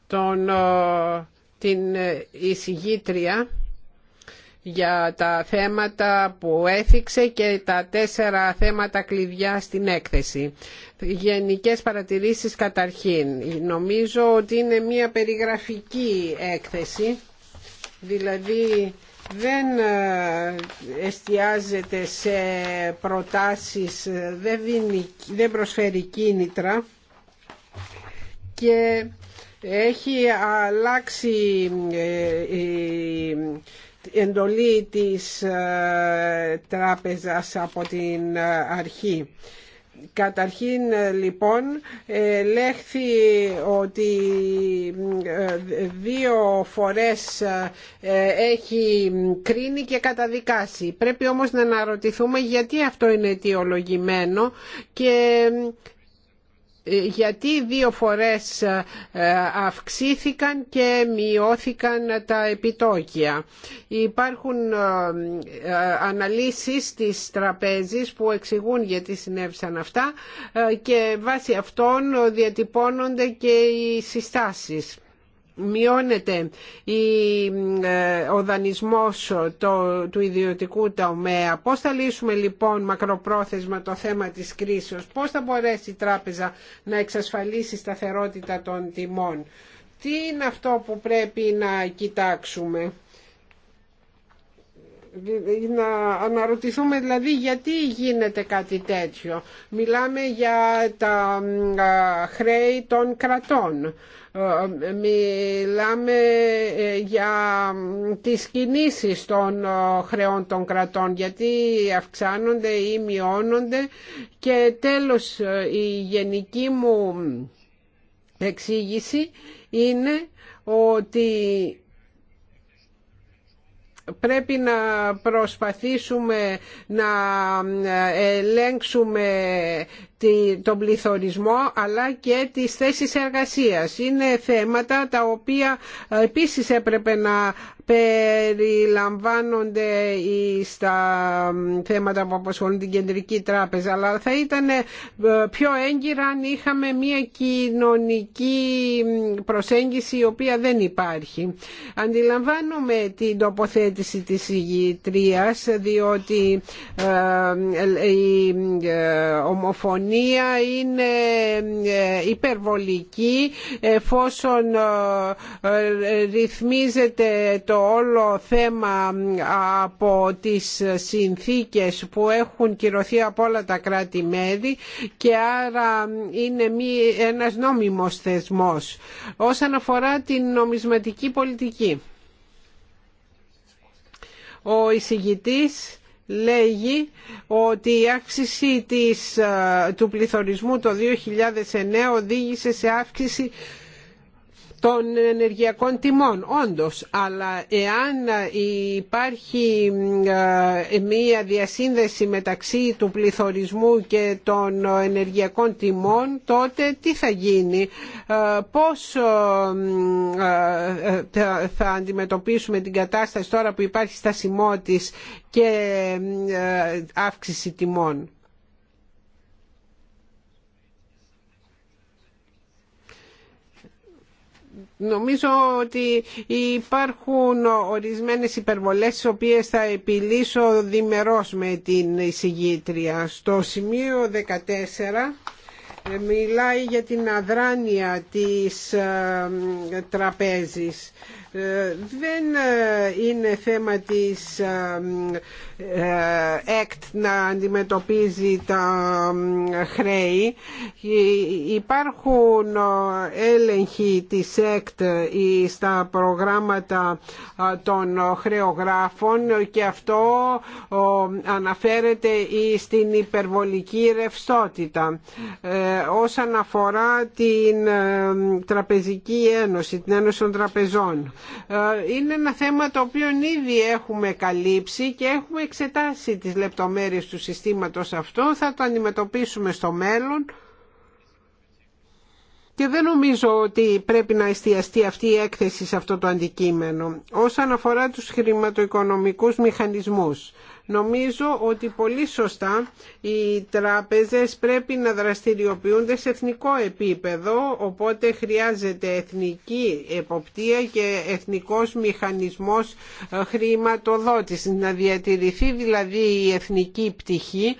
S5: τον, ε, την ε, εισηγήτρια για τα θέματα που έφυξε και τα τέσσερα θέματα κλειδιά στην έκθεση. Γενικές παρατηρήσεις καταρχήν. Νομίζω ότι είναι μια περιγραφική έκθεση, δηλαδή δεν ε, εστιάζεται σε προτάσεις, δεν, δίνει, δεν προσφέρει κίνητρα και έχει αλλάξει ε, εντολή της ε, τράπεζας από την ε, αρχή. Καταρχήν ε, λοιπόν λέχθη ότι δύο φορές έχει κρίνει και καταδικάσει. Πρέπει όμως να αναρωτηθούμε γιατί αυτό είναι αιτιολογημένο και γιατί δύο φορές ε, αυξήθηκαν και μειώθηκαν τα επιτόκια. Υπάρχουν ε, ε, αναλύσεις της τραπέζης που εξηγούν γιατί συνέβησαν αυτά και βάσει αυτών διατυπώνονται και οι συστάσεις μειώνεται ε, ο δανεισμός του ιδιωτικού τομέα. Πώς θα λύσουμε λοιπόν μακροπρόθεσμα το θέμα της κρίσεως, πώς θα μπορέσει η τράπεζα να εξασφαλίσει σταθερότητα των τιμών. Τι είναι αυτό που πρέπει να κοιτάξουμε να αναρωτηθούμε δηλαδή γιατί γίνεται κάτι τέτοιο. Μιλάμε για τα χρέη των κρατών. Μιλάμε ε, για τις κινήσεις των ε, χρεών των κρατών γιατί αυξάνονται ή μειώνονται και τέλος ε, η γενική μου εξήγηση είναι ότι πρέπει να προσπαθήσουμε να ελέγξουμε τον πληθωρισμό αλλά και τις θέσεις εργασίας. Είναι θέματα τα οποία ε, επίσης έπρεπε να περιλαμβάνονται στα θέματα που αποσχολούν την Κεντρική Τράπεζα αλλά θα ήταν ε, πιο έγκυρα αν είχαμε μια κοινωνική προσέγγιση η οποία δεν υπάρχει. Αντιλαμβάνομαι την τοποθέτηση της ηγητρίας διότι ε, η ομοφωνία είναι ε, υπερβολική εφόσον ε, ε, ρυθμίζεται το όλο θέμα από τις συνθήκες που έχουν κυρωθεί από όλα τα κράτη-μέλη και άρα είναι ένας νόμιμος θεσμός όσον αφορά την νομισματική πολιτική. Ο εισηγητής λέγει ότι η αύξηση της, ε, του πληθωρισμού το 2009 οδήγησε σε αύξηση των ενεργειακών τιμών όντως αλλά εάν υπάρχει ε, μία διασύνδεση μεταξύ του πληθωρισμού και των ενεργειακών τιμών τότε τι θα γίνει ε, πώς ε, θα αντιμετωπίσουμε την κατάσταση τώρα που υπάρχει στασιμότης και αύξηση τιμών. Νομίζω ότι υπάρχουν ορισμένες υπερβολές τις οποίες θα επιλύσω διμερός με την εισηγήτρια. Στο σημείο 14 ε, μιλάει για την αδράνεια της ε, τραπέζης. Ε, δεν ε, είναι θέμα της ε, ΕΚΤ να αντιμετωπίζει τα χρέη. Υπάρχουν έλεγχοι της ΕΚΤ στα προγράμματα των χρεογράφων και αυτό αναφέρεται στην υπερβολική ρευστότητα. Όσον αφορά την Τραπεζική Ένωση, την Ένωση των Τραπεζών, ε, είναι ένα θέμα το οποίο ήδη έχουμε καλύψει και έχουμε εξετάσει τις λεπτομέρειες του συστήματος αυτό. Θα το αντιμετωπίσουμε στο μέλλον. Και δεν νομίζω ότι πρέπει να εστιαστεί αυτή η έκθεση σε αυτό το αντικείμενο. Όσον αφορά τους χρηματοοικονομικούς μηχανισμούς, Νομίζω ότι πολύ σωστά οι τράπεζες πρέπει να δραστηριοποιούνται σε εθνικό επίπεδο, οπότε χρειάζεται εθνική εποπτεία και εθνικός μηχανισμός ε, χρηματοδότησης. Να διατηρηθεί δηλαδή η εθνική πτυχή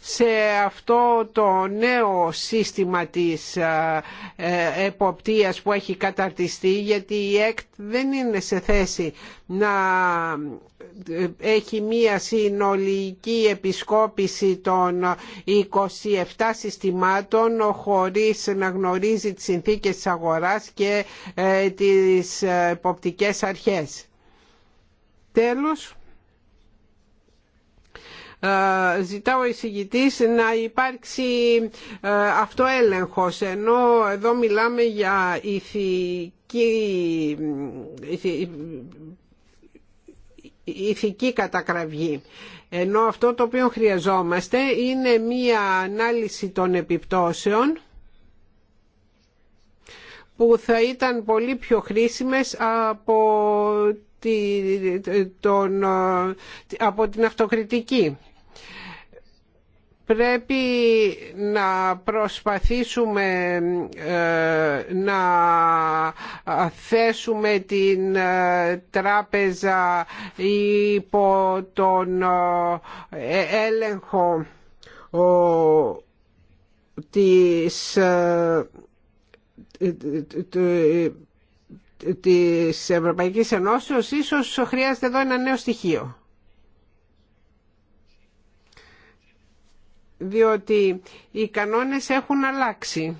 S5: σε αυτό το νέο σύστημα της ε, ε, εποπτείας που έχει καταρτιστεί γιατί η ΕΚΤ δεν είναι σε θέση να έχει μία συνολική επισκόπηση των 27 συστημάτων χωρίς να γνωρίζει τις συνθήκες της αγοράς και ε, τις εποπτικές αρχές. Τέλος, ε, ζητάω ο εισηγητής να υπάρξει ε, αυτοέλεγχος ενώ εδώ μιλάμε για ηθική ηθική κατακραυγή. Ενώ αυτό το οποίο χρειαζόμαστε είναι μία ανάλυση των επιπτώσεων που θα ήταν πολύ πιο χρήσιμες από την αυτοκριτική πρέπει να προσπαθήσουμε ε, να θέσουμε την ε, τράπεζα υπό τον ε, έλεγχο της της Ευρωπαϊκής Ενώσεως ίσως χρειάζεται εδώ ένα νέο στοιχείο. διότι οι κανόνες έχουν αλλάξει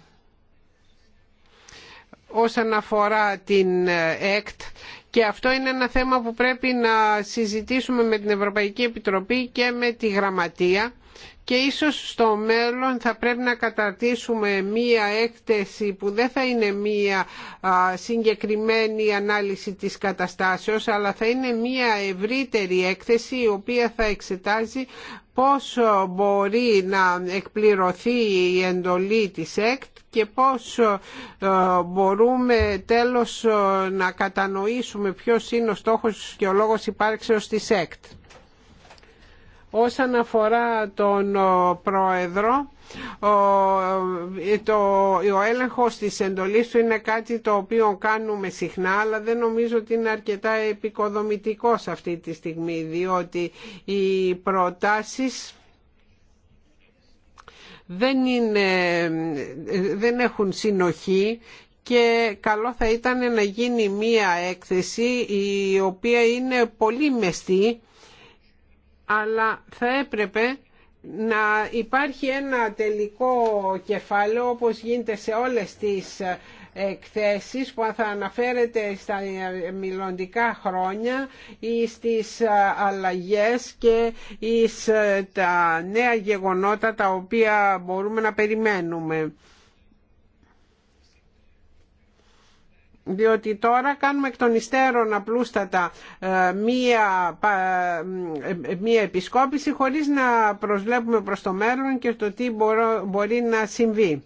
S5: όσον αφορά την ε, ΕΚΤ και αυτό είναι ένα θέμα που πρέπει να συζητήσουμε με την Ευρωπαϊκή Επιτροπή και με τη Γραμματεία και ίσως στο μέλλον θα πρέπει να καταρτήσουμε μία έκθεση που δεν θα είναι μία συγκεκριμένη ανάλυση της καταστάσεως αλλά θα είναι μία ευρύτερη έκθεση η οποία θα εξετάζει πώς μπορεί να εκπληρωθεί η εντολή της ΕΚΤ και πώς μπορούμε τέλος να κατανοήσουμε ποιος είναι ο στόχος και ο λόγος υπάρξεως της ΕΚΤ. Όσον αφορά τον Πρόεδρο, ο, το, ο έλεγχος της εντολής του είναι κάτι το οποίο κάνουμε συχνά αλλά δεν νομίζω ότι είναι αρκετά επικοδομητικός αυτή τη στιγμή διότι οι προτάσεις δεν, είναι, δεν έχουν συνοχή και καλό θα ήταν να γίνει μία έκθεση η οποία είναι πολύ μεστή αλλά θα έπρεπε να υπάρχει ένα τελικό κεφάλαιο όπως γίνεται σε όλες τις ε, εκθέσεις που θα αναφέρεται στα μιλοντικά χρόνια ή στις ε, αλλαγές και στα ε, τα νέα γεγονότα τα οποία μπορούμε να περιμένουμε. διότι τώρα κάνουμε εκ των υστέρων απλούστατα ε, μία, ε, μία επισκόπηση χωρίς να προσβλέπουμε προς το μέλλον και το τι μπορεί να συμβεί.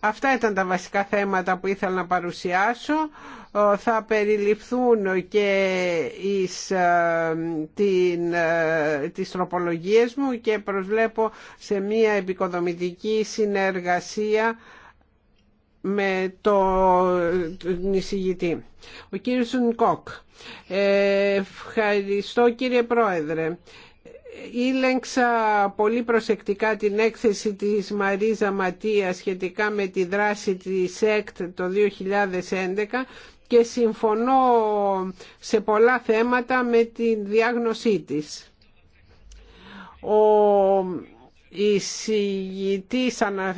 S5: Αυτά ήταν τα βασικά θέματα που ήθελα να παρουσιάσω. Ε, θα περιληφθούν και εις, την, τις τροπολογίες μου και προσβλέπω σε μια επικοδομητική συνεργασία με το νησηγητή. Ο κύριος Ε, Ευχαριστώ κύριε Πρόεδρε. Ήλεγξα πολύ προσεκτικά την έκθεση της Μαρίζα Ματία σχετικά με τη δράση της ΕΚΤ το 2011 και συμφωνώ σε πολλά θέματα με τη διάγνωσή της. Ο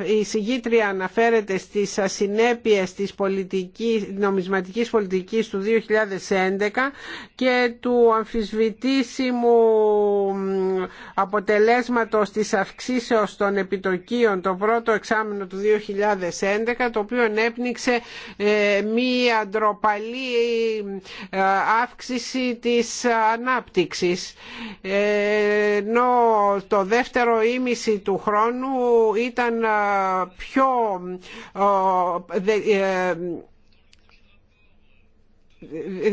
S5: η συγγήτρια αναφέρεται στις ασυνέπειες της πολιτικής, νομισματικής πολιτικής του 2011 και του αμφισβητήσιμου αποτελέσματος της αυξήσεως των επιτοκίων το πρώτο εξάμεινο του 2011 το οποίο ενέπνιξε ε, μία ντροπαλή ε, αύξηση της ανάπτυξης ε, ενώ το δεύτερο ήμιση του χρόνου ήταν πιο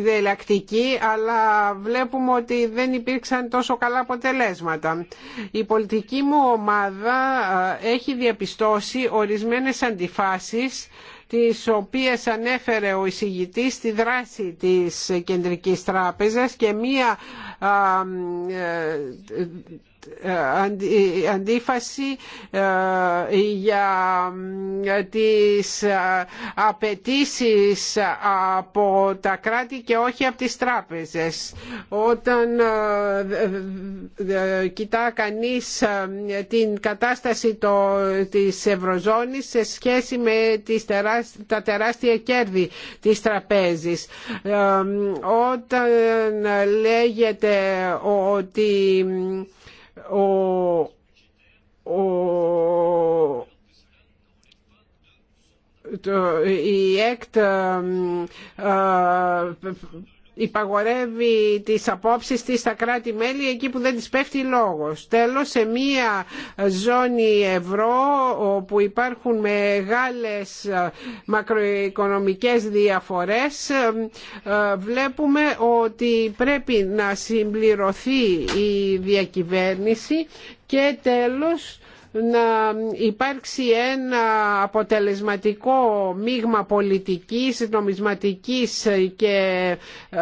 S5: δελακτική ε, αλλά βλέπουμε ότι δεν υπήρξαν τόσο καλά αποτελέσματα. Η πολιτική μου ομάδα έχει διαπιστώσει ορισμένες αντιφάσεις τις οποίες ανέφερε ο εισηγητής στη δράση της Κεντρικής Τράπεζας και μία ε, αντίφαση ε, για ε, τις ε, απαιτήσει από τα κράτη και όχι από τις τράπεζες. Όταν κοιτά την κατάσταση το, της Ευρωζώνης σε σχέση με τα τεράστια κέρδη της τραπέζης. Όταν λέγεται ότι ο, ο, το, η ΕΚΤ ε, ε, υπαγορεύει τις απόψεις της στα κράτη-μέλη εκεί που δεν της πέφτει λόγος. Τέλος, σε μία ζώνη ευρώ όπου υπάρχουν μεγάλες μακροοικονομικές διαφορές ε, ε, βλέπουμε ότι πρέπει να συμπληρωθεί η διακυβέρνηση και τέλος να υπάρξει ένα αποτελεσματικό μείγμα πολιτικής, νομισματικής και ε,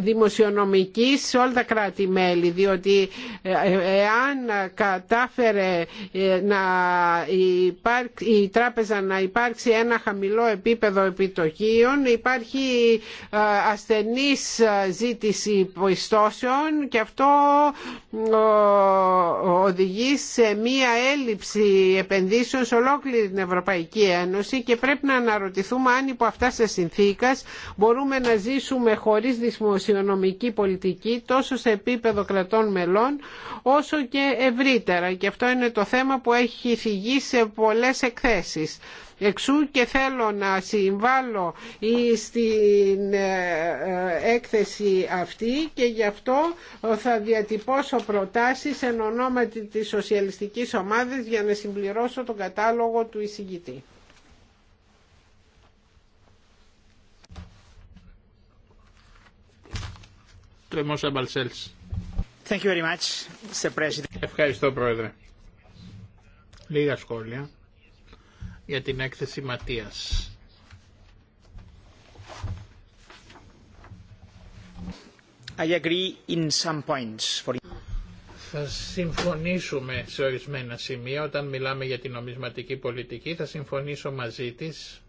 S5: δημοσιονομικής σε όλα τα κράτη-μέλη διότι ε, ε, εάν κατάφερε να η τράπεζα να υπάρξει ένα χαμηλό επίπεδο επιτοχίων υπάρχει ασθενής ζήτηση υποϊστώσεων και αυτό οδηγεί σε μία έλλειψη επενδύσεων σε ολόκληρη την Ευρωπαϊκή Ένωση και πρέπει να αναρωτηθούμε αν υπό αυτά σε συνθήκες μπορούμε να ζήσουμε χωρίς δημοσιονομική πολιτική τόσο σε επίπεδο κρατών μελών όσο και ευρύτερα και αυτό είναι το θέμα που έχει θυγεί σε πολλές εκθέσεις. Εξού και θέλω να συμβάλλω στην ε, ε, έκθεση αυτή και γι' αυτό ε, θα διατυπώσω προτάσεις εν ονόματι της Σοσιαλιστικής Ομάδας για να συμπληρώσω τον κατάλογο του εισηγητή.
S2: Thank you very much, Ευχαριστώ, Πρόεδρε. Λίγα σχόλια για την έκθεση Ματίας.
S5: I
S2: Θα συμφωνήσουμε σε ορισμένα σημεία όταν μιλάμε για την νομισματική πολιτική. Θα συμφωνήσω μαζί της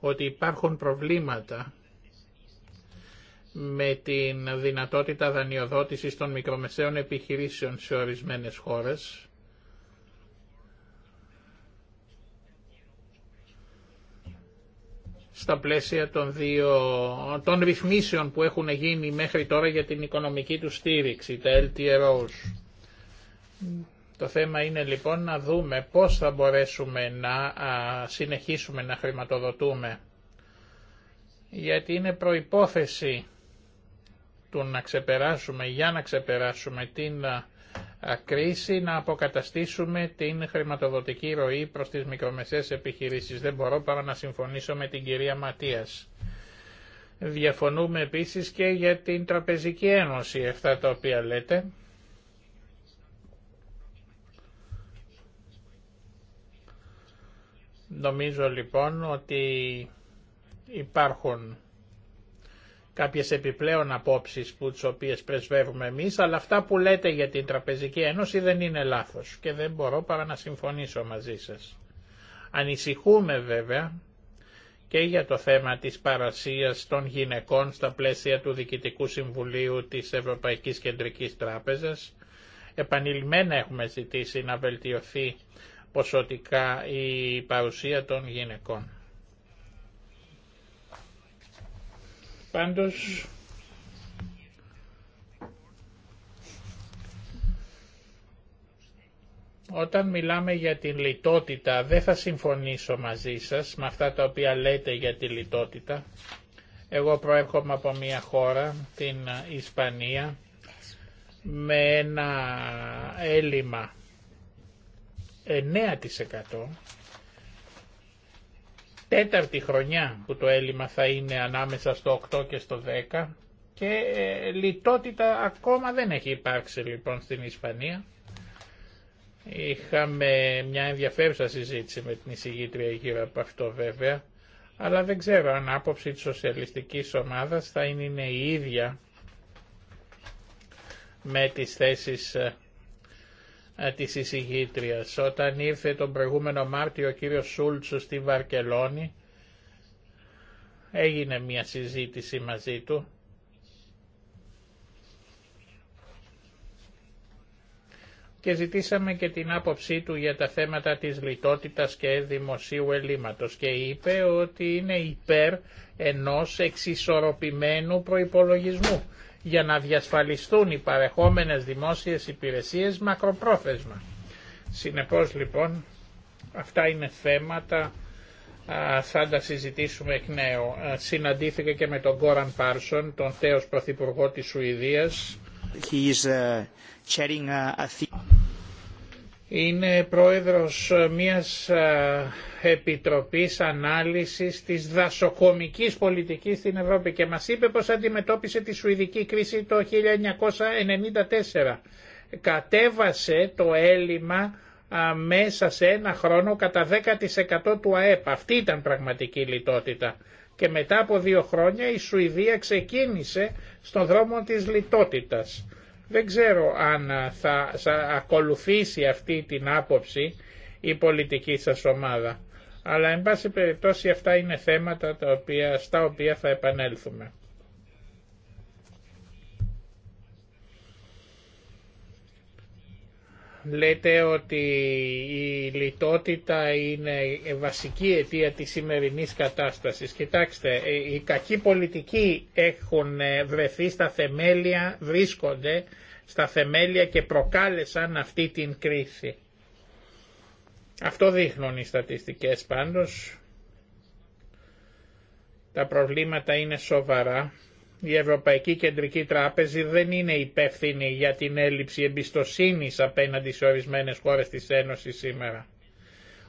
S2: ότι υπάρχουν προβλήματα με την δυνατότητα δανειοδότησης των μικρομεσαίων επιχειρήσεων σε ορισμένες χώρες στα πλαίσια των, δύο, των ρυθμίσεων που έχουν γίνει μέχρι τώρα για την οικονομική του στήριξη, τα LTROs. Το θέμα είναι λοιπόν να δούμε πώς θα μπορέσουμε να συνεχίσουμε να χρηματοδοτούμε. Γιατί είναι προϋπόθεση του να ξεπεράσουμε, για να ξεπεράσουμε την κρίση να αποκαταστήσουμε την χρηματοδοτική ροή προς τις μικρομεσαίες επιχειρήσεις. Δεν μπορώ παρά να συμφωνήσω με την κυρία Ματίας. Διαφωνούμε επίσης και για την Τραπεζική Ένωση, αυτά τα οποία λέτε. Νομίζω λοιπόν ότι υπάρχουν κάποιες επιπλέον απόψεις που τις οποίες πρεσβεύουμε εμείς, αλλά αυτά που λέτε για την Τραπεζική Ένωση δεν είναι λάθος και δεν μπορώ παρά να συμφωνήσω μαζί σας. Ανησυχούμε βέβαια και για το θέμα της παρασίας των γυναικών στα πλαίσια του Διοικητικού Συμβουλίου της Ευρωπαϊκής Κεντρικής Τράπεζας. Επανειλημμένα έχουμε ζητήσει να βελτιωθεί ποσοτικά η παρουσία των γυναικών. Πάντως όταν μιλάμε για την λιτότητα δεν θα συμφωνήσω μαζί σας με αυτά τα οποία λέτε για τη λιτότητα. Εγώ προέρχομαι από μια χώρα, την Ισπανία, με ένα έλλειμμα 9% τέταρτη χρονιά που το έλλειμμα θα είναι ανάμεσα στο 8 και στο 10 και ε, λιτότητα ακόμα δεν έχει υπάρξει λοιπόν στην Ισπανία. Είχαμε μια ενδιαφέρουσα συζήτηση με την εισηγήτρια γύρω από αυτό βέβαια, αλλά δεν ξέρω αν άποψη της σοσιαλιστικής ομάδας θα είναι η ίδια με τις θέσεις ε, ε, της εισηγήτριας. Όταν ήρθε τον προηγούμενο Μάρτιο ο κύριος Σούλτσου στη Βαρκελόνη, έγινε μια συζήτηση μαζί του. και ζητήσαμε και την άποψή του για τα θέματα της λιτότητας και δημοσίου ελλείμματος και είπε ότι είναι υπέρ ενός εξισορροπημένου προϋπολογισμού για να διασφαλιστούν οι παρεχόμενες δημόσιες υπηρεσίες μακροπρόθεσμα. Συνεπώς λοιπόν αυτά είναι θέματα θα τα συζητήσουμε εκ νέου. Συναντήθηκε και με τον Γκόραν Πάρσον, τον θέος πρωθυπουργό της Σουηδίας. is, ε, ε, Είναι πρόεδρος ε, μιας Επιτροπής Ανάλυσης της Δασοκομικής Πολιτικής στην Ευρώπη και μας είπε πως αντιμετώπισε τη Σουηδική κρίση το 1994. Κατέβασε το έλλειμμα μέσα σε ένα χρόνο κατά 10% του ΑΕΠ. Αυτή ήταν πραγματική λιτότητα. Και μετά από δύο χρόνια η Σουηδία ξεκίνησε στον δρόμο της λιτότητας. Δεν ξέρω αν θα, ακολουθήσει αυτή την άποψη η πολιτική σας ομάδα. Αλλά εν πάση περιπτώσει αυτά είναι θέματα τα οποία, στα οποία θα επανέλθουμε. λέτε ότι η λιτότητα είναι βασική αιτία της σημερινής κατάστασης. Κοιτάξτε, ε, οι κακοί πολιτικοί έχουν ε, βρεθεί στα θεμέλια, βρίσκονται στα θεμέλια και προκάλεσαν αυτή την κρίση. Αυτό δείχνουν οι στατιστικές πάντως. Τα προβλήματα είναι σοβαρά. Η Ευρωπαϊκή Κεντρική Τράπεζη δεν είναι υπεύθυνη για την έλλειψη εμπιστοσύνης απέναντι σε ορισμένες χώρες της Ένωσης σήμερα.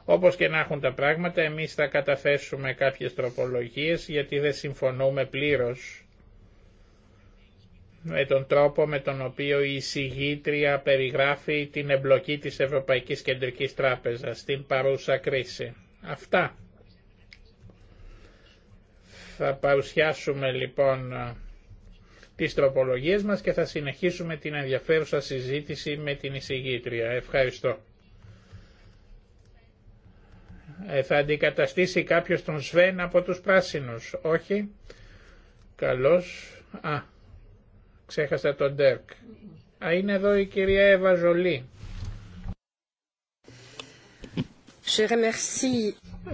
S2: Όπως και να έχουν τα πράγματα, εμείς θα καταθέσουμε κάποιες τροπολογίες γιατί δεν συμφωνούμε πλήρως με τον τρόπο με τον οποίο η εισηγήτρια περιγράφει την εμπλοκή της Ευρωπαϊκής Κεντρικής Τράπεζας στην παρούσα κρίση. Αυτά. Θα παρουσιάσουμε λοιπόν τις τροπολογίες μας και θα συνεχίσουμε την ενδιαφέρουσα συζήτηση με την εισηγήτρια. Ευχαριστώ. Ε, θα αντικαταστήσει κάποιος τον Σβέν από τους πράσινους. Όχι. Καλώς. Α, Ξέχασα τον Ντέρκ. Α, είναι εδώ η κυρία Εύα Ζολή.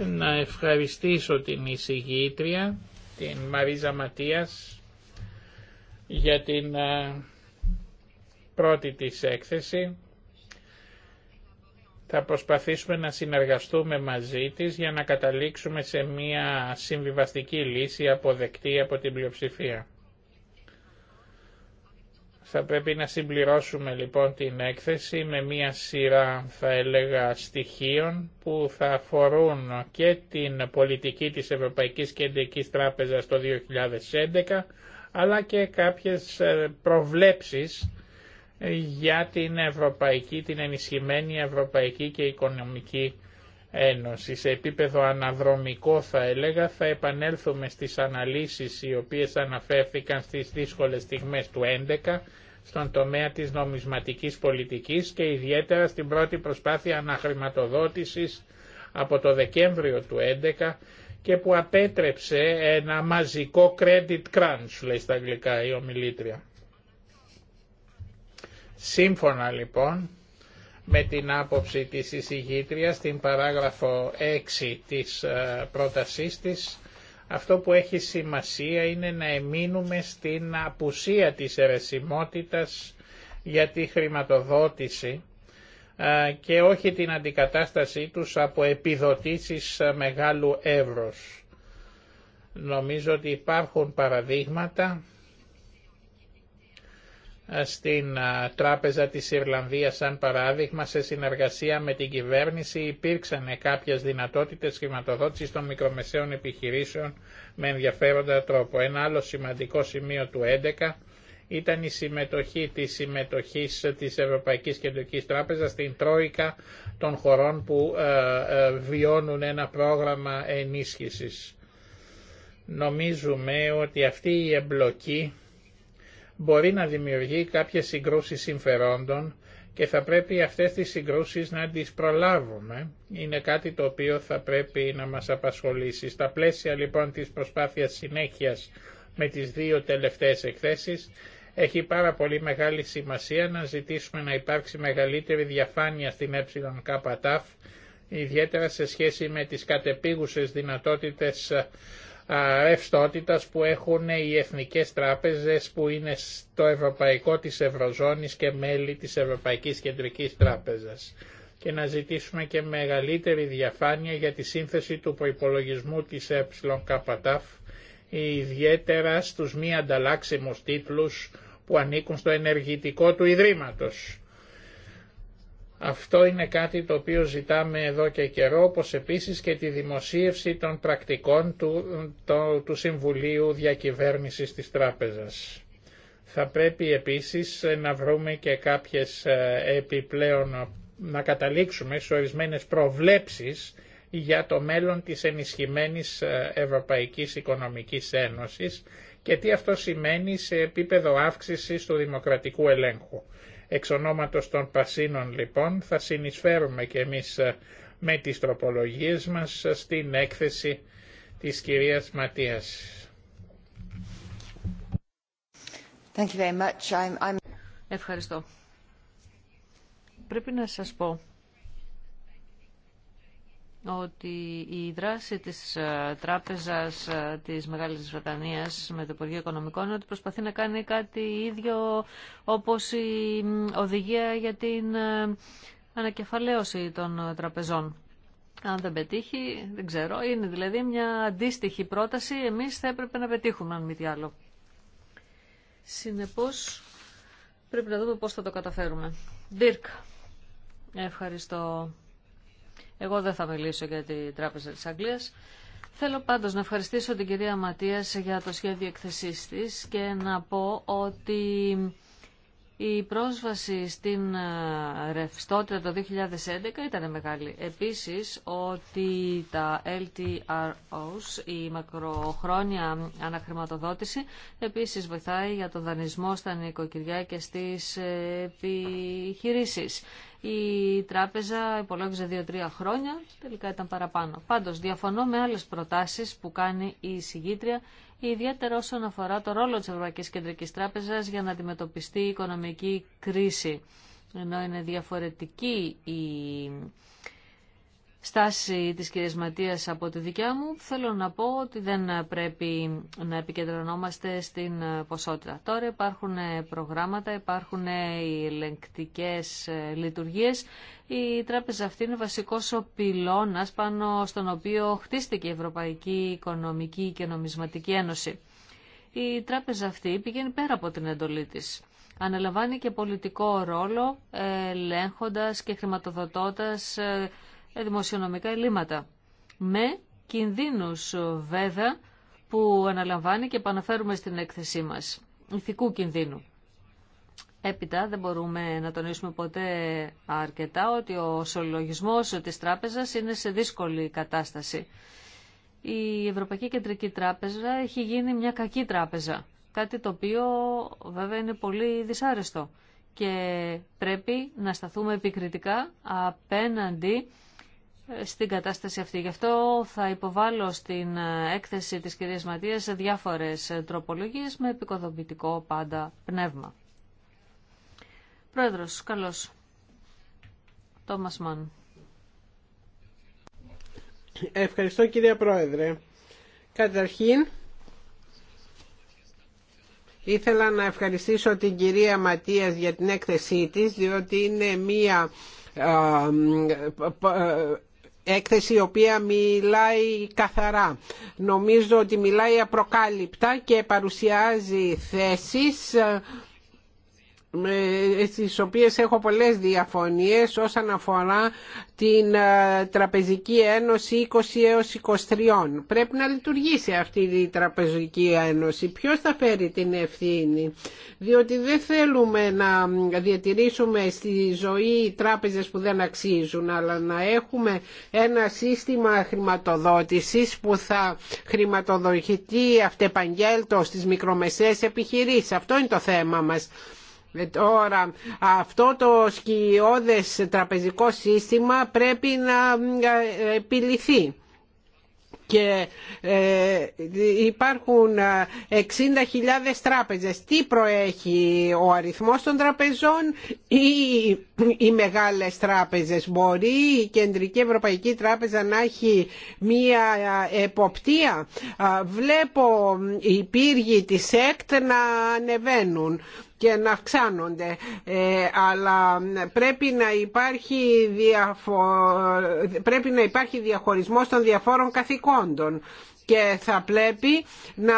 S2: Να ευχαριστήσω την εισηγήτρια, την Μαρίζα Ματίας, για την πρώτη της έκθεση. Θα προσπαθήσουμε να συνεργαστούμε μαζί της για να καταλήξουμε σε μια συμβιβαστική λύση αποδεκτή από την πλειοψηφία. Θα πρέπει να συμπληρώσουμε λοιπόν την έκθεση με μία σειρά θα έλεγα στοιχείων που θα αφορούν και την πολιτική της Ευρωπαϊκής Κεντρικής Τράπεζας το 2011 αλλά και κάποιες ε, προβλέψεις για την ευρωπαϊκή, την ενισχυμένη ευρωπαϊκή και οικονομική Ένωση. Σε επίπεδο αναδρομικό θα έλεγα θα επανέλθουμε στις αναλύσεις οι οποίες αναφέρθηκαν στις δύσκολες στιγμές του 2011 στον τομέα της νομισματικής πολιτικής και ιδιαίτερα στην πρώτη προσπάθεια αναχρηματοδότησης από το Δεκέμβριο του 2011 και που απέτρεψε ένα μαζικό credit crunch, λέει στα αγγλικά η ομιλήτρια. Σύμφωνα λοιπόν με την άποψη της εισηγήτριας στην παράγραφο 6 της ε, πρότασής της. Αυτό που έχει σημασία είναι να εμείνουμε στην απουσία της αιρεσιμότητας για τη χρηματοδότηση ε, και όχι την αντικατάστασή τους από επιδοτήσεις μεγάλου εύρος. Νομίζω ότι υπάρχουν παραδείγματα στην Τράπεζα της Ιρλανδίας σαν παράδειγμα σε συνεργασία με την κυβέρνηση υπήρξαν κάποιες δυνατότητες χρηματοδότησης των μικρομεσαίων επιχειρήσεων με ενδιαφέροντα τρόπο. Ένα άλλο σημαντικό σημείο του 11 ήταν η συμμετοχή της συμμετοχής της Ευρωπαϊκής Κεντρικής Τράπεζας στην Τρόικα των χωρών που βιώνουν ένα πρόγραμμα ενίσχυσης. Νομίζουμε ότι αυτή η εμπλοκή μπορεί να δημιουργεί κάποιες συγκρούσεις συμφερόντων και θα πρέπει αυτές τις συγκρούσεις να τις προλάβουμε. Είναι κάτι το οποίο θα πρέπει να μας απασχολήσει. Στα πλαίσια λοιπόν της προσπάθειας συνέχειας με τις δύο τελευταίες εκθέσεις, έχει πάρα πολύ μεγάλη σημασία να ζητήσουμε να υπάρξει μεγαλύτερη διαφάνεια στην ΕΚΤΑΦ, ιδιαίτερα σε σχέση με τις κατεπίγουσες δυνατότητες ε, ρευστότητας που έχουν οι εθνικές τράπεζες που είναι στο ευρωπαϊκό της Ευρωζώνης και μέλη της Ευρωπαϊκής Κεντρικής Τράπεζας και να ζητήσουμε και μεγαλύτερη διαφάνεια για τη σύνθεση του προπολογισμού της ΕΚΤΑΦ ιδιαίτερα στους μη ανταλλάξιμους τίτλους που ανήκουν στο ενεργητικό του Ιδρύματος. Αυτό είναι κάτι το οποίο ζητάμε εδώ και καιρό, όπως επίσης και τη δημοσίευση των πρακτικών του, του Συμβουλίου Διακυβέρνησης της Τράπεζας. Θα πρέπει επίσης να βρούμε και κάποιες ε, επιπλέον, να καταλήξουμε σε ορισμένες προβλέψεις για το μέλλον της ενισχυμένης ε, Ευρωπαϊκής Οικονομικής Ένωσης και τι αυτό σημαίνει σε επίπεδο αύξησης του δημοκρατικού ελέγχου. Εξ ονόματος των Πασίνων λοιπόν θα συνεισφέρουμε και εμείς ε, με τις τροπολογίες μας ε, στην έκθεση της κυρίας Ματίας.
S3: Ευχαριστώ. Πρέπει να σας πω ότι η δράση της ε, τράπεζας ε, της Μεγάλης Βρετανίας με το Υπουργείο Οικονομικών είναι ότι προσπαθεί να κάνει κάτι ίδιο όπως η οδηγία για την ε, ανακεφαλαίωση των τραπεζών. Αν δεν πετύχει, δεν ξέρω. Είναι δηλαδή μια αντίστοιχη πρόταση. Εμείς θα έπρεπε να πετύχουμε, αν μη τι άλλο. Συνεπώς, πρέπει να δούμε πώς θα το καταφέρουμε. Δίρκ, ευχαριστώ εγώ δεν θα μιλήσω για την Τράπεζα της Αγγλίας. Θέλω πάντως να ευχαριστήσω την κυρία Ματίας για το σχέδιο εκθεσής της και να πω ότι η πρόσβαση στην ε, ρευστότητα το 2011 ήταν μεγάλη. Επίσης ότι τα LTROs, η μακροχρόνια αναχρηματοδότηση, επίσης βοηθάει για τον δανεισμό στα νοικοκυριά και στις ε, επιχειρήσεις. Η τράπεζα υπολόγιζε 2-3 χρόνια, τελικά ήταν παραπάνω. Πάντως διαφωνώ με άλλες προτάσεις που κάνει η συγγήτρια ιδιαίτερα όσον αφορά το ρόλο της Ευρωπαϊκής Κεντρικής Τράπεζας για να αντιμετωπιστεί η οικονομική κρίση. Ενώ είναι διαφορετική η στάση της κυρίας από τη δικιά μου, θέλω να πω ότι δεν πρέπει να επικεντρωνόμαστε στην ποσότητα. Τώρα υπάρχουν προγράμματα, υπάρχουν οι ελεγκτικές λειτουργίες. Η τράπεζα αυτή είναι βασικός ο πυλώνας πάνω στον οποίο χτίστηκε η Ευρωπαϊκή Οικονομική και Νομισματική Ένωση. Η τράπεζα αυτή πηγαίνει πέρα από την εντολή της αναλαμβάνει και πολιτικό ρόλο ε, ελέγχοντας και χρηματοδοτώντας ε, ε, δημοσιονομικά ελλείμματα. Με κινδύνους ε, βέβαια που αναλαμβάνει και επαναφέρουμε στην έκθεσή μας. Ηθικού κινδύνου. Έπειτα δεν μπορούμε να τονίσουμε ποτέ αρκετά ότι ο σολογισμός της τράπεζας είναι σε δύσκολη κατάσταση. Η Ευρωπαϊκή Κεντρική Τράπεζα έχει γίνει μια κακή τράπεζα, κάτι το οποίο βέβαια είναι πολύ δυσάρεστο και πρέπει να σταθούμε επικριτικά απέναντι στην κατάσταση αυτή. Γι' αυτό θα υποβάλω στην έκθεση της κυρίας Ματίας διάφορες τροπολογίες με επικοδομητικό πάντα πνεύμα. Πρόεδρος, καλώς. Τόμας Μαν.
S5: Ευχαριστώ κυρία Πρόεδρε. Καταρχήν, ήθελα να ευχαριστήσω την κυρία Ματίας για την έκθεσή της, διότι είναι μία ε, έκθεση η οποία μιλάει καθαρά. Νομίζω ότι μιλάει απροκάλυπτα και παρουσιάζει θέσεις στις οποίες έχω πολλές διαφωνίες όσον αφορά την ε, Τραπεζική Ένωση 20 έως 23. Πρέπει να λειτουργήσει αυτή η Τραπεζική Ένωση. Ποιος θα φέρει την ευθύνη. Διότι δεν θέλουμε να διατηρήσουμε στη ζωή τράπεζες που δεν αξίζουν, αλλά να έχουμε ένα σύστημα χρηματοδότησης που θα χρηματοδοτηθεί αυτεπαγγέλτο στις μικρομεσαίες επιχειρήσεις. Αυτό είναι το θέμα μας. Ε, τώρα, αυτό το σκιώδες τραπεζικό σύστημα πρέπει να ε, επιληθεί και ε, υπάρχουν 60.000 τράπεζες. Τι προέχει ο αριθμός των τραπεζών ή οι μεγάλες τράπεζες. Μπορεί η Κεντρική Ευρωπαϊκή Τράπεζα να έχει μία εποπτεία. Βλέπω οι πύργοι της ΕΚΤ να ανεβαίνουν και να αυξάνονται ε, αλλά πρέπει να υπάρχει, διαφο... πρέπει να υπάρχει διαχωρισμός των διαφόρων καθηκόντων και θα πρέπει να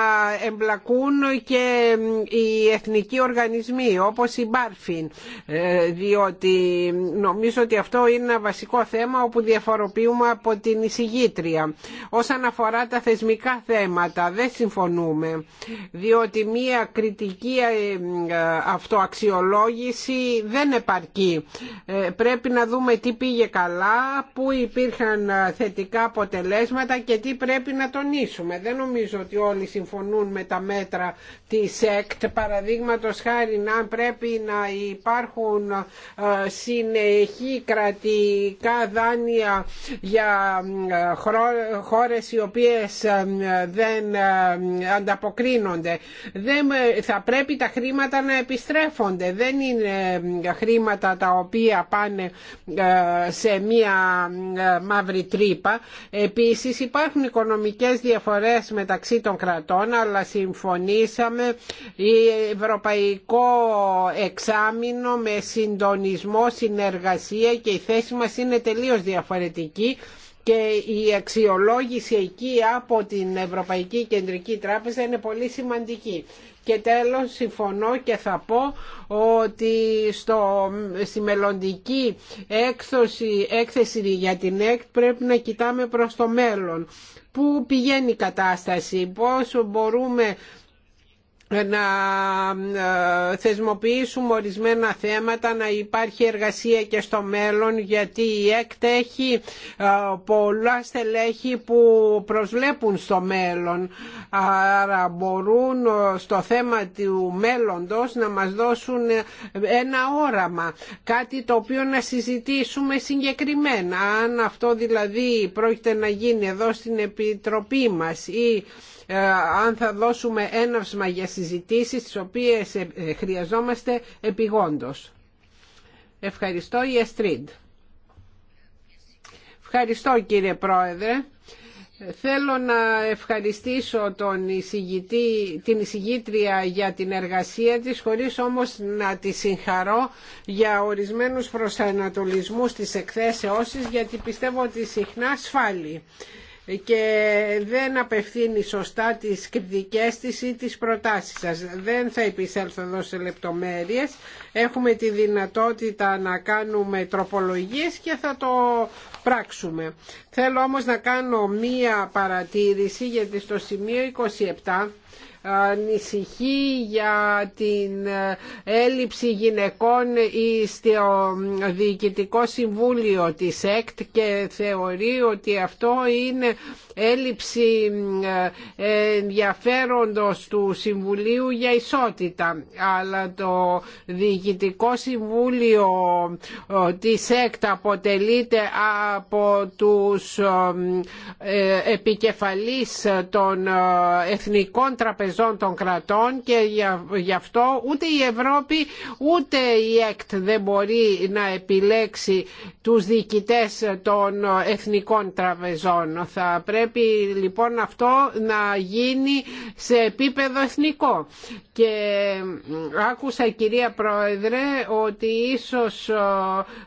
S5: εμπλακούν και οι εθνικοί οργανισμοί όπως η Μπάρφιν ε, διότι νομίζω ότι αυτό είναι ένα βασικό θέμα όπου διαφοροποιούμε από την εισηγήτρια. Όσον αφορά τα θεσμικά θέματα δεν συμφωνούμε διότι μία κριτική ε, αυτοαξιολόγηση δεν επαρκεί. Ε, πρέπει να δούμε τι πήγε καλά, πού υπήρχαν θετικά αποτελέσματα και τι πρέπει να τονίσουμε δεν νομίζω ότι όλοι συμφωνούν με τα μέτρα της ΕΚΤ. Παραδείγματος χάρη να πρέπει να υπάρχουν ε, συνεχή κρατικά δάνεια για ε, χώρες οι οποίες ε, δεν ανταποκρίνονται. Δεν, θα πρέπει τα χρήματα να επιστρέφονται. Δεν είναι χρήματα τα οποία πάνε σε μία μαύρη τρύπα. Επίσης υπάρχουν οικονομικές διαφορές μεταξύ των κρατών αλλά συμφωνήσαμε η ευρωπαϊκό εξάμεινο με συντονισμό, συνεργασία και η θέση μας είναι τελείως διαφορετική και η αξιολόγηση εκεί από την Ευρωπαϊκή Κεντρική Τράπεζα είναι πολύ σημαντική. Και τέλος συμφωνώ και θα πω ότι στο, στη μελλοντική έκθεση, έκθεση για την ΕΚΤ πρέπει να κοιτάμε προς το μέλλον πού πηγαίνει η κατάσταση, πόσο μπορούμε να ε, θεσμοποιήσουμε ορισμένα θέματα, να υπάρχει εργασία και στο μέλλον γιατί η ΕΚΤ έχει ε, πολλά στελέχη που προσβλέπουν στο μέλλον άρα μπορούν ε, στο θέμα του μέλλοντος να μας δώσουν ένα όραμα κάτι το οποίο να συζητήσουμε συγκεκριμένα αν αυτό δηλαδή πρόκειται να γίνει εδώ στην Επιτροπή μας ή ε, αν θα δώσουμε έναυσμα για συζητήσεις τις οποίες ε, ε, χρειαζόμαστε επιγόντως. Ευχαριστώ η Εστρίντ. Ευχαριστώ κύριε Πρόεδρε. Θέλω να ευχαριστήσω τον την εισηγήτρια για την εργασία της, χωρίς όμως να τη συγχαρώ για ορισμένους προσανατολισμούς της εκθέσεώς γιατί πιστεύω ότι συχνά σφάλει και δεν απευθύνει σωστά τις κριτικές της ή τις προτάσεις σας. Δεν θα επισέλθω εδώ σε λεπτομέρειες. Έχουμε τη δυνατότητα να κάνουμε τροπολογίες και θα το πράξουμε. Θέλω όμως να κάνω μία παρατήρηση γιατί στο σημείο 27 ανησυχεί για την ε, έλλειψη γυναικών στο ε, Διοικητικό Συμβούλιο της ΕΚΤ και θεωρεί ότι αυτό είναι έλλειψη ε, ενδιαφέροντος του Συμβουλίου για ισότητα. Αλλά το Διοικητικό Συμβούλιο της ΕΚΤ αποτελείται από τους επικεφαλής των εθνικών τραπεζών των κρατών και γι' αυτό ούτε η Ευρώπη ούτε η ΕΚΤ δεν μπορεί να επιλέξει τους διοικητές των εθνικών τραπεζών. Θα πρέπει λοιπόν αυτό να γίνει σε επίπεδο εθνικό. Και άκουσα κυρία Πρόεδρε ότι ίσως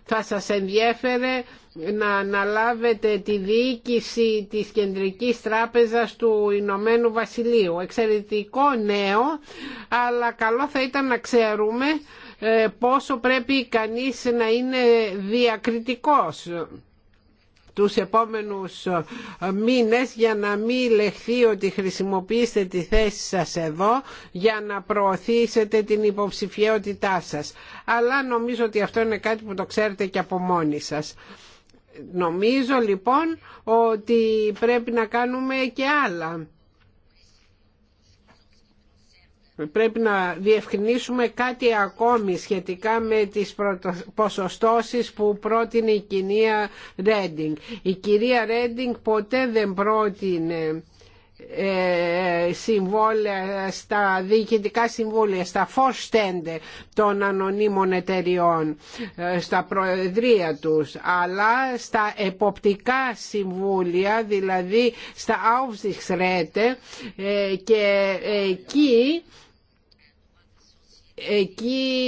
S5: θα σας ενδιέφερε να αναλάβετε τη διοίκηση της Κεντρικής Τράπεζας του Ηνωμένου Βασιλείου. Εξαιρετικό νέο, αλλά καλό θα ήταν να ξέρουμε ε, πόσο πρέπει κανείς να είναι διακριτικός τους επόμενους ε, μήνες για να μην λεχθεί ότι χρησιμοποιήσετε τη θέση σας εδώ για να προωθήσετε την υποψηφιότητά σας. Αλλά νομίζω ότι αυτό είναι κάτι που το ξέρετε και από μόνοι σας. Νομίζω λοιπόν ότι πρέπει να κάνουμε και άλλα. Πρέπει να διευκρινίσουμε κάτι ακόμη σχετικά με τις ποσοστώσεις που πρότεινε η κυρία Ρέντινγκ. Η κυρία Ρέντινγκ ποτέ δεν πρότεινε ε, συμβόλαια, στα διοικητικά συμβούλια, στα στέντε των ανωνύμων εταιριών, ε, στα προεδρία τους, αλλά στα εποπτικά συμβούλια, δηλαδή στα Aufsichtsräte ε, και εκεί Εκεί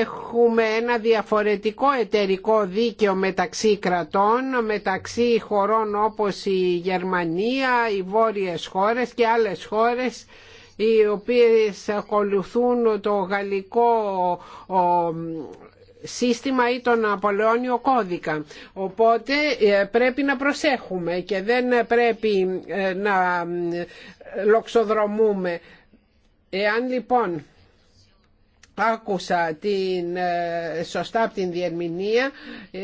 S5: έχουμε ένα διαφορετικό εταιρικό δίκαιο μεταξύ κρατών, μεταξύ χωρών όπως η Γερμανία, οι βόρειες χώρες και άλλες χώρες οι οποίες ακολουθούν το γαλλικό σύστημα ή τον Απολεόνιο κώδικα. Οπότε ε, πρέπει να προσέχουμε και δεν πρέπει ε, να ε, λοξοδρομούμε. Εάν λοιπόν άκουσα την, ε, σωστά από την διερμηνία ε,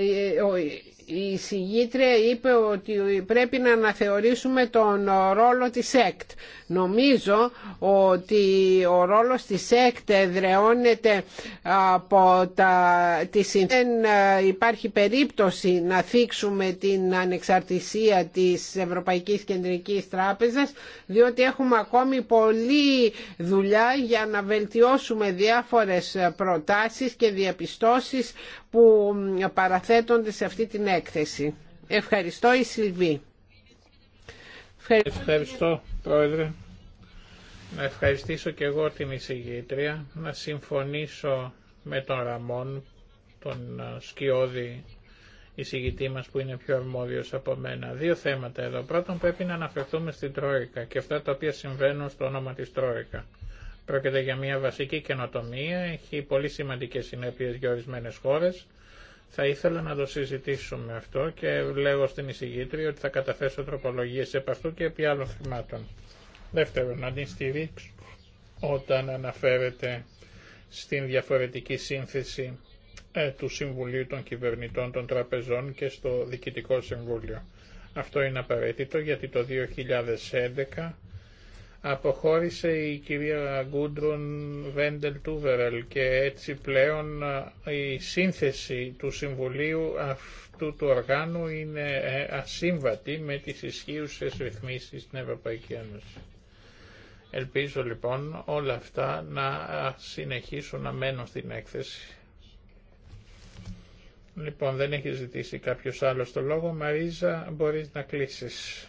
S5: η συγγήτρια είπε ότι πρέπει να αναθεωρήσουμε τον ρόλο της ΕΚΤ. Νομίζω ότι ο ρόλος της ΕΚΤ εδρεώνεται από τα, συνθήκη. Δεν ε, υπάρχει περίπτωση να θίξουμε την ανεξαρτησία της Ευρωπαϊκής Κεντρικής Τράπεζας διότι έχουμε ακόμη πολλή δουλειά για να βελτιώσουμε διάφορες προτάσεις και διαπιστώσεις που παραθέτονται σε αυτή την έκθεση. Ευχαριστώ η Σιλβή. Ευχαριστώ Πρόεδρε.
S2: Να ευχαριστήσω και εγώ την εισηγήτρια, να συμφωνήσω με τον Ραμόν, τον ε, σκιώδη εισηγητή μας που είναι πιο αρμόδιος από μένα. Δύο θέματα εδώ. Πρώτον πρέπει να αναφερθούμε στην Τρόικα και αυτά τα οποία συμβαίνουν στο όνομα της Τρόικα. Πρόκειται για μια βασική καινοτομία, έχει πολύ σημαντικές συνέπειες για ορισμένες χώρες θα ήθελα να το συζητήσουμε αυτό και λέω στην εισηγήτρια ότι θα καταθέσω τροπολογίες επ' αυτού και επί άλλων θυμάτων. Δεύτερον, να την στηρίξω όταν αναφέρεται στην διαφορετική σύνθεση ε, του Συμβουλίου των Κυβερνητών των Τραπεζών και στο Διοικητικό Συμβούλιο. Αυτό είναι απαραίτητο γιατί το 2011 αποχώρησε η κυρία Γκούντρουν Βέντελ Τούβερελ και έτσι πλέον η σύνθεση του Συμβουλίου αυτού του οργάνου είναι ε, ασύμβατη με τις ισχύουσες ρυθμίσεις στην Ευρωπαϊκή Ένωση. Ελπίζω λοιπόν όλα αυτά να συνεχίσουν να μένουν στην έκθεση. Λοιπόν, δεν έχει ζητήσει κάποιος άλλος το λόγο. Μαρίζα, μπορείς να κλείσεις.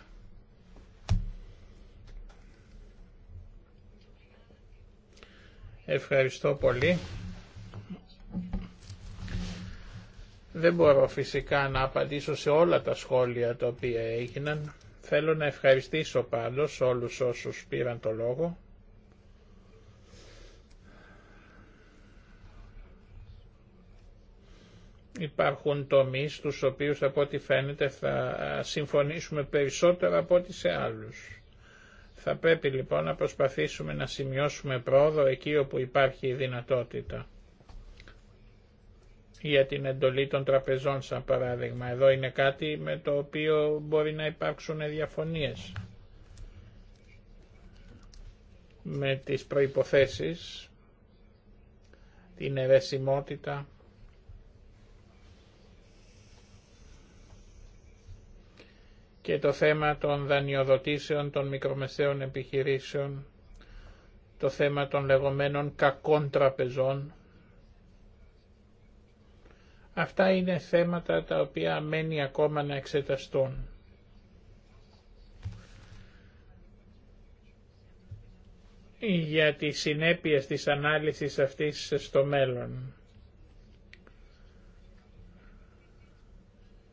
S2: Ευχαριστώ πολύ. Δεν μπορώ φυσικά να απαντήσω σε όλα τα σχόλια τα οποία έγιναν. Θέλω να ευχαριστήσω πάντως όλους όσους πήραν το λόγο. Υπάρχουν τομείς τους οποίους από ό,τι φαίνεται θα συμφωνήσουμε περισσότερο από ό,τι σε άλλους. Θα πρέπει λοιπόν να προσπαθήσουμε να σημειώσουμε πρόοδο εκεί όπου υπάρχει η δυνατότητα. Για την εντολή των τραπεζών σαν παράδειγμα. Εδώ είναι κάτι με το οποίο μπορεί να υπάρξουν διαφωνίες. Με τις προϋποθέσεις, την ερεσιμότητα. και το θέμα των δανειοδοτήσεων των μικρομεσαίων επιχειρήσεων, το θέμα των λεγόμενων κακών τραπεζών. Αυτά είναι θέματα τα οποία μένει ακόμα να εξεταστούν. για τις συνέπειες της ανάλυσης αυτής στο μέλλον.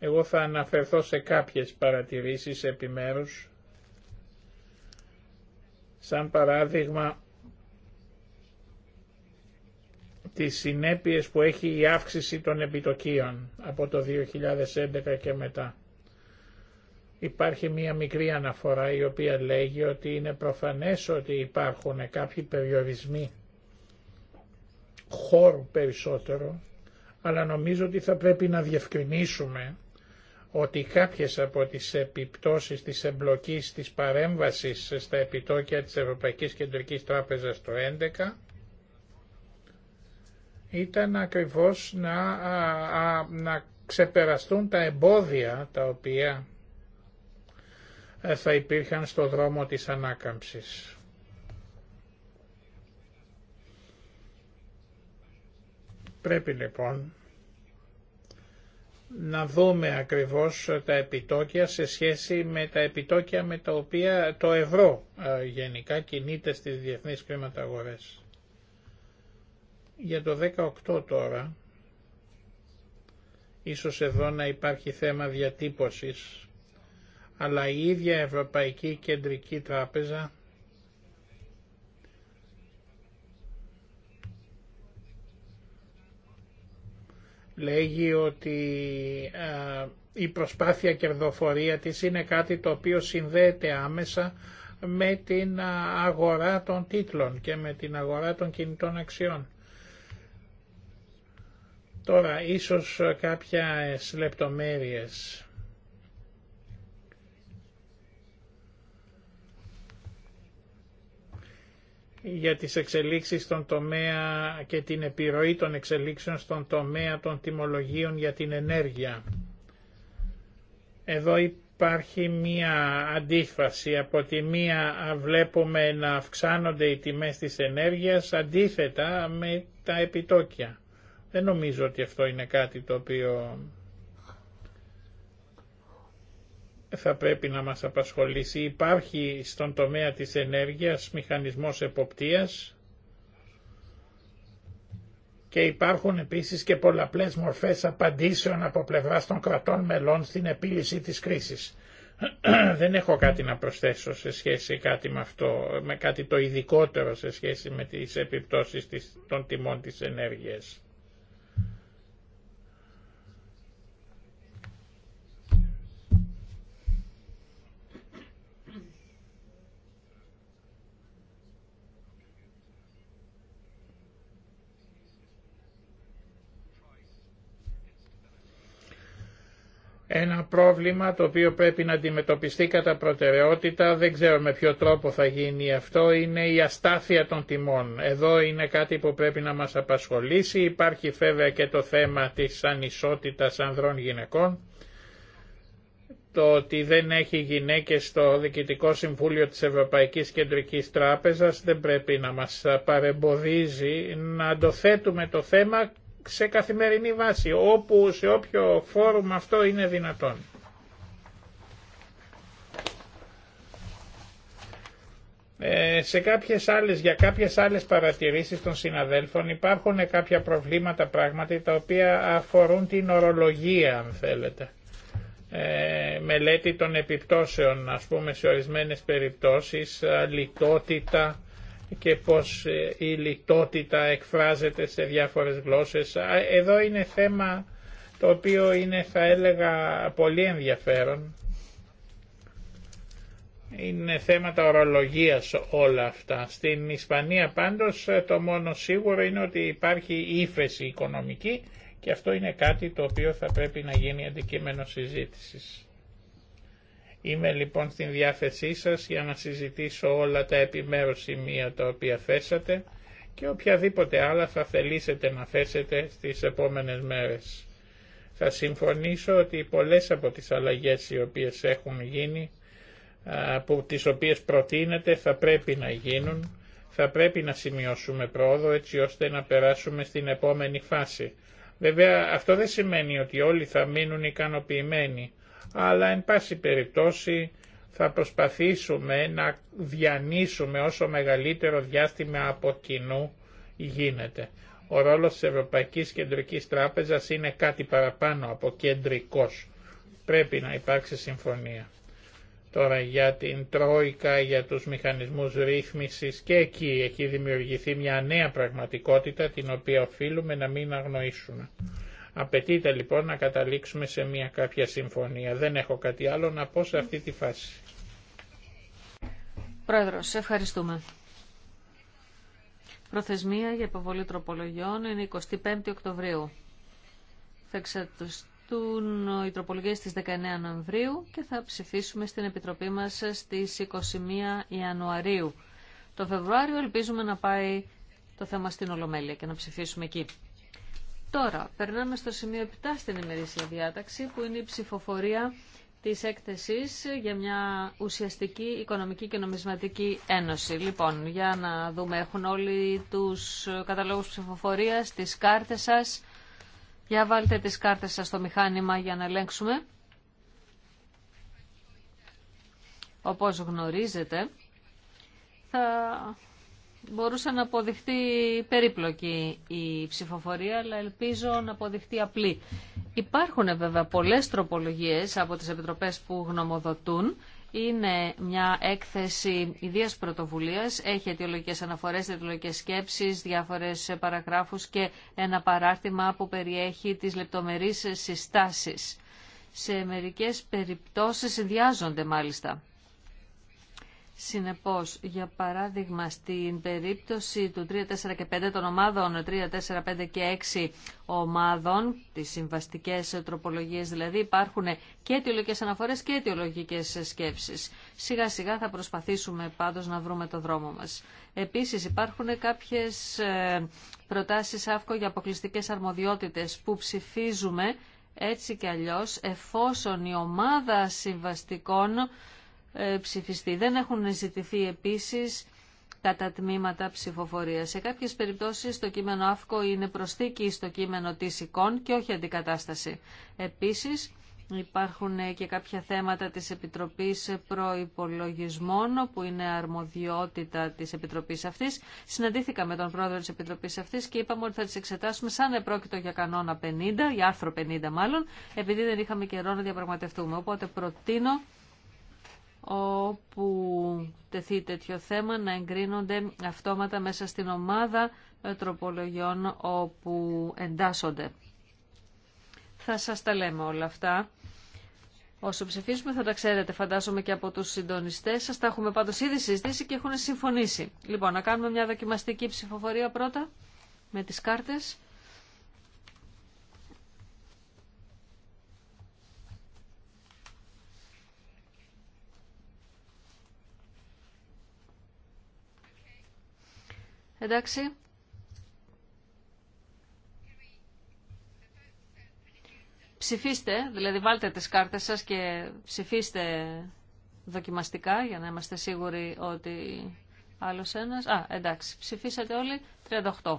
S2: Εγώ θα αναφερθώ σε κάποιες παρατηρήσεις επιμέρους, σαν παράδειγμα τις συνέπειες που έχει η αύξηση των επιτοκίων από το 2011 και μετά. Υπάρχει μία μικρή αναφορά η οποία λέγει ότι είναι προφανές ότι υπάρχουν κάποιοι περιορισμοί χώρου περισσότερο, αλλά νομίζω ότι θα πρέπει να διευκρινίσουμε ότι κάποιες από τις επιπτώσεις της εμπλοκής της παρέμβασης στα επιτόκια της Ευρωπαϊκής Κεντρικής Τράπεζας το 2011 ήταν ακριβώς να, να ξεπεραστούν τα εμπόδια τα οποία ε, θα υπήρχαν στο δρόμο της ανάκαμψης. Πρέπει λοιπόν να δούμε ακριβώς τα επιτόκια σε σχέση με τα επιτόκια με τα οποία το ευρώ ε, γενικά κινείται στις διεθνείς αγορές. Για το 18 τώρα, ίσως εδώ να υπάρχει θέμα διατύπωσης, αλλά η ίδια Ευρωπαϊκή Κεντρική Τράπεζα λέγει ότι η προσπάθεια κερδοφορία της είναι κάτι το οποίο συνδέεται άμεσα με την αγορά των τίτλων και με την αγορά των κινητών αξιών. Τώρα, ίσως κάποιες λεπτομέρειες για τις εξελίξεις στον τομέα και την επιρροή των εξελίξεων στον τομέα των τιμολογίων για την ενέργεια. Εδώ υπάρχει μία αντίφαση. Από τη μία βλέπουμε να αυξάνονται οι τιμές της ενέργειας αντίθετα με τα επιτόκια. Δεν νομίζω ότι αυτό είναι κάτι το οποίο θα πρέπει να μας απασχολήσει. Υπάρχει στον τομέα της ενέργειας μηχανισμός εποπτείας και υπάρχουν επίσης και πολλαπλές μορφές απαντήσεων από πλευρά των κρατών μελών στην επίλυση της κρίσης. Δεν έχω κάτι να προσθέσω σε σχέση κάτι με αυτό, με κάτι το ειδικότερο σε σχέση με τις επιπτώσεις των τιμών της ενέργειας. Ένα πρόβλημα το οποίο πρέπει να αντιμετωπιστεί κατά προτεραιότητα, δεν ξέρω με ποιο τρόπο θα γίνει αυτό, είναι η αστάθεια των τιμών. Εδώ είναι κάτι που πρέπει να μας απασχολήσει. Υπάρχει βέβαια και το θέμα της ανισότητας ανδρών-γυναικών. Το ότι δεν έχει γυναίκες στο Διοικητικό Συμβούλιο της Ευρωπαϊκής Κεντρικής Τράπεζας δεν πρέπει να μας παρεμποδίζει να αντοθέτουμε το θέμα σε καθημερινή βάση, όπου σε όποιο φόρουμ αυτό είναι δυνατόν. Ε, σε κάποιες άλλες, για κάποιες άλλες παρατηρήσεις των συναδέλφων υπάρχουν κάποια προβλήματα πράγματι τα οποία αφορούν την ορολογία αν θέλετε. Ε, μελέτη των επιπτώσεων ας πούμε σε ορισμένες περιπτώσεις, λιτότητα, και πως ε, η λιτότητα εκφράζεται σε διάφορες γλώσσες. Εδώ είναι θέμα το οποίο είναι θα έλεγα πολύ ενδιαφέρον. Είναι θέματα ορολογίας όλα αυτά. Στην Ισπανία πάντως ε, το μόνο σίγουρο είναι ότι υπάρχει ύφεση οικονομική και αυτό είναι κάτι το οποίο θα πρέπει να γίνει αντικείμενο συζήτησης. Είμαι λοιπόν στην διάθεσή σας για να συζητήσω όλα τα επιμέρους σημεία τα οποία θέσατε και οποιαδήποτε άλλα θα θελήσετε να θέσετε στις επόμενες μέρες. Θα συμφωνήσω ότι πολλές από τις αλλαγές οι οποίες έχουν γίνει, που, τις οποίες προτείνετε, θα πρέπει να γίνουν, θα πρέπει να σημειώσουμε πρόοδο έτσι ώστε να περάσουμε στην επόμενη φάση. Βέβαια αυτό δεν σημαίνει ότι όλοι θα μείνουν ικανοποιημένοι αλλά εν πάση περιπτώσει θα προσπαθήσουμε να διανύσουμε όσο μεγαλύτερο διάστημα από κοινού γίνεται. Ο ρόλος της Ευρωπαϊκής Κεντρικής Τράπεζας είναι κάτι παραπάνω από κεντρικός. Πρέπει να υπάρξει συμφωνία. Τώρα για την Τρόικα, για τους μηχανισμούς ρύθμισης και εκεί έχει δημιουργηθεί μια νέα πραγματικότητα την οποία οφείλουμε να μην αγνοήσουμε. Απαιτείται λοιπόν να καταλήξουμε σε μια κάποια συμφωνία. Δεν έχω κάτι άλλο να πω σε αυτή τη φάση.
S3: Πρόεδρος, ευχαριστούμε. Προθεσμία για υποβολή τροπολογιών είναι 25 Οκτωβρίου. Θα εξατωστούν οι τροπολογίες στις 19 Νοεμβρίου και θα ψηφίσουμε στην Επιτροπή μας στις 21 Ιανουαρίου. Το Φεβρουάριο ελπίζουμε να πάει το θέμα στην Ολομέλεια και να ψηφίσουμε εκεί. Τώρα, περνάμε στο σημείο 7 στην ημερήσια διάταξη, που είναι η ψηφοφορία της έκθεσης για μια ουσιαστική οικονομική και νομισματική ένωση. Λοιπόν, για να δούμε, έχουν όλοι τους καταλόγους ψηφοφορίας, τις κάρτες σας. Για βάλτε τις κάρτες σας στο μηχάνημα για να ελέγξουμε. Όπως γνωρίζετε, θα μπορούσε να αποδειχτεί περίπλοκη η ψηφοφορία, αλλά ελπίζω να αποδειχτεί απλή. Υπάρχουν βέβαια πολλές τροπολογίες από τις επιτροπές που γνωμοδοτούν. Είναι μια έκθεση ιδίας πρωτοβουλίας, έχει αιτιολογικές αναφορές, αιτιολογικές σκέψεις, διάφορες παραγράφους και ένα παράρτημα που περιέχει τις λεπτομερείς συστάσεις. Σε μερικές περιπτώσεις συνδυάζονται μάλιστα. Συνεπώς, για παράδειγμα, στην περίπτωση του 3, 4 και 5 των ομάδων, 3, 4, 5 και 6 ομάδων, τις συμβαστικές τροπολογίες δηλαδή, υπάρχουν και αιτιολογικές αναφορές και αιτιολογικές σκέψεις. Σιγά σιγά θα προσπαθήσουμε πάντως να βρούμε το δρόμο μας. Επίσης υπάρχουν κάποιες ε, προτάσεις αύκο για αποκλειστικές αρμοδιότητες που ψηφίζουμε έτσι και αλλιώς εφόσον η ομάδα συμβαστικών ε, ψηφιστεί. Δεν έχουν ζητηθεί επίσης κατά τμήματα ψηφοφορία. Σε κάποιες περιπτώσεις το κείμενο ΑΦΚΟ είναι προσθήκη στο κείμενο τη εικόν και όχι αντικατάσταση. Επίσης υπάρχουν ε, και κάποια θέματα της Επιτροπής Προϋπολογισμών που είναι αρμοδιότητα της Επιτροπής αυτής. Συναντήθηκα με τον πρόεδρο της Επιτροπής αυτής και είπαμε ότι θα τις εξετάσουμε σαν επρόκειτο για κανόνα 50, για άρθρο 50 μάλλον, επειδή δεν είχαμε καιρό να διαπραγματευτούμε. Οπότε προτείνω όπου τεθεί τέτοιο θέμα να εγκρίνονται αυτόματα μέσα στην ομάδα ε, τροπολογιών όπου εντάσσονται. Θα σας τα λέμε όλα αυτά. Όσο ψηφίσουμε θα τα ξέρετε, φαντάζομαι και από τους συντονιστές σας. Τα έχουμε πάντως ήδη συζητήσει και έχουν συμφωνήσει. Λοιπόν, να κάνουμε μια δοκιμαστική ψηφοφορία πρώτα με τις κάρτες. Εντάξει. Ψηφίστε, δηλαδή βάλτε τις κάρτες σας και ψηφίστε δοκιμαστικά για να είμαστε σίγουροι ότι άλλος ένας... Α, εντάξει, ψηφίσατε όλοι 38.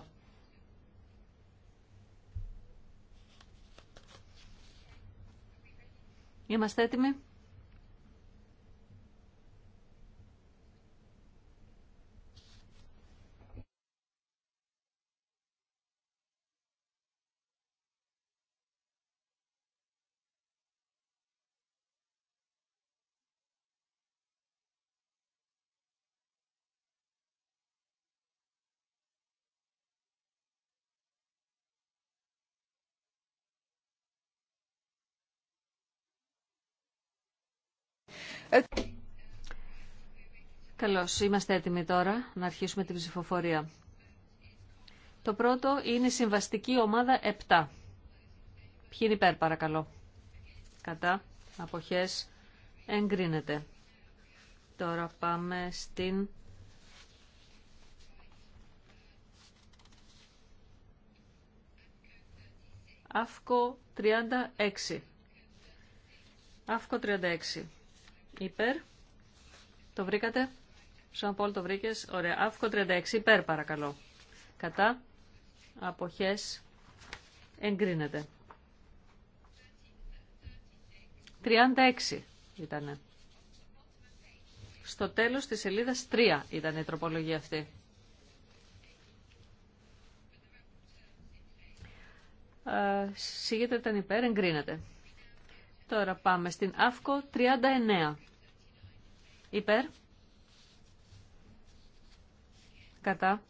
S3: Είμαστε έτοιμοι. Καλώς, είμαστε έτοιμοι τώρα να αρχίσουμε την ψηφοφορία. Το πρώτο είναι η συμβαστική ομάδα 7. Ποιοι είναι υπέρ παρακαλώ. Κατά, αποχές, εγκρίνεται. Τώρα πάμε στην... αφκο 36. αφκο 36. Υπέρ. Το βρήκατε. Σαν Πολ το βρήκες. Ωραία. Αύκο 36. Υπέρ παρακαλώ. Κατά. Αποχές. Εγκρίνεται. 36 ήτανε. Στο τέλος της σελίδα 3 ήταν η τροπολογία αυτή. Ε, Σίγεται ήταν υπέρ, εγκρίνεται. Τώρα πάμε στην ΑΦΚΟ 39. Υπέρ. Κατά.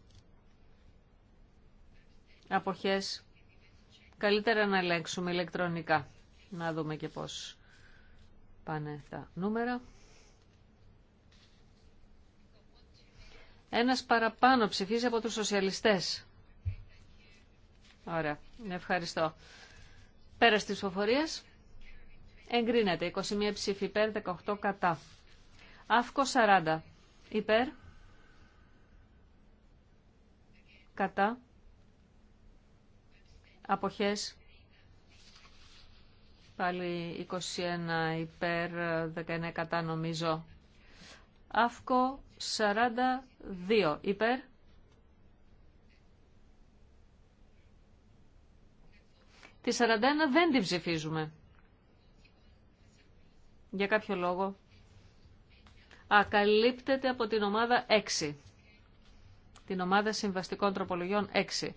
S3: Αποχές. Καλύτερα να ελέγξουμε ηλεκτρονικά. Να δούμε και πώς πάνε τα νούμερα. Ένας παραπάνω ψηφίζει από τους σοσιαλιστές. Ωραία. Ευχαριστώ. Πέρα της ψηφοφορίες. Εγκρίνεται. 21 ψήφι υπέρ, 18 κατά. Αύκο 40. Υπέρ. Κατά. Αποχές. Πάλι 21 υπέρ, 19 κατά νομίζω. Αύκο 42 υπέρ. Τη 41 δεν την ψηφίζουμε. Για κάποιο λόγο ακαλύπτεται από την ομάδα 6. Την ομάδα συμβαστικών τροπολογιών 6.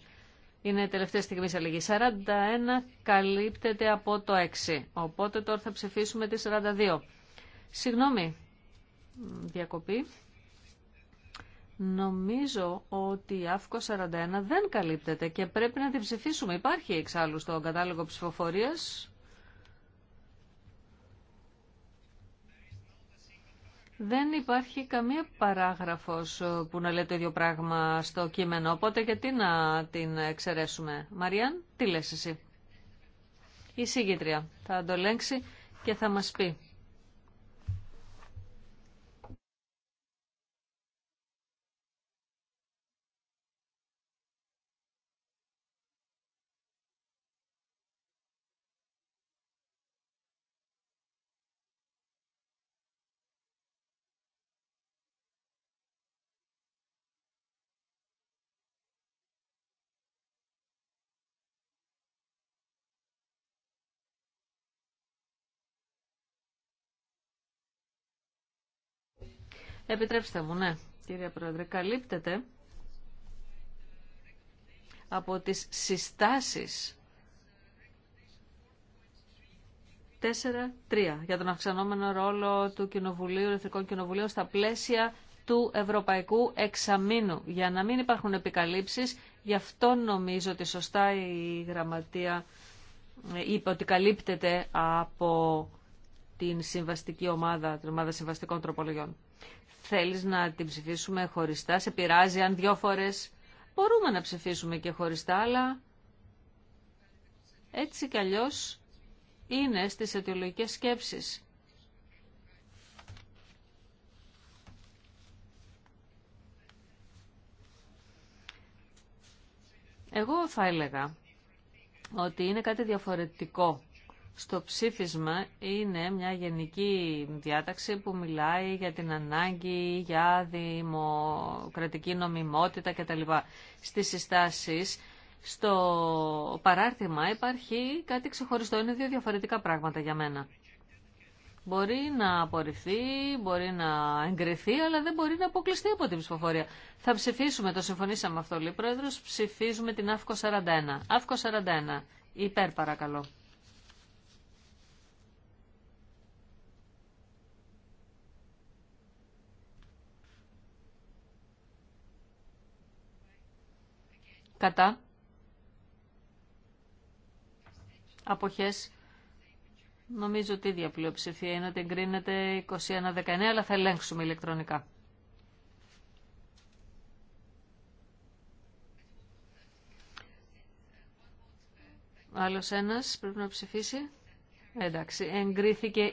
S3: Είναι τελευταία στιγμή αλλαγή. 41 καλύπτεται από το 6. Οπότε τώρα θα ψηφίσουμε τη 42. Συγγνώμη, διακοπή. Νομίζω ότι η ΑΦΚΟ 41 δεν καλύπτεται και πρέπει να την ψηφίσουμε. Υπάρχει εξάλλου στον κατάλογο ψηφοφορίας. Δεν υπάρχει καμία παράγραφος ε, που να λέει το ίδιο πράγμα στο κείμενο, οπότε γιατί να την εξαιρέσουμε. Μαριάν, τι λες εσύ. Η συγκήτρια θα το και θα μας πει. Επιτρέψτε μου, ναι, κύριε Πρόεδρε, καλύπτεται από τις συστάσεις 4-3 για τον αυξανόμενο ρόλο του Κοινοβουλίου, Εθνικών Κοινοβουλίων στα πλαίσια του Ευρωπαϊκού Εξαμήνου. Για να μην υπάρχουν επικαλύψεις, γι' αυτό νομίζω ότι σωστά η Γραμματεία ε, είπε ότι καλύπτεται από την συμβαστική ομάδα, την ομάδα συμβαστικών τροπολογιών θέλεις να την ψηφίσουμε χωριστά, σε πειράζει αν δυο φορές μπορούμε να ψηφίσουμε και χωριστά, αλλά έτσι κι αλλιώς είναι στις αιτιολογικές σκέψεις. Εγώ θα έλεγα ότι είναι κάτι διαφορετικό στο ψήφισμα είναι μια γενική διάταξη που μιλάει για την ανάγκη για δημοκρατική νομιμότητα κτλ. Στις συστάσεις στο παράρτημα υπάρχει κάτι ξεχωριστό. Είναι δύο διαφορετικά πράγματα για μένα. Μπορεί να απορριφθεί, μπορεί να εγκριθεί, αλλά δεν μπορεί να αποκλειστεί από την ψηφοφορία. Θα ψηφίσουμε, το συμφωνήσαμε αυτό, λέει Πρόεδρος, ψηφίζουμε την ΑΦΚΟ 41. ΑΦΚΟ 41. Υπέρ παρακαλώ. κατά αποχές νομίζω ότι η ίδια πλειοψηφία είναι ότι εγκρίνεται 21-19 αλλά θα ελέγξουμε ηλεκτρονικά. Άλλος ένας πρέπει να ψηφίσει. Εντάξει, εγκρίθηκε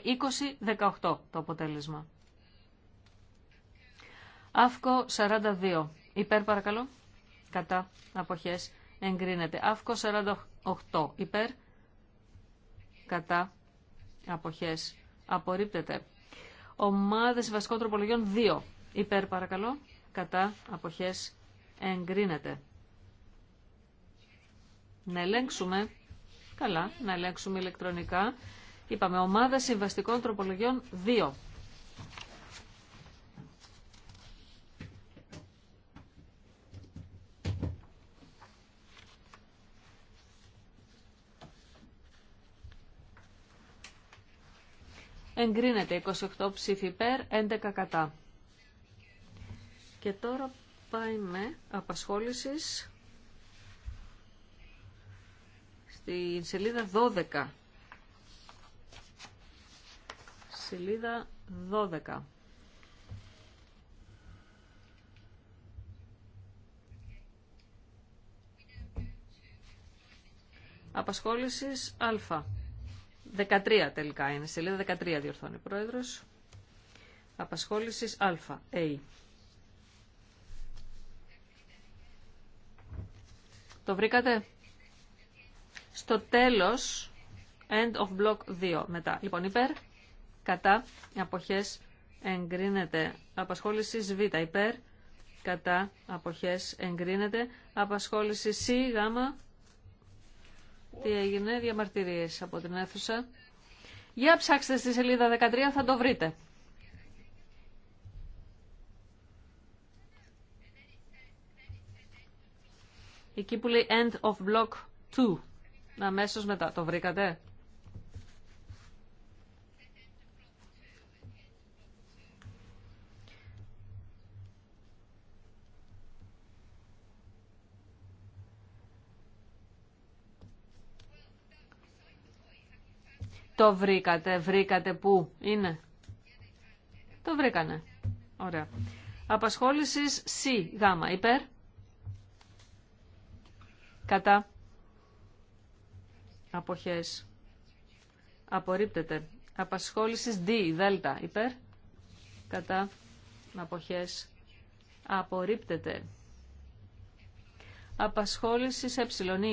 S3: 20-18 το αποτέλεσμα. Αύκο 42. Υπέρ παρακαλώ κατά αποχές εγκρίνεται. Αύκο 48 υπέρ κατά αποχές απορρίπτεται. Ομάδες βασικών τροπολογιών 2 υπέρ παρακαλώ κατά αποχές εγκρίνεται. Να ελέγξουμε, καλά, να ελέγξουμε ηλεκτρονικά. Είπαμε ομάδα συμβαστικών τροπολογιών 2. Εγκρίνεται 28 ψήφι υπέρ, 11 κατά. Και τώρα πάει με απασχόλησης στη σελίδα 12. Σελίδα 12. Απασχόλησης Α. 13 τελικά είναι, σελίδα 13 διορθώνει ο πρόεδρος. Απασχόλησης Α, ε. Το βρήκατε? Στο τέλος, end of block 2 μετά. Λοιπόν, υπέρ, κατά, αποχές, εγκρίνεται. Απασχόλησης Β, υπέρ, κατά, αποχές, εγκρίνεται. Απασχόληση Σ, Γ, τι έγινε, διαμαρτυρίες από την αίθουσα. Για ψάξτε στη σελίδα 13, θα το βρείτε. Εκεί που λέει end of block 2. Αμέσως μετά. Το βρήκατε. Το βρήκατε, βρήκατε πού είναι. Το βρήκανε. Ωραία. Απασχόλησης C, γάμα, υπέρ. Κατά. Αποχές. Απορρίπτεται. Απασχόλησης D, δέλτα, υπέρ. Κατά. Αποχές. Απορρίπτεται. Απασχόλησης ε,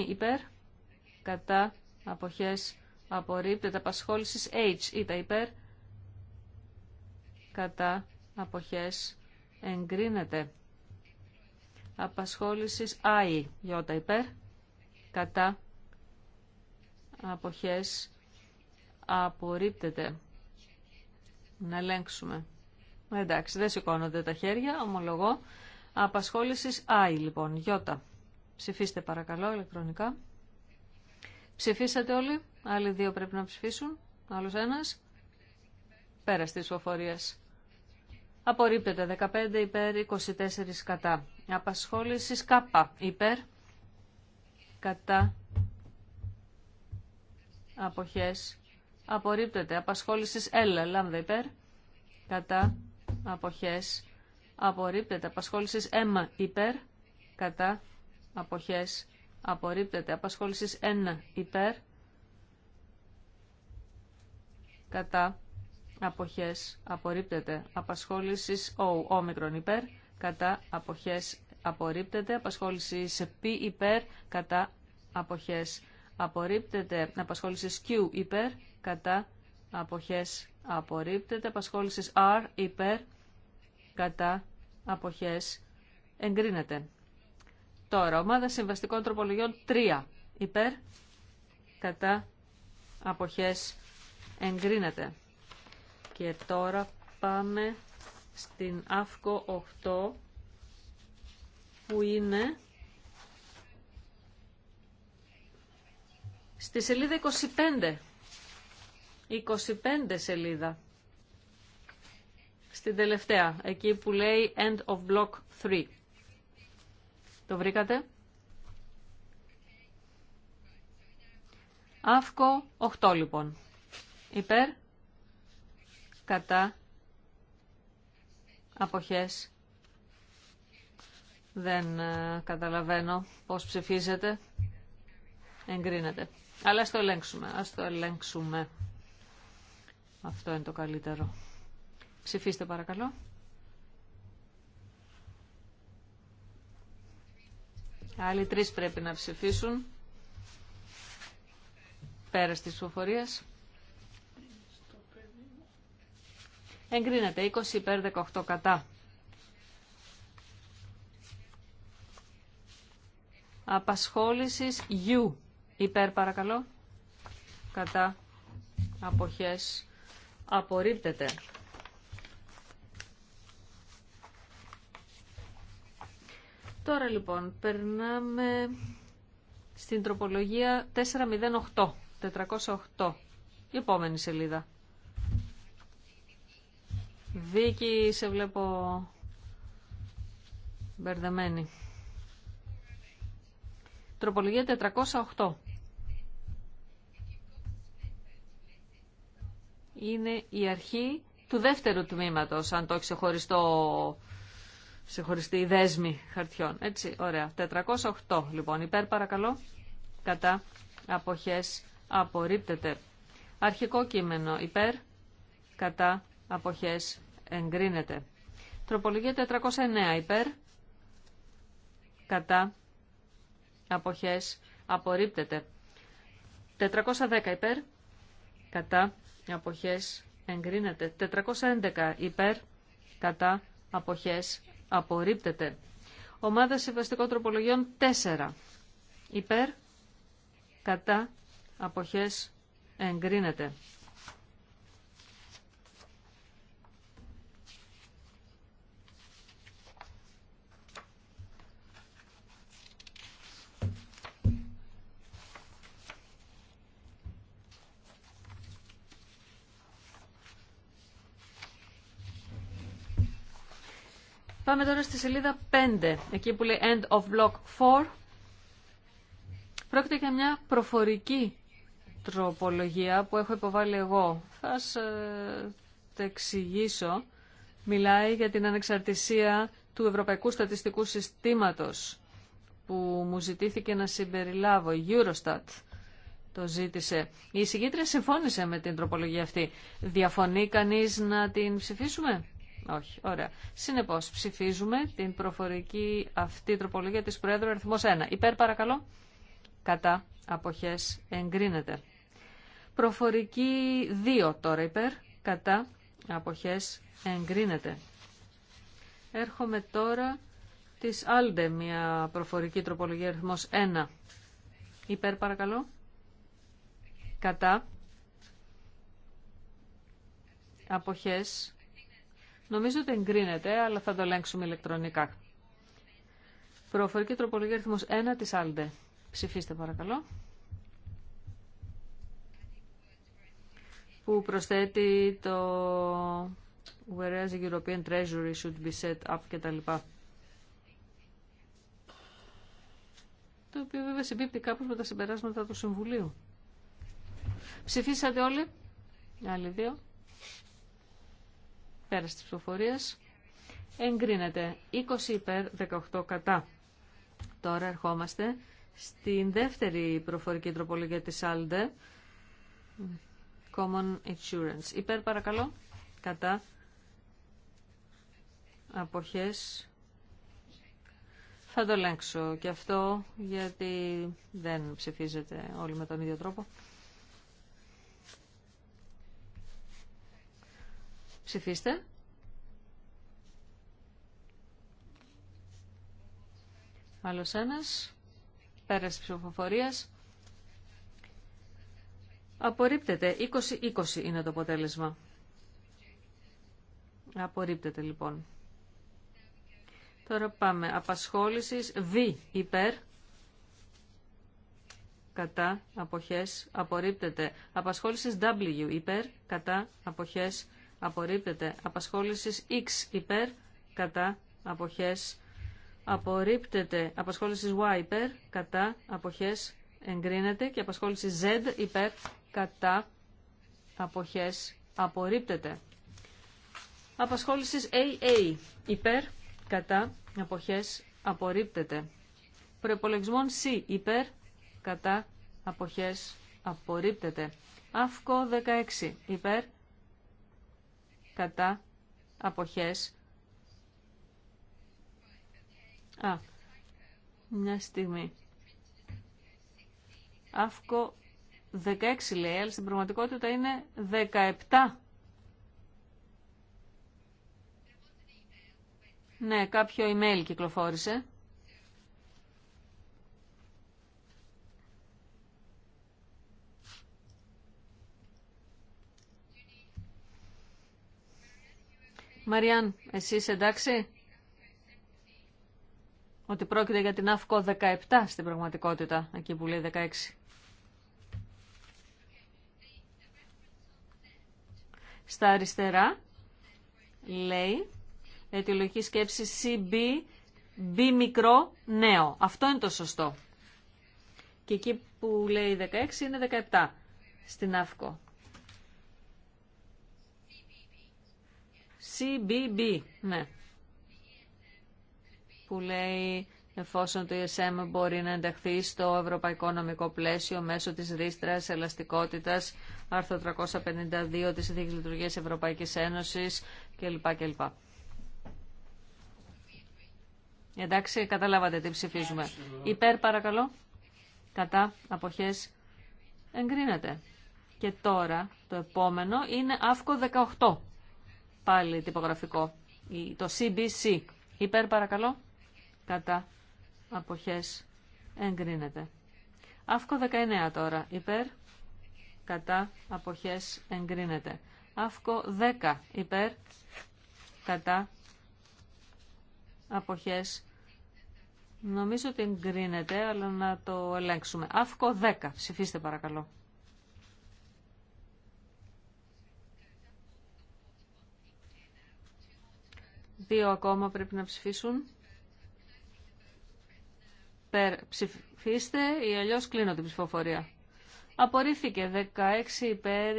S3: υπέρ. Κατά. Αποχές απορρίπτεται απασχόλησης H ή τα υπέρ κατά αποχές εγκρίνεται απασχόλησης I τα υπέρ κατά αποχές απορρίπτεται να ελέγξουμε εντάξει δεν σηκώνονται τα χέρια ομολογώ απασχόλησης I λοιπόν Ι ψηφίστε παρακαλώ ηλεκτρονικά ψηφίσατε όλοι Άλλοι δύο πρέπει να ψηφίσουν. Άλλος ένας. Πέρα τη οφορίας. Απορρίπτεται 15 υπέρ, 24 κατά. Απασχόληση κάπα υπέρ, κατά, αποχές. Απορρίπτεται απασχόληση Έλα. λάμδα υπέρ, κατά, αποχές. Απορρίπτεται απασχόληση M υπέρ, κατά, αποχές. Απορρίπτεται απασχόληση ένα υπέρ, κατά αποχές απορρίπτεται. Απασχόλησης ο όμικρον υπέρ, κατά αποχές απορρίπτεται. Απασχόλησης P υπέρ, κατά αποχές απορρίπτεται. Απασχόλησης Q υπέρ, κατά αποχές απορρίπτεται. Απασχόλησης R υπέρ, κατά αποχές εγκρίνεται. Τώρα, ομάδα συμβαστικών τροπολογιών 3 υπέρ, κατά αποχές εγκρίνεται. Και τώρα πάμε στην ΑΦΚΟ 8 που είναι στη σελίδα 25. 25 σελίδα. Στην τελευταία, εκεί που λέει End of Block 3. Το βρήκατε. Αύκο 8 λοιπόν υπέρ, κατά, αποχές. Δεν ε, καταλαβαίνω πώς ψηφίζεται. Εγκρίνεται. Αλλά ας το ελέγξουμε. Ας το ελέγξουμε. Αυτό είναι το καλύτερο. Ψηφίστε παρακαλώ. Άλλοι τρεις πρέπει να ψηφίσουν. Πέρα της ψηφοφορίας. Εγκρίνεται 20 υπέρ 18 κατά. Απασχόλησης U. Υπέρ παρακαλώ. Κατά. Αποχές. Απορρίπτεται. Τώρα λοιπόν περνάμε στην τροπολογία 408. 408. Η επόμενη σελίδα δίκη σε βλέπω μπερδεμένη. Τροπολογία 408. Είναι η αρχή του δεύτερου τμήματος, αν το ξεχωριστό ξεχωριστή δέσμη χαρτιών. Έτσι, ωραία. 408, λοιπόν. Υπέρ, παρακαλώ. Κατά. Αποχές. Απορρίπτεται. Αρχικό κείμενο. Υπέρ. Κατά. Αποχές εγκρίνεται. Τροπολογία 409 υπέρ, κατά, αποχές, απορρίπτεται. 410 υπέρ, κατά, αποχές, εγκρίνεται. 411 υπέρ, κατά, αποχές, απορρίπτεται. Ομάδα συμβαστικών τροπολογιών 4 υπέρ, κατά, αποχές, εγκρίνεται. Πάμε τώρα στη σελίδα 5, εκεί που λέει End of Block 4. Πρόκειται για μια προφορική τροπολογία που έχω υποβάλει εγώ. Θα σας ε, εξηγήσω. Μιλάει για την ανεξαρτησία του Ευρωπαϊκού Στατιστικού Συστήματος που μου ζητήθηκε να συμπεριλάβω. Η Eurostat το ζήτησε. Η εισηγήτρια συμφώνησε με την τροπολογία αυτή. Διαφωνεί κανείς να την ψηφίσουμε? Όχι, ωραία. Συνεπώς, ψηφίζουμε την προφορική αυτή τροπολογία της Προέδρου αριθμό 1. Υπέρ παρακαλώ. Κατά. αποχέ. εγκρίνεται. Προφορική 2 τώρα υπέρ. Κατά. αποχέ εγκρίνεται. Έρχομαι τώρα της Άλντε, μια προφορική τροπολογία αριθμό 1. Υπέρ παρακαλώ. Κατά. Αποχές Νομίζω ότι εγκρίνεται, αλλά θα το ελέγξουμε ηλεκτρονικά. Προφορική τροπολογία αριθμός 1 της Άλντε. Ψηφίστε παρακαλώ. Που προσθέτει το whereas the European Treasury should be set up κτλ. Το οποίο βέβαια συμπίπτει κάπως με τα συμπεράσματα του Συμβουλίου. Ψηφίσατε όλοι. Άλλοι δύο. Πέρασε της ψηφοφορίες, Εγκρίνεται 20 υπέρ 18 κατά. Τώρα ερχόμαστε στην δεύτερη προφορική τροπολογία της Άλντε, Common Insurance. Υπέρ παρακαλώ. Κατά. Αποχές. Θα το λέξω και αυτό γιατί δεν ψηφίζεται όλοι με τον ίδιο τρόπο. Ψηφίστε. Άλλος ένας. Πέραση ψηφοφορίας. Απορρίπτεται. 20-20 είναι το αποτέλεσμα. Απορρίπτεται λοιπόν. Τώρα πάμε. Απασχόληση Β υπέρ. Κατά αποχές απορρίπτεται. Απασχόληση W υπέρ. Κατά αποχές απορρίπτεται. Απασχόλησης X υπέρ κατά αποχές απορρίπτεται. Απασχόλησης Y υπέρ κατά αποχές εγκρίνεται και απασχόλησης Z υπέρ κατά αποχές απορρίπτεται. Απασχόλησης AA υπέρ κατά αποχές απορρίπτεται. Προπολογισμών C υπέρ κατά αποχές απορρίπτεται. ΑΦΚΟ 16 υπέρ κατά αποχές. Α, μια στιγμή. Αύκο 16 λέει, αλλά στην πραγματικότητα είναι 17. Ναι, κάποιο email κυκλοφόρησε. Μαριάν, είσαι εντάξει ότι πρόκειται για την ΑΦΚΟ 17 στην πραγματικότητα, εκεί που λέει 16. Στα αριστερά λέει αιτιολογική σκέψη CB, B μικρό, νέο. Αυτό είναι το σωστό. Και εκεί που λέει 16 είναι 17 στην ΑΦΚΟ. CBB, ναι. Που λέει εφόσον το ESM μπορεί να ενταχθεί στο ευρωπαϊκό νομικό πλαίσιο μέσω της ρίστρας ελαστικότητας άρθρο 352 της Συνθήκης Λειτουργίας Ευρωπαϊκής Ένωσης κλπ. κλπ. Εντάξει, καταλάβατε τι ψηφίζουμε. Υπέρ παρακαλώ. Κατά αποχές εγκρίνεται. Και τώρα το επόμενο είναι ΑΦΚΟ 18 πάλι τυπογραφικό. Το CBC. Υπέρ παρακαλώ. Κατά. Αποχές. Εγκρίνεται. Αύκο 19 τώρα. Υπέρ. Κατά. Αποχές. Εγκρίνεται. Αύκο 10. Υπέρ. Κατά. Αποχές. Νομίζω ότι εγκρίνεται, αλλά να το ελέγξουμε. Αύκο 10. Ψηφίστε παρακαλώ. Δύο ακόμα πρέπει να ψηφίσουν. Ψηφίστε ή αλλιώς κλείνω την ψηφοφορία. Απορρίφθηκε 16 υπέρ,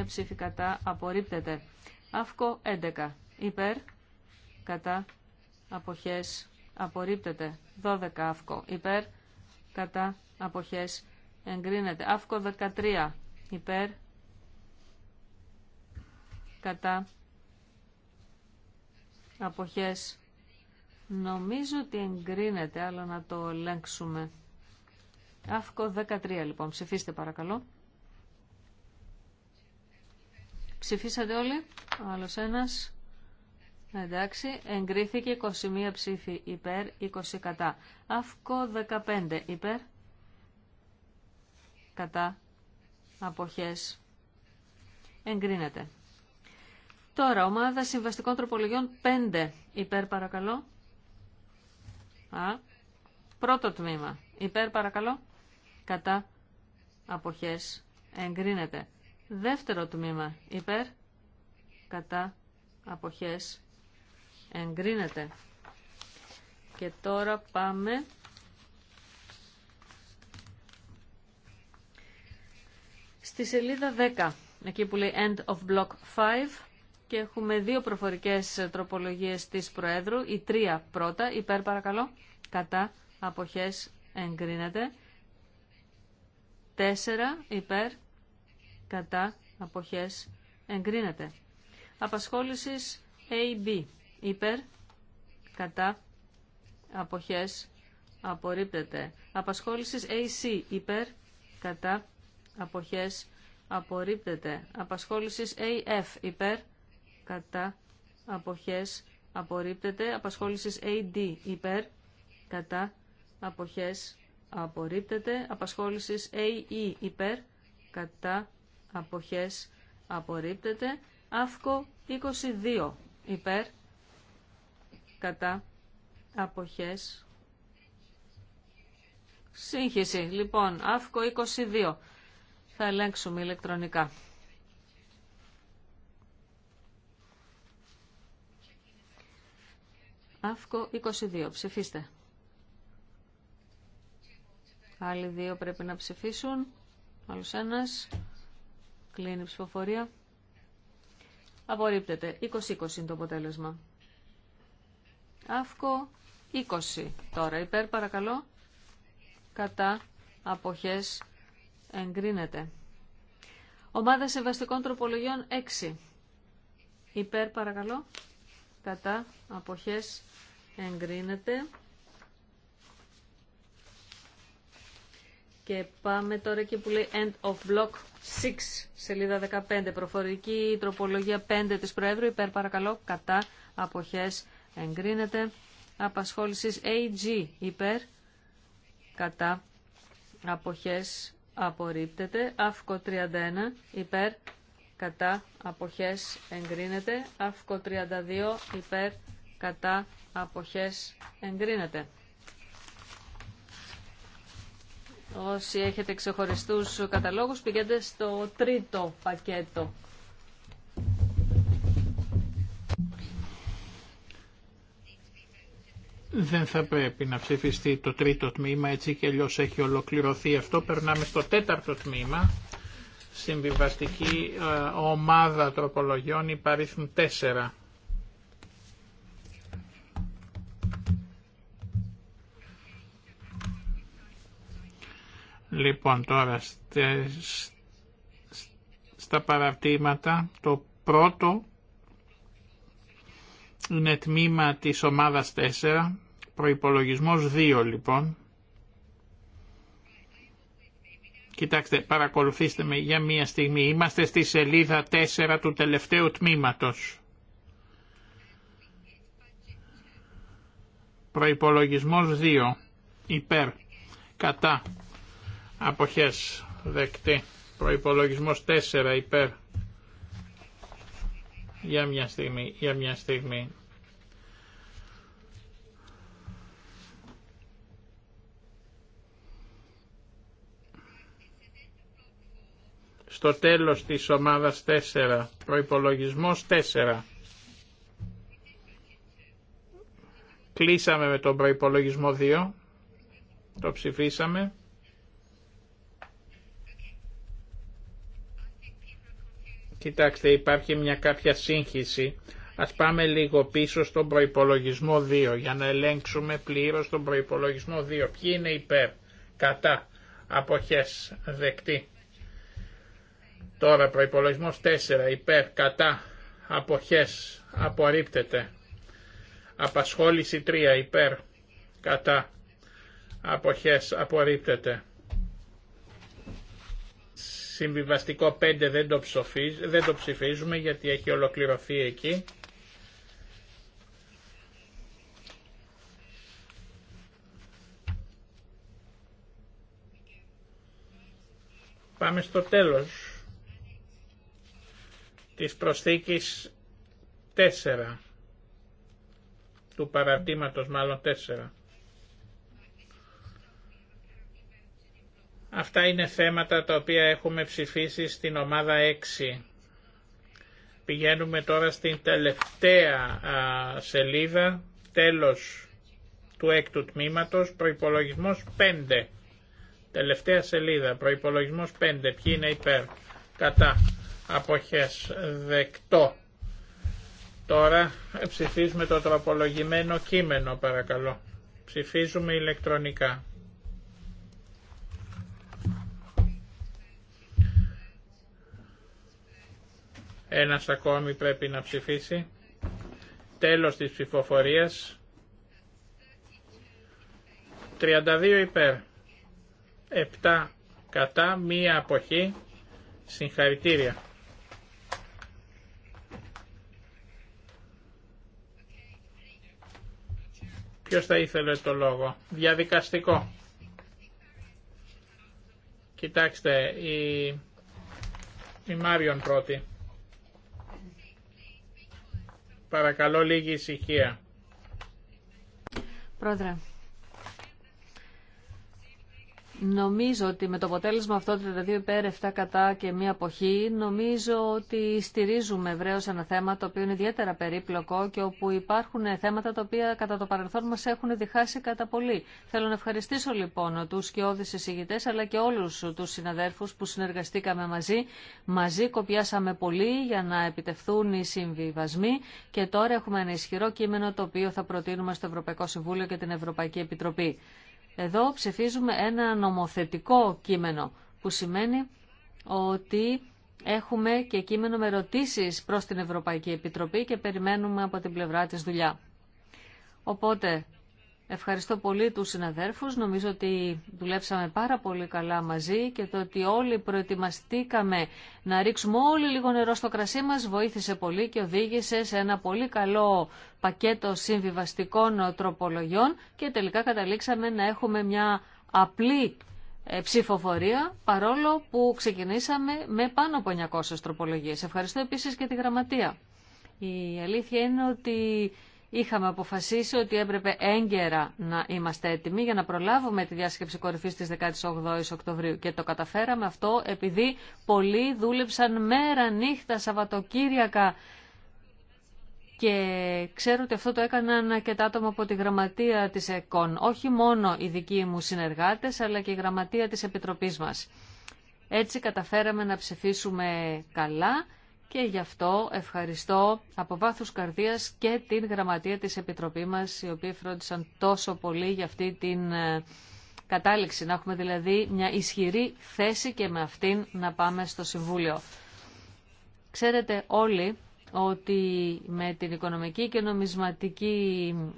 S3: 21 ψήφι κατά, απορρίπτεται. Αύκο 11 υπέρ, κατά, αποχές, απορρίπτεται. 12 αύκο υπέρ, κατά, αποχές, εγκρίνεται. Αύκο 13 υπέρ, κατά, αποχές νομίζω ότι εγκρίνεται αλλά να το ελέγξουμε Αύκο 13 λοιπόν ψηφίστε παρακαλώ Ψηφίσατε όλοι άλλος ένας Εντάξει, εγκρίθηκε 21 ψηφί. υπέρ, 20 κατά. Αύκο 15 υπέρ, κατά, αποχές, εγκρίνεται. Τώρα, ομάδα συμβαστικών τροπολογιών 5. Υπέρ παρακαλώ. Α, πρώτο τμήμα. Υπέρ παρακαλώ. Κατά αποχές εγκρίνεται. Δεύτερο τμήμα. Υπέρ κατά αποχές εγκρίνεται. Και τώρα πάμε στη σελίδα 10, εκεί που λέει End of Block 5, και έχουμε δύο προφορικές τροπολογίες της Προέδρου, η τρία πρώτα, υπέρ παρακαλώ, κατά αποχές εγκρίνεται, τέσσερα υπέρ κατά αποχές εγκρίνεται. Απασχόλησης AB, υπέρ κατά αποχές απορρίπτεται. Απασχόλησης AC, υπέρ κατά αποχές απορρίπτεται. Απασχόλησης AF, υπέρ κατά αποχές απορρίπτεται. Απασχόλησης AD υπέρ κατά αποχές απορρίπτεται. Απασχόλησης AE υπέρ κατά αποχές απορρίπτεται. Αύκο 22 υπέρ κατά αποχές Σύγχυση. Λοιπόν, αύκο 22. Θα ελέγξουμε ηλεκτρονικά. Αύκο 22. Ψηφίστε. Άλλοι δύο πρέπει να ψηφίσουν. Άλλος Όλο Κλείνει η ψηφοφορία. Απορρίπτεται. 20-20 είναι το αποτέλεσμα. παρακαλώ. 20. Τώρα υπέρ παρακαλώ. Κατά αποχές εγκρίνεται. Ομάδα σεβαστικών τροπολογιών 6. Υπέρ παρακαλώ. Κατά αποχές εγκρίνεται. Και πάμε τώρα εκεί που λέει End of Block 6, σελίδα 15, προφορική τροπολογία 5 της Προέδρου, υπέρ παρακαλώ, κατά αποχές εγκρίνεται. Απασχόλησης AG, υπέρ, κατά αποχές απορρίπτεται. Αύκο 31, υπέρ, κατά αποχές εγκρίνεται. Αύκο 32, υπέρ, κατά αποχές εγκρίνεται. Όσοι έχετε ξεχωριστούς καταλόγους πηγαίνετε στο τρίτο πακέτο.
S2: Δεν θα πρέπει να ψηφιστεί το τρίτο τμήμα, έτσι και αλλιώς έχει ολοκληρωθεί αυτό. Περνάμε στο τέταρτο τμήμα, συμβιβαστική ε, ομάδα τροπολογιών υπάρχουν τέσσερα Λοιπόν τώρα στα παραρτήματα το πρώτο είναι τμήμα της ομάδας 4, προϋπολογισμός 2 λοιπόν. Κοιτάξτε, παρακολουθήστε με για μία στιγμή. Είμαστε στη σελίδα 4 του τελευταίου τμήματος. Προϋπολογισμός 2. Υπέρ. Κατά. Αποχές δεκτή. Προϋπολογισμός 4 υπέρ. Για μια στιγμή, για μια στιγμή. Στο τέλος της ομάδας 4, προϋπολογισμός 4. Κλείσαμε με τον προϋπολογισμό 2, το ψηφίσαμε. Κοιτάξτε, υπάρχει μια κάποια σύγχυση. Ας πάμε λίγο πίσω στον προϋπολογισμό 2 για να ελέγξουμε πλήρως τον προϋπολογισμό 2. Ποιοι είναι υπέρ, κατά, αποχές, δεκτή. Τώρα προϋπολογισμός 4, υπέρ, κατά, αποχές, απορρίπτεται. Απασχόληση 3, υπέρ, κατά, αποχές, απορρίπτεται. Συμβιβαστικό 5 δεν το, ψοφίζ, δεν το ψηφίζουμε γιατί έχει ολοκληρωθεί εκεί. Πάμε στο τέλος της προσθήκης 4 του παραρτήματος μάλλον 4. Αυτά είναι θέματα τα οποία έχουμε ψηφίσει στην ομάδα 6. Πηγαίνουμε τώρα στην τελευταία σελίδα, τέλος του έκτου τμήματος, προϋπολογισμός 5. Τελευταία σελίδα, προϋπολογισμός 5, ποιοι είναι υπέρ, κατά, αποχές, δεκτό. Τώρα ψηφίζουμε το τροπολογημένο κείμενο παρακαλώ. Ψηφίζουμε ηλεκτρονικά. Ένας ακόμη πρέπει να ψηφίσει. Τέλος της ψηφοφορίας. 32 υπέρ. 7 κατά. Μία αποχή. Συγχαρητήρια. Ποιος θα ήθελε το λόγο. Διαδικαστικό. Κοιτάξτε, η, η Μάριον πρώτη. Παρακαλώ λίγη ησυχία.
S3: Πρόεδρε, Νομίζω ότι με το αποτέλεσμα αυτό 32 υπέρ 7 κατά και μία αποχή νομίζω ότι στηρίζουμε ευρέω ένα θέμα το οποίο είναι ιδιαίτερα περίπλοκο και όπου υπάρχουν θέματα τα οποία κατά το παρελθόν μα έχουν διχάσει κατά πολύ. Θέλω να ευχαριστήσω λοιπόν του και όδης αλλά και όλου του συναδέρφους που συνεργαστήκαμε μαζί. Μαζί κοπιάσαμε πολύ για να επιτευθούν οι συμβιβασμοί και τώρα έχουμε ένα ισχυρό κείμενο το οποίο θα προτείνουμε στο Ευρωπαϊκό Συμβούλιο και την Ευρωπαϊκή Επιτροπή. Εδώ ψηφίζουμε ένα νομοθετικό κείμενο που σημαίνει ότι έχουμε και κείμενο με ερωτήσει προς την Ευρωπαϊκή Επιτροπή και περιμένουμε από την πλευρά της δουλειά. Οπότε Ευχαριστώ πολύ τους συναδέρφους. Νομίζω ότι δουλέψαμε πάρα πολύ καλά μαζί και το ότι όλοι προετοιμαστήκαμε να ρίξουμε όλοι λίγο νερό στο κρασί μας βοήθησε πολύ και οδήγησε σε ένα πολύ καλό πακέτο συμβιβαστικών τροπολογιών και τελικά καταλήξαμε να έχουμε μια απλή ε, ψηφοφορία παρόλο που ξεκινήσαμε με πάνω από 900 τροπολογίες. Ευχαριστώ επίσης και τη γραμματεία. Η αλήθεια είναι ότι είχαμε αποφασίσει ότι έπρεπε έγκαιρα να είμαστε έτοιμοι για να προλάβουμε τη διάσκεψη κορυφή της 18 Οκτωβρίου και το καταφέραμε αυτό επειδή πολλοί δούλεψαν μέρα νύχτα Σαββατοκύριακα και ξέρω ότι αυτό το έκαναν και τα άτομα από τη γραμματεία της ΕΚΟΝ, όχι μόνο οι δικοί μου συνεργάτες αλλά και η γραμματεία της Επιτροπής μας. Έτσι καταφέραμε να ψηφίσουμε καλά και γι' αυτό ευχαριστώ από βάθους καρδίας και την γραμματεία της Επιτροπή μας, οι οποίοι φρόντισαν τόσο πολύ για αυτή την ε, κατάληξη. Να έχουμε δηλαδή μια ισχυρή θέση και με αυτήν να πάμε στο Συμβούλιο. Ξέρετε όλοι ότι με την Οικονομική και Νομισματική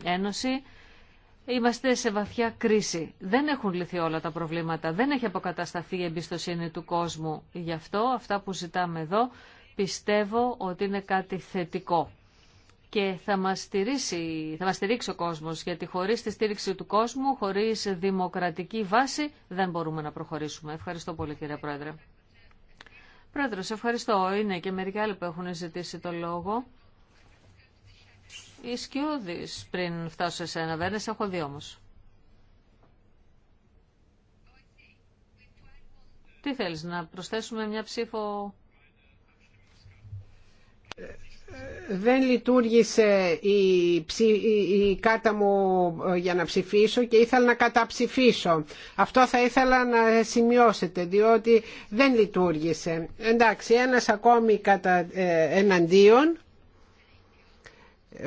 S3: Ένωση Είμαστε σε βαθιά κρίση. Δεν έχουν λυθεί όλα τα προβλήματα. Δεν έχει αποκατασταθεί η εμπιστοσύνη του κόσμου. Γι' αυτό αυτά που ζητάμε εδώ πιστεύω ότι είναι κάτι θετικό και θα μας, στηρίξει, θα μας στηρίξει ο κόσμος, γιατί χωρίς τη στήριξη του κόσμου, χωρίς δημοκρατική βάση, δεν μπορούμε να προχωρήσουμε. Ευχαριστώ πολύ κύριε Πρόεδρε. Πρόεδρος, ευχαριστώ. Είναι και μερικά άλλοι που έχουν ζητήσει το λόγο. Οι σκιώδεις πριν φτάσω σε ένα Βέρνες, έχω δύο όμως. Τι θέλεις, να προσθέσουμε μια ψήφο
S5: δεν λειτουργήσε η, ψη... κάρτα μου ε, για να ψηφίσω και ήθελα να καταψηφίσω. Αυτό θα ήθελα να σημειώσετε διότι δεν λειτουργήσε. Εντάξει, ένας ακόμη κατα... Ε, εναντίον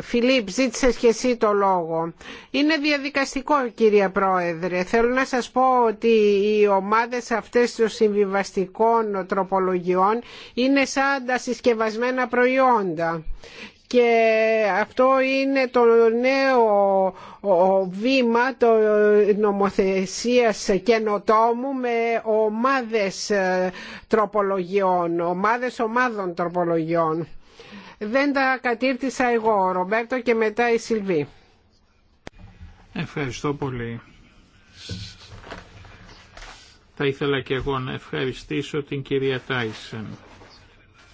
S5: Φιλίπ, ζήτησε και εσύ το λόγο. Είναι διαδικαστικό κυρία Πρόεδρε. Θέλω να σας πω ότι οι ομάδες αυτές των συμβιβαστικών τροπολογιών είναι σαν τα συσκευασμένα προϊόντα και αυτό είναι το νέο βήμα το νομοθεσίας καινοτόμου με ομάδες ε, τροπολογιών, ομάδες ομάδων τροπολογιών δεν τα κατήρτισα εγώ, Ρομπέρτο και μετά η Σιλβή.
S2: Ευχαριστώ πολύ. Θα ήθελα και εγώ να ευχαριστήσω την κυρία Τάισεν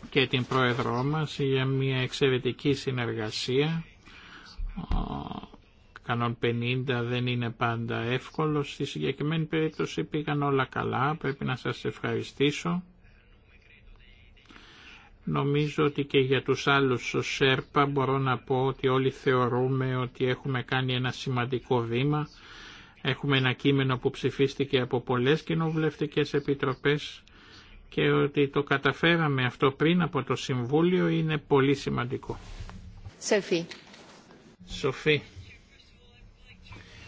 S2: και την Πρόεδρό μας για μια εξαιρετική συνεργασία. κανόν 50 δεν είναι πάντα εύκολο. Στη συγκεκριμένη περίπτωση πήγαν όλα καλά. Πρέπει να σας ευχαριστήσω Νομίζω ότι και για τους άλλους ΣΕΡΠΑ μπορώ να πω ότι όλοι θεωρούμε ότι έχουμε κάνει ένα σημαντικό βήμα. Έχουμε ένα κείμενο που ψηφίστηκε από πολλές κοινοβουλευτικές επιτροπές και ότι το καταφέραμε αυτό πριν από το Συμβούλιο είναι πολύ σημαντικό. Σοφή. Σοφή.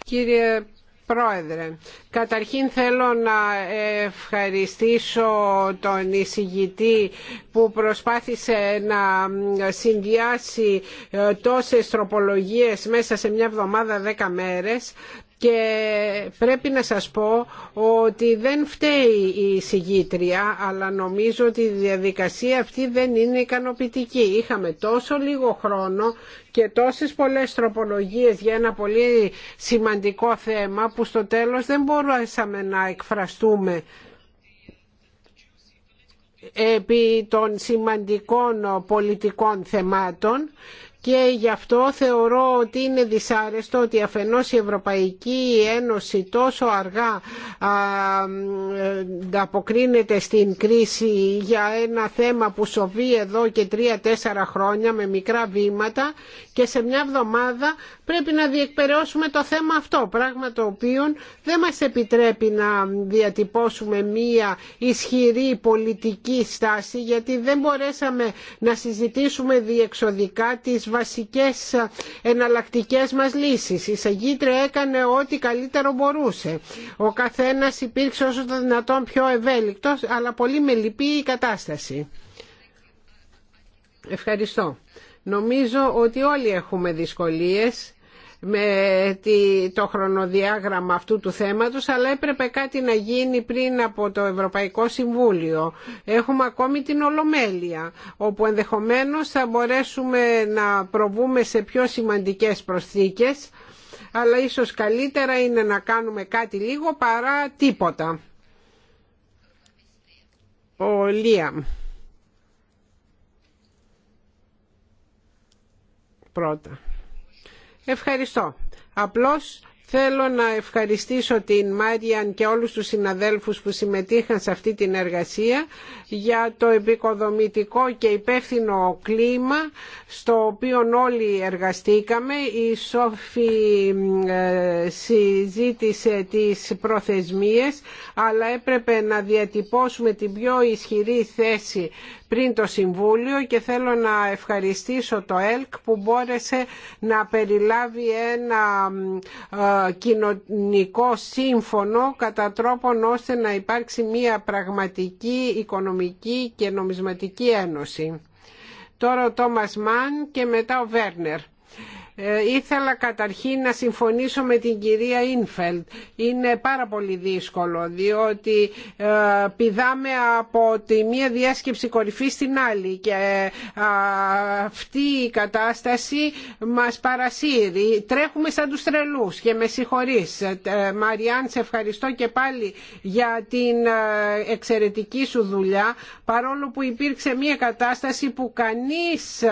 S5: Κύριε Πρόεδρε, καταρχήν θέλω να ευχαριστήσω τον εισηγητή που προσπάθησε να συνδυάσει τόσες τροπολογίες μέσα σε μια εβδομάδα δέκα μέρες και πρέπει να σας πω ότι δεν φταίει η συγγήτρια αλλά νομίζω ότι η διαδικασία αυτή δεν είναι ικανοποιητική. Είχαμε τόσο λίγο χρόνο και τόσες πολλές τροπολογίες για ένα πολύ σημαντικό θέμα που στο τέλος δεν μπορούσαμε να εκφραστούμε επί των σημαντικών πολιτικών θεμάτων και γι' αυτό θεωρώ ότι είναι δυσάρεστο ότι αφενός η Ευρωπαϊκή Ένωση τόσο αργά αποκρίνεται στην κρίση για ένα θέμα που σοβεί εδώ και τρία-τέσσερα χρόνια με μικρά βήματα και σε μια εβδομάδα πρέπει να διεκπαιρεώσουμε το θέμα αυτό, πράγμα το οποίο δεν μας επιτρέπει να διατυπώσουμε μια ισχυρή πολιτική στάση γιατί δεν μπορέσαμε να συζητήσουμε διεξοδικά τις βασικές εναλλακτικές μας λύσεις. Η Σαγήτρια έκανε ό,τι καλύτερο μπορούσε. Ο καθένας υπήρξε όσο το δυνατόν πιο ευέλικτος αλλά πολύ με λυπεί η κατάσταση. Ευχαριστώ. Νομίζω ότι όλοι έχουμε δυσκολίες με το χρονοδιάγραμμα αυτού του θέματος αλλά έπρεπε κάτι να γίνει πριν από το Ευρωπαϊκό Συμβούλιο. Έχουμε ακόμη την Ολομέλεια όπου ενδεχομένως θα μπορέσουμε να προβούμε σε πιο σημαντικές προσθήκες αλλά ίσως καλύτερα είναι να κάνουμε κάτι λίγο παρά τίποτα. Ο πρώτα. Ευχαριστώ. Απλώς Θέλω να ευχαριστήσω την Μάριαν και όλους τους συναδέλφους που συμμετείχαν σε αυτή την εργασία για το επικοδομητικό και υπεύθυνο κλίμα στο οποίο όλοι εργαστήκαμε. Η Σόφη ε, συζήτησε τις προθεσμίες αλλά έπρεπε να διατυπώσουμε την πιο ισχυρή θέση πριν το Συμβούλιο και θέλω να ευχαριστήσω το ΕΛΚ που μπόρεσε να περιλάβει ένα ε, κοινωνικό σύμφωνο κατά τρόπον ώστε να υπάρξει μια πραγματική οικονομική και νομισματική ένωση. Τώρα ο Τόμας Μαν και μετά ο Βέρνερ. Ε, ήθελα καταρχήν να συμφωνήσω με την κυρία Ίνφελτ. Είναι πάρα πολύ δύσκολο διότι ε, πηδάμε από τη μία διάσκεψη κορυφή στην άλλη και ε, αυτή η κατάσταση μας παρασύρει. Τρέχουμε σαν τους τρελούς και με συγχωρείς. Μαριάν, σε ευχαριστώ και πάλι για την εξαιρετική σου δουλειά παρόλο που υπήρξε μια κατάσταση που κανείς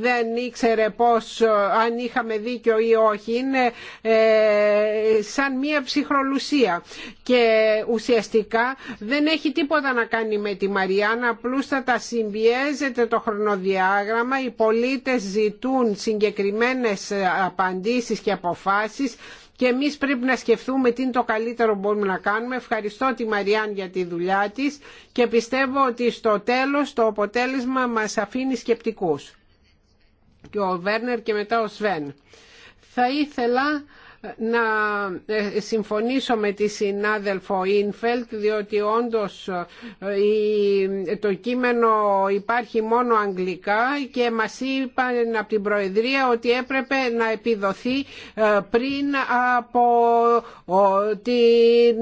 S5: δεν ήξερε πώς ε, αν είχαμε δίκιο ή όχι. Είναι ε, σαν μία ψυχρολουσία και ουσιαστικά δεν έχει τίποτα να κάνει με τη Μαριάννα. Απλούστατα συμπιέζεται το χρονοδιάγραμμα. Οι πολίτες ζητούν συγκεκριμένες ε, απαντήσεις και αποφάσεις και εμείς πρέπει να σκεφτούμε τι είναι το καλύτερο που μπορούμε να κάνουμε. Ευχαριστώ τη Μαριάν για τη δουλειά της και πιστεύω ότι στο τέλος το αποτέλεσμα μας αφήνει σκεπτικούς και ο Βέρνερ και μετά ο Σβέν. Θα ήθελα να ε, συμφωνήσω με τη συνάδελφο Ίνφελτ διότι όντως ε, το κείμενο υπάρχει μόνο αγγλικά και μας είπαν από την Προεδρία ότι έπρεπε να επιδοθεί ε, πριν από την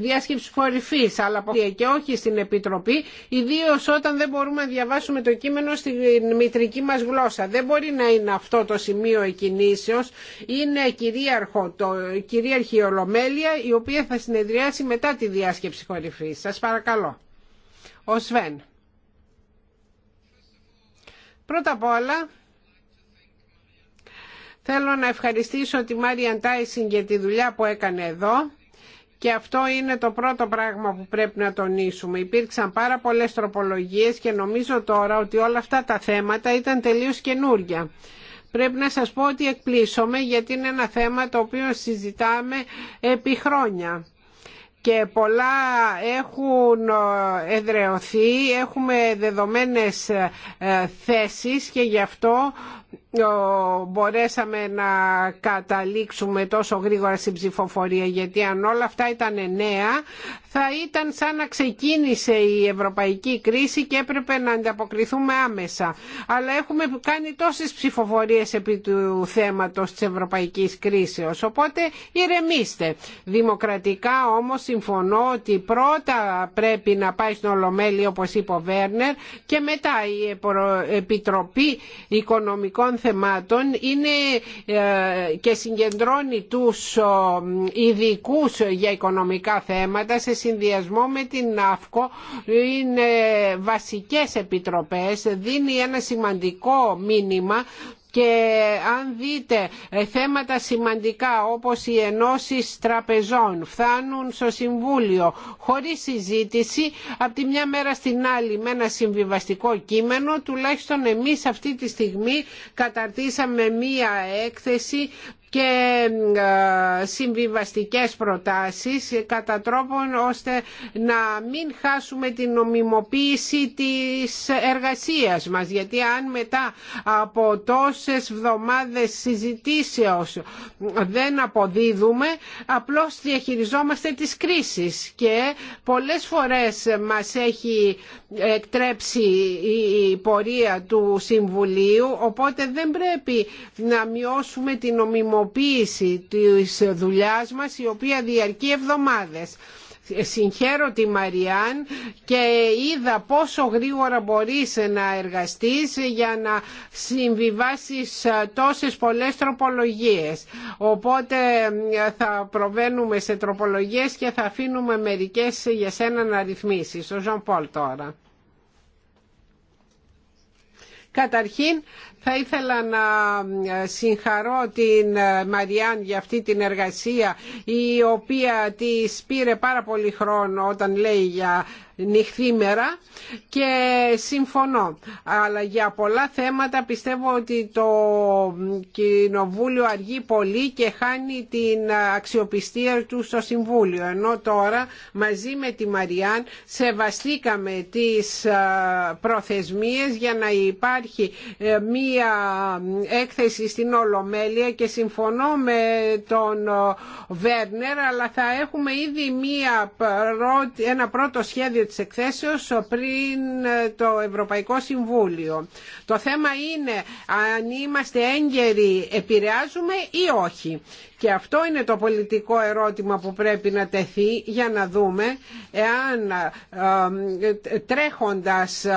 S5: διάσκεψη κορυφής αλλά και όχι στην Επιτροπή ιδίω όταν δεν μπορούμε να διαβάσουμε το κείμενο στην μητρική μας γλώσσα. Δεν μπορεί να είναι αυτό το σημείο εκκινήσεως. Είναι κυρία κυρίαρχο, το κυρίαρχη Ολομέλεια η οποία θα συνεδριάσει μετά τη διάσκεψη κορυφή. Σα παρακαλώ. Ο Σβέν. Πρώτα απ' όλα θέλω να ευχαριστήσω τη Μάριαν Τάισιν για τη δουλειά που έκανε εδώ. Και αυτό είναι το πρώτο πράγμα που πρέπει να τονίσουμε. Υπήρξαν πάρα πολλές τροπολογίες και νομίζω τώρα ότι όλα αυτά τα θέματα ήταν τελείως καινούρια. Πρέπει να σας πω ότι εκπλήσωμε γιατί είναι ένα θέμα το οποίο συζητάμε επί χρόνια και πολλά έχουν ε, εδρεωθεί, έχουμε δεδομένες ε, ε, θέσεις και γι' αυτό ε, μπορέσαμε να καταλήξουμε τόσο γρήγορα στην ψηφοφορία γιατί αν όλα αυτά ήταν νέα θα ήταν σαν να ξεκίνησε η ευρωπαϊκή κρίση και έπρεπε να ανταποκριθούμε άμεσα αλλά έχουμε κάνει τόσες ψηφοφορίες επί του θέματος της ευρωπαϊκής κρίσεως οπότε ηρεμήστε δημοκρατικά όμως συμφωνώ ότι πρώτα πρέπει να πάει στην Ολομέλη όπως είπε ο Βέρνερ και μετά η Επιτροπή Οικονομικών κοινωνικών είναι ε, και συγκεντρώνει τους ε, ειδικού για οικονομικά θέματα σε συνδυασμό με την ΑΦΚΟ είναι βασικές επιτροπές δίνει ένα σημαντικό μήνυμα και αν δείτε ε, θέματα σημαντικά όπως οι ενώσει τραπεζών φτάνουν στο Συμβούλιο χωρίς συζήτηση από τη μια μέρα στην άλλη με ένα συμβιβαστικό κείμενο τουλάχιστον εμείς αυτή τη στιγμή καταρτήσαμε μία έκθεση και ε, συμβιβαστικές προτάσεις κατά τρόπον ώστε να μην χάσουμε την νομιμοποίηση της εργασίας μας γιατί αν μετά από τόσες εβδομάδες συζητήσεως δεν αποδίδουμε απλώς διαχειριζόμαστε τις κρίσεις και πολλές φορές μας έχει εκτρέψει η πορεία του Συμβουλίου οπότε δεν πρέπει να μειώσουμε την νομιμοποίηση νομιμοποίηση της δουλειάς μας η οποία διαρκεί εβδομάδες συγχαίρω τη Μαριάν και είδα πόσο γρήγορα μπορείς να εργαστείς για να συμβιβάσεις τόσες πολλές τροπολογίες. Οπότε θα προβαίνουμε σε τροπολογίες και θα αφήνουμε μερικές για σένα να ρυθμίσεις. Ο Ζων Πολ τώρα. Καταρχήν θα ήθελα να ε, συγχαρώ την ε, Μαριάν για αυτή την εργασία η οποία της πήρε πάρα πολύ χρόνο όταν λέει για νυχθήμερα και συμφωνώ. Αλλά για πολλά θέματα πιστεύω ότι το Κοινοβούλιο αργεί πολύ και χάνει την αξιοπιστία του στο Συμβούλιο. Ενώ τώρα μαζί με τη Μαριάν σεβαστήκαμε τις ε, προθεσμίες για να υπάρχει μία μία έκθεση στην Ολομέλεια και συμφωνώ με τον Βέρνερ αλλά θα έχουμε ήδη μία, ένα πρώτο σχέδιο της εκθέσεως πριν το Ευρωπαϊκό Συμβούλιο. Το θέμα είναι αν είμαστε έγκαιροι επηρεάζουμε ή όχι. Και αυτό είναι το πολιτικό ερώτημα που πρέπει να τεθεί για να δούμε εάν ε, τρέχοντας, ε,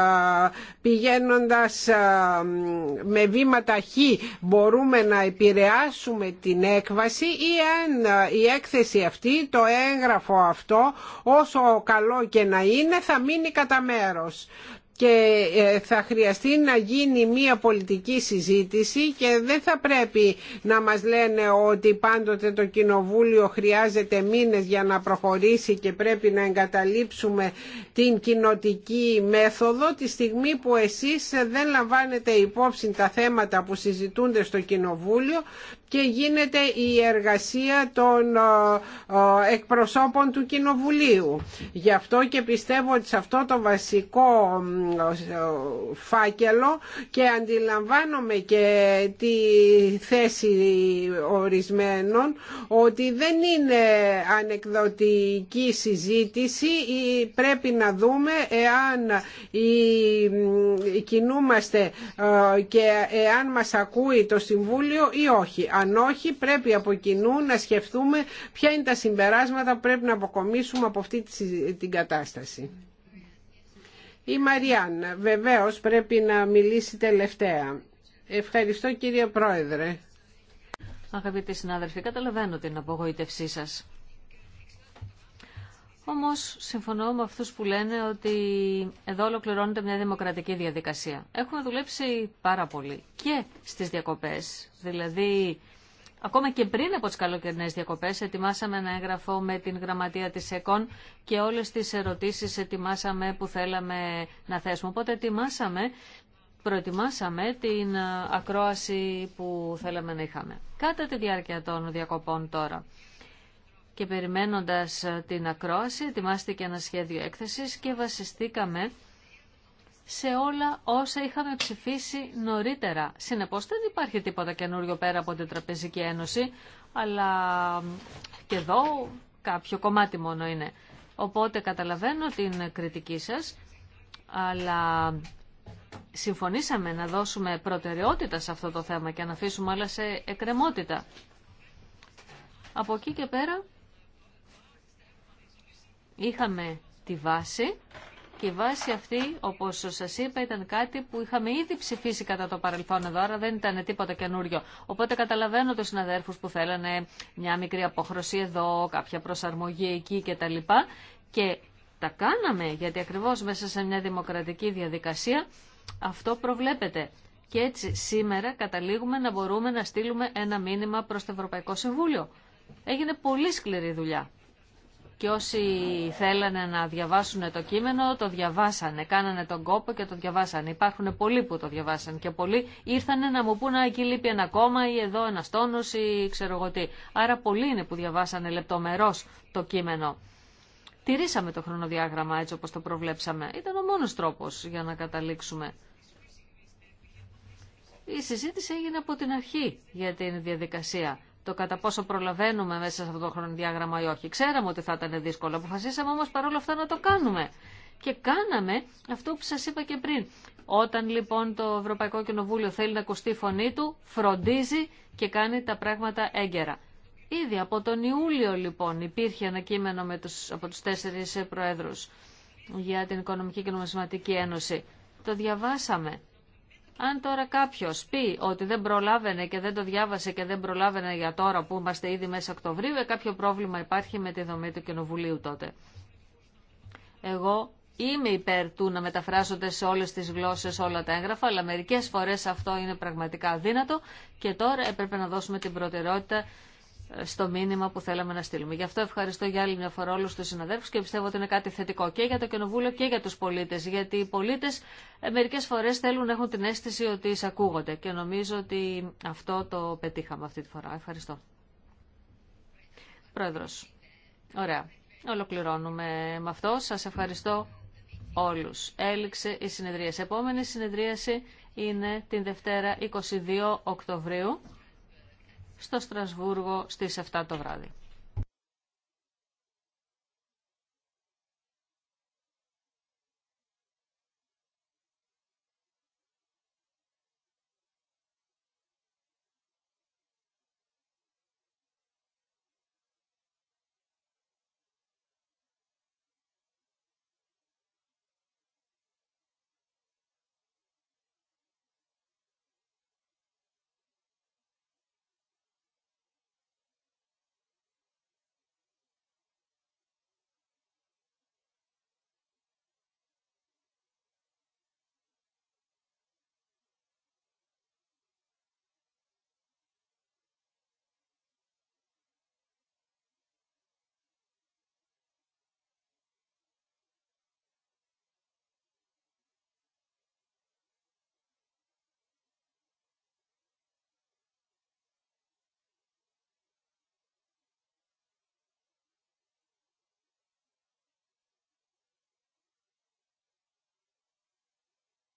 S5: πηγαίνοντας ε, με βήματα χ μπορούμε να επηρεάσουμε την έκβαση ή αν η έκθεση αυτή, το έγγραφο αυτό, όσο καλό και να είναι, θα μείνει κατά μέρος και ε, θα χρειαστεί να γίνει μια πολιτική συζήτηση και δεν θα πρέπει να μας λένε ότι πάντοτε το Κοινοβούλιο χρειάζεται μήνες για να προχωρήσει και πρέπει να εγκαταλείψουμε την κοινοτική μέθοδο τη στιγμή που εσείς δεν λαμβάνετε υπόψη τα θέματα που συζητούνται στο Κοινοβούλιο και γίνεται η εργασία των ε, ε, εκπροσώπων του Κοινοβουλίου. Γι' αυτό και πιστεύω ότι σε αυτό το βασικό ε, φάκελο και αντιλαμβάνομαι και τη θέση ορισμένων ότι δεν είναι ανεκδοτική συζήτηση ή πρέπει να δούμε εάν κινούμαστε και εάν μας ακούει το Συμβούλιο ή όχι αν όχι πρέπει από κοινού να σκεφτούμε ποια είναι τα συμπεράσματα που πρέπει να αποκομίσουμε από αυτή την κατάσταση. Η Μαριάν βεβαίως πρέπει να μιλήσει τελευταία. Ευχαριστώ κύριε Πρόεδρε.
S3: Αγαπητοί συνάδελφοι, καταλαβαίνω την απογοήτευσή σας. Όμως συμφωνώ με αυτούς που λένε ότι εδώ ολοκληρώνεται μια δημοκρατική διαδικασία. Έχουμε δουλέψει πάρα πολύ και στις διακοπές. Δηλαδή Ακόμα και πριν από τις καλοκαιρινές διακοπές ετοιμάσαμε ένα έγγραφο με την γραμματεία της ΕΚΟΝ και όλες τις ερωτήσεις ετοιμάσαμε που θέλαμε να θέσουμε. Οπότε ετοιμάσαμε, προετοιμάσαμε την ακρόαση που θέλαμε να είχαμε. Κατά τη διάρκεια των διακοπών τώρα και περιμένοντας την ακρόαση ετοιμάστηκε ένα σχέδιο έκθεσης και βασιστήκαμε σε όλα όσα είχαμε ψηφίσει νωρίτερα. Συνεπώς δεν υπάρχει τίποτα καινούριο πέρα από την Τραπεζική Ένωση, αλλά και εδώ κάποιο κομμάτι μόνο είναι. Οπότε καταλαβαίνω την κριτική σας, αλλά συμφωνήσαμε να δώσουμε προτεραιότητα σε αυτό το θέμα και να αφήσουμε όλα σε εκκρεμότητα. Από εκεί και πέρα είχαμε τη βάση και η βάση αυτή, όπω σα είπα, ήταν κάτι που είχαμε ήδη ψηφίσει κατά το παρελθόν εδώ, άρα δεν ήταν τίποτα καινούριο. Οπότε καταλαβαίνω του συναδέρφους που θέλανε μια μικρή αποχρωσή εδώ, κάποια προσαρμογή εκεί κτλ. Και τα κάναμε, γιατί ακριβώς μέσα σε μια δημοκρατική διαδικασία αυτό προβλέπεται. Και έτσι σήμερα καταλήγουμε να μπορούμε να στείλουμε ένα μήνυμα προς το Ευρωπαϊκό Συμβούλιο. Έγινε πολύ σκληρή δουλειά και όσοι θέλανε να διαβάσουν το κείμενο το διαβάσανε, κάνανε τον κόπο και το διαβάσανε. Υπάρχουν πολλοί που το διαβάσανε και πολλοί ήρθανε να μου πούνε εκεί λείπει ένα κόμμα ή εδώ ένα τόνος ή ξέρω εγώ τι. Άρα πολλοί είναι που διαβάσανε λεπτομερώς το κείμενο. Τηρήσαμε το χρονοδιάγραμμα έτσι όπως το προβλέψαμε. Ήταν ο μόνος τρόπος για να καταλήξουμε. Η συζήτηση έγινε από την αρχή για την διαδικασία το κατά πόσο προλαβαίνουμε μέσα σε αυτό το χρονοδιάγραμμα ή όχι. Ξέραμε ότι θα ήταν δύσκολο, αποφασίσαμε όμως παρόλα αυτά να το κάνουμε. Και κάναμε αυτό που σας είπα και πριν. Όταν λοιπόν το Ευρωπαϊκό Κοινοβούλιο θέλει να ακουστεί η φωνή του, φροντίζει και κάνει τα πράγματα έγκαιρα. Ήδη από τον Ιούλιο λοιπόν υπήρχε ένα κείμενο με τους, από τους τέσσερις προέδρους για την Οικονομική και Νομισματική Ένωση. Το διαβάσαμε αν τώρα κάποιο πει ότι δεν προλάβαινε και δεν το διάβασε και δεν προλάβαινε για τώρα που είμαστε ήδη μέσα Οκτωβρίου, ε, κάποιο πρόβλημα υπάρχει με τη δομή του Κοινοβουλίου τότε. Εγώ είμαι υπέρ του να μεταφράζονται σε όλες τις γλώσσες όλα τα έγγραφα, αλλά μερικές φορές αυτό είναι πραγματικά αδύνατο και τώρα έπρεπε να δώσουμε την προτεραιότητα στο μήνυμα που θέλαμε να στείλουμε. Γι' αυτό ευχαριστώ για άλλη μια φορά όλου του συναδέλφους και πιστεύω ότι είναι κάτι θετικό και για το Κοινοβούλιο και για του πολίτε. Γιατί οι πολίτε μερικέ φορέ θέλουν να έχουν την αίσθηση ότι εισακούγονται και νομίζω ότι αυτό το πετύχαμε αυτή τη φορά. Ευχαριστώ. Προέδρο. Ωραία. Ολοκληρώνουμε με αυτό. Σας ευχαριστώ όλου. Έληξε η συνεδρίαση. Επόμενη συνεδρίαση είναι την Δευτέρα 22 Οκτωβρίου στο Στρασβούργο στις 7 το βράδυ.